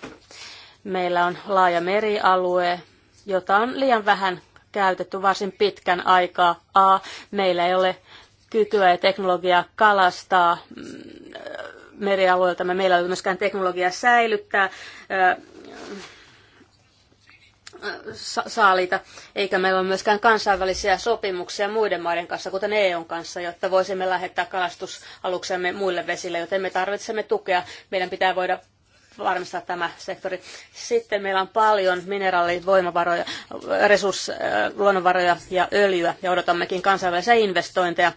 Meillä on laaja merialue, jota on liian vähän käytetty varsin pitkän aikaa. A. Meillä ei ole kykyä ja teknologiaa kalastaa mm, merialueilta. Meillä ei ole myöskään teknologiaa säilyttää saalita, eikä meillä ole myöskään kansainvälisiä sopimuksia muiden maiden kanssa, kuten EUn kanssa, jotta voisimme lähettää kalastusaluksemme muille vesille, joten me tarvitsemme tukea. Meidän pitää voida varmistaa tämä sektori. Sitten meillä on paljon mineraalivoimavaroja, resurs, äh, ja öljyä ja odotammekin kansainvälisiä investointeja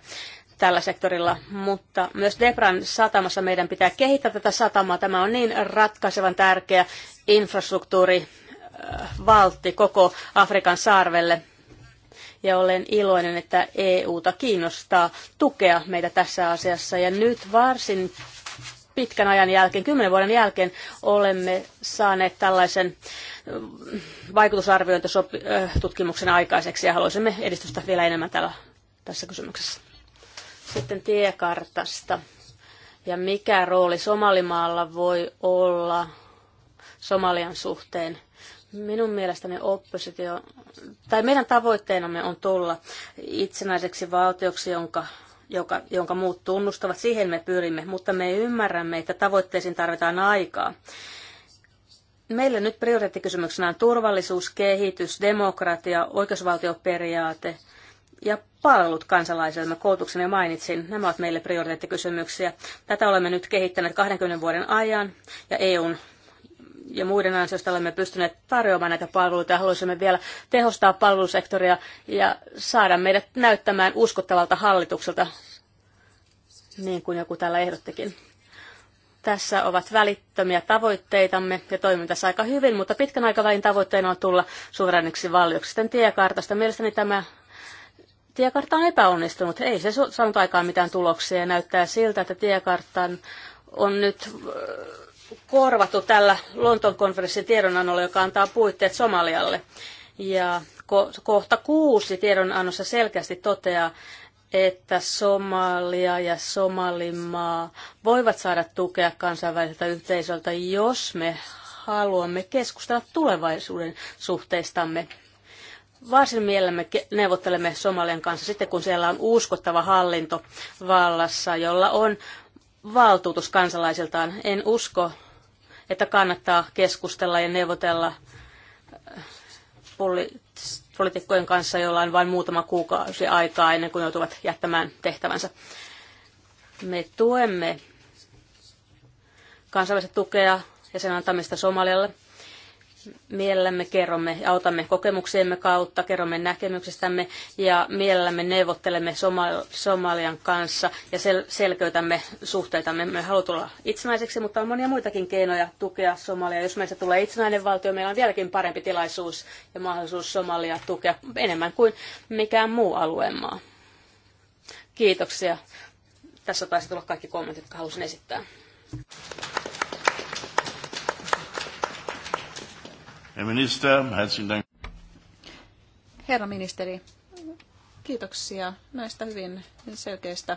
tällä sektorilla, mutta myös Debran satamassa meidän pitää kehittää tätä satamaa. Tämä on niin ratkaisevan tärkeä infrastruktuuri äh, valtti koko Afrikan saarvelle. Ja olen iloinen, että EUta kiinnostaa tukea meitä tässä asiassa. Ja nyt varsin pitkän ajan jälkeen, kymmenen vuoden jälkeen, olemme saaneet tällaisen mm, vaikutusarviointitutkimuksen aikaiseksi ja haluaisimme edistystä vielä enemmän täällä, tässä kysymyksessä. Sitten tiekartasta. Ja mikä rooli Somalimaalla voi olla Somalian suhteen? Minun mielestäni oppositio, tai meidän tavoitteenamme on tulla itsenäiseksi valtioksi, jonka joka, jonka muut tunnustavat, siihen me pyrimme, mutta me ymmärrämme, että tavoitteisiin tarvitaan aikaa. Meillä nyt prioriteettikysymyksenä on turvallisuus, kehitys, demokratia, oikeusvaltioperiaate ja palvelut kansalaisille. Koulutuksen jo mainitsin. Nämä ovat meille prioriteettikysymyksiä. Tätä olemme nyt kehittäneet 20 vuoden ajan ja EUn ja muiden ansiosta olemme pystyneet tarjoamaan näitä palveluita ja haluaisimme vielä tehostaa palvelusektoria ja saada meidät näyttämään uskottavalta hallitukselta, niin kuin joku täällä ehdottikin. Tässä ovat välittömiä tavoitteitamme ja toimin tässä aika hyvin, mutta pitkän aikavälin tavoitteena on tulla suverenniksi valjoksi. Sitten tiekartasta mielestäni tämä tiekartta on epäonnistunut. Ei se saanut aikaan mitään tuloksia ja näyttää siltä, että tiekartan on nyt korvattu tällä Lontoon konferenssin tiedonannolla, joka antaa puitteet Somalialle. Ja kohta kuusi tiedonannossa selkeästi toteaa, että Somalia ja Somalimaa voivat saada tukea kansainväliseltä yhteisöltä, jos me haluamme keskustella tulevaisuuden suhteistamme. Varsin mielemme neuvottelemme Somalian kanssa sitten, kun siellä on uskottava hallinto vallassa, jolla on valtuutus kansalaisiltaan. En usko, että kannattaa keskustella ja neuvotella äh, poliitikkojen kanssa, joilla on vain muutama kuukausi aikaa ennen kuin joutuvat jättämään tehtävänsä. Me tuemme kansainvälistä tukea ja sen antamista Somalialle – Mielellämme kerromme, autamme kokemuksiemme kautta, kerromme näkemyksestämme ja mielellämme neuvottelemme Somalian kanssa ja sel- selkeytämme suhteitamme. Me haluamme tulla itsenäiseksi, mutta on monia muitakin keinoja tukea Somalia. Jos meistä tulee itsenäinen valtio, meillä on vieläkin parempi tilaisuus ja mahdollisuus Somalia tukea enemmän kuin mikään muu alueen maa. Kiitoksia. Tässä taisi tulla kaikki kommentit, jotka halusin esittää. Herr Minister, herzlichen Dank. Herra ministeri, kiitoksia näistä hyvin selkeistä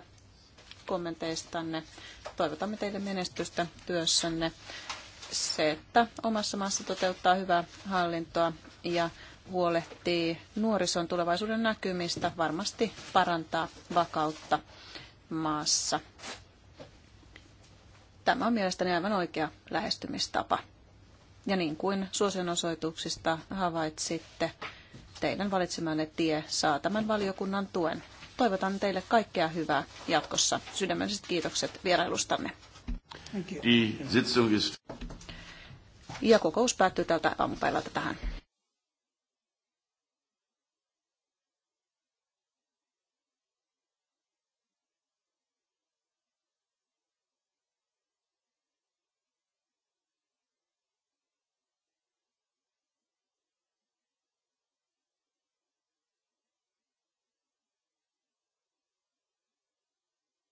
kommenteistanne. Toivotamme teille menestystä työssänne. Se, että omassa maassa toteuttaa hyvää hallintoa ja huolehtii nuorison tulevaisuuden näkymistä, varmasti parantaa vakautta maassa. Tämä on mielestäni aivan oikea lähestymistapa. Ja niin kuin suosionosoituksista havaitsitte, teidän valitsemanne tie saa tämän valiokunnan tuen. Toivotan teille kaikkea hyvää jatkossa. Sydämelliset kiitokset vierailustanne. Ja kokous päättyy tältä aamupäivältä tähän.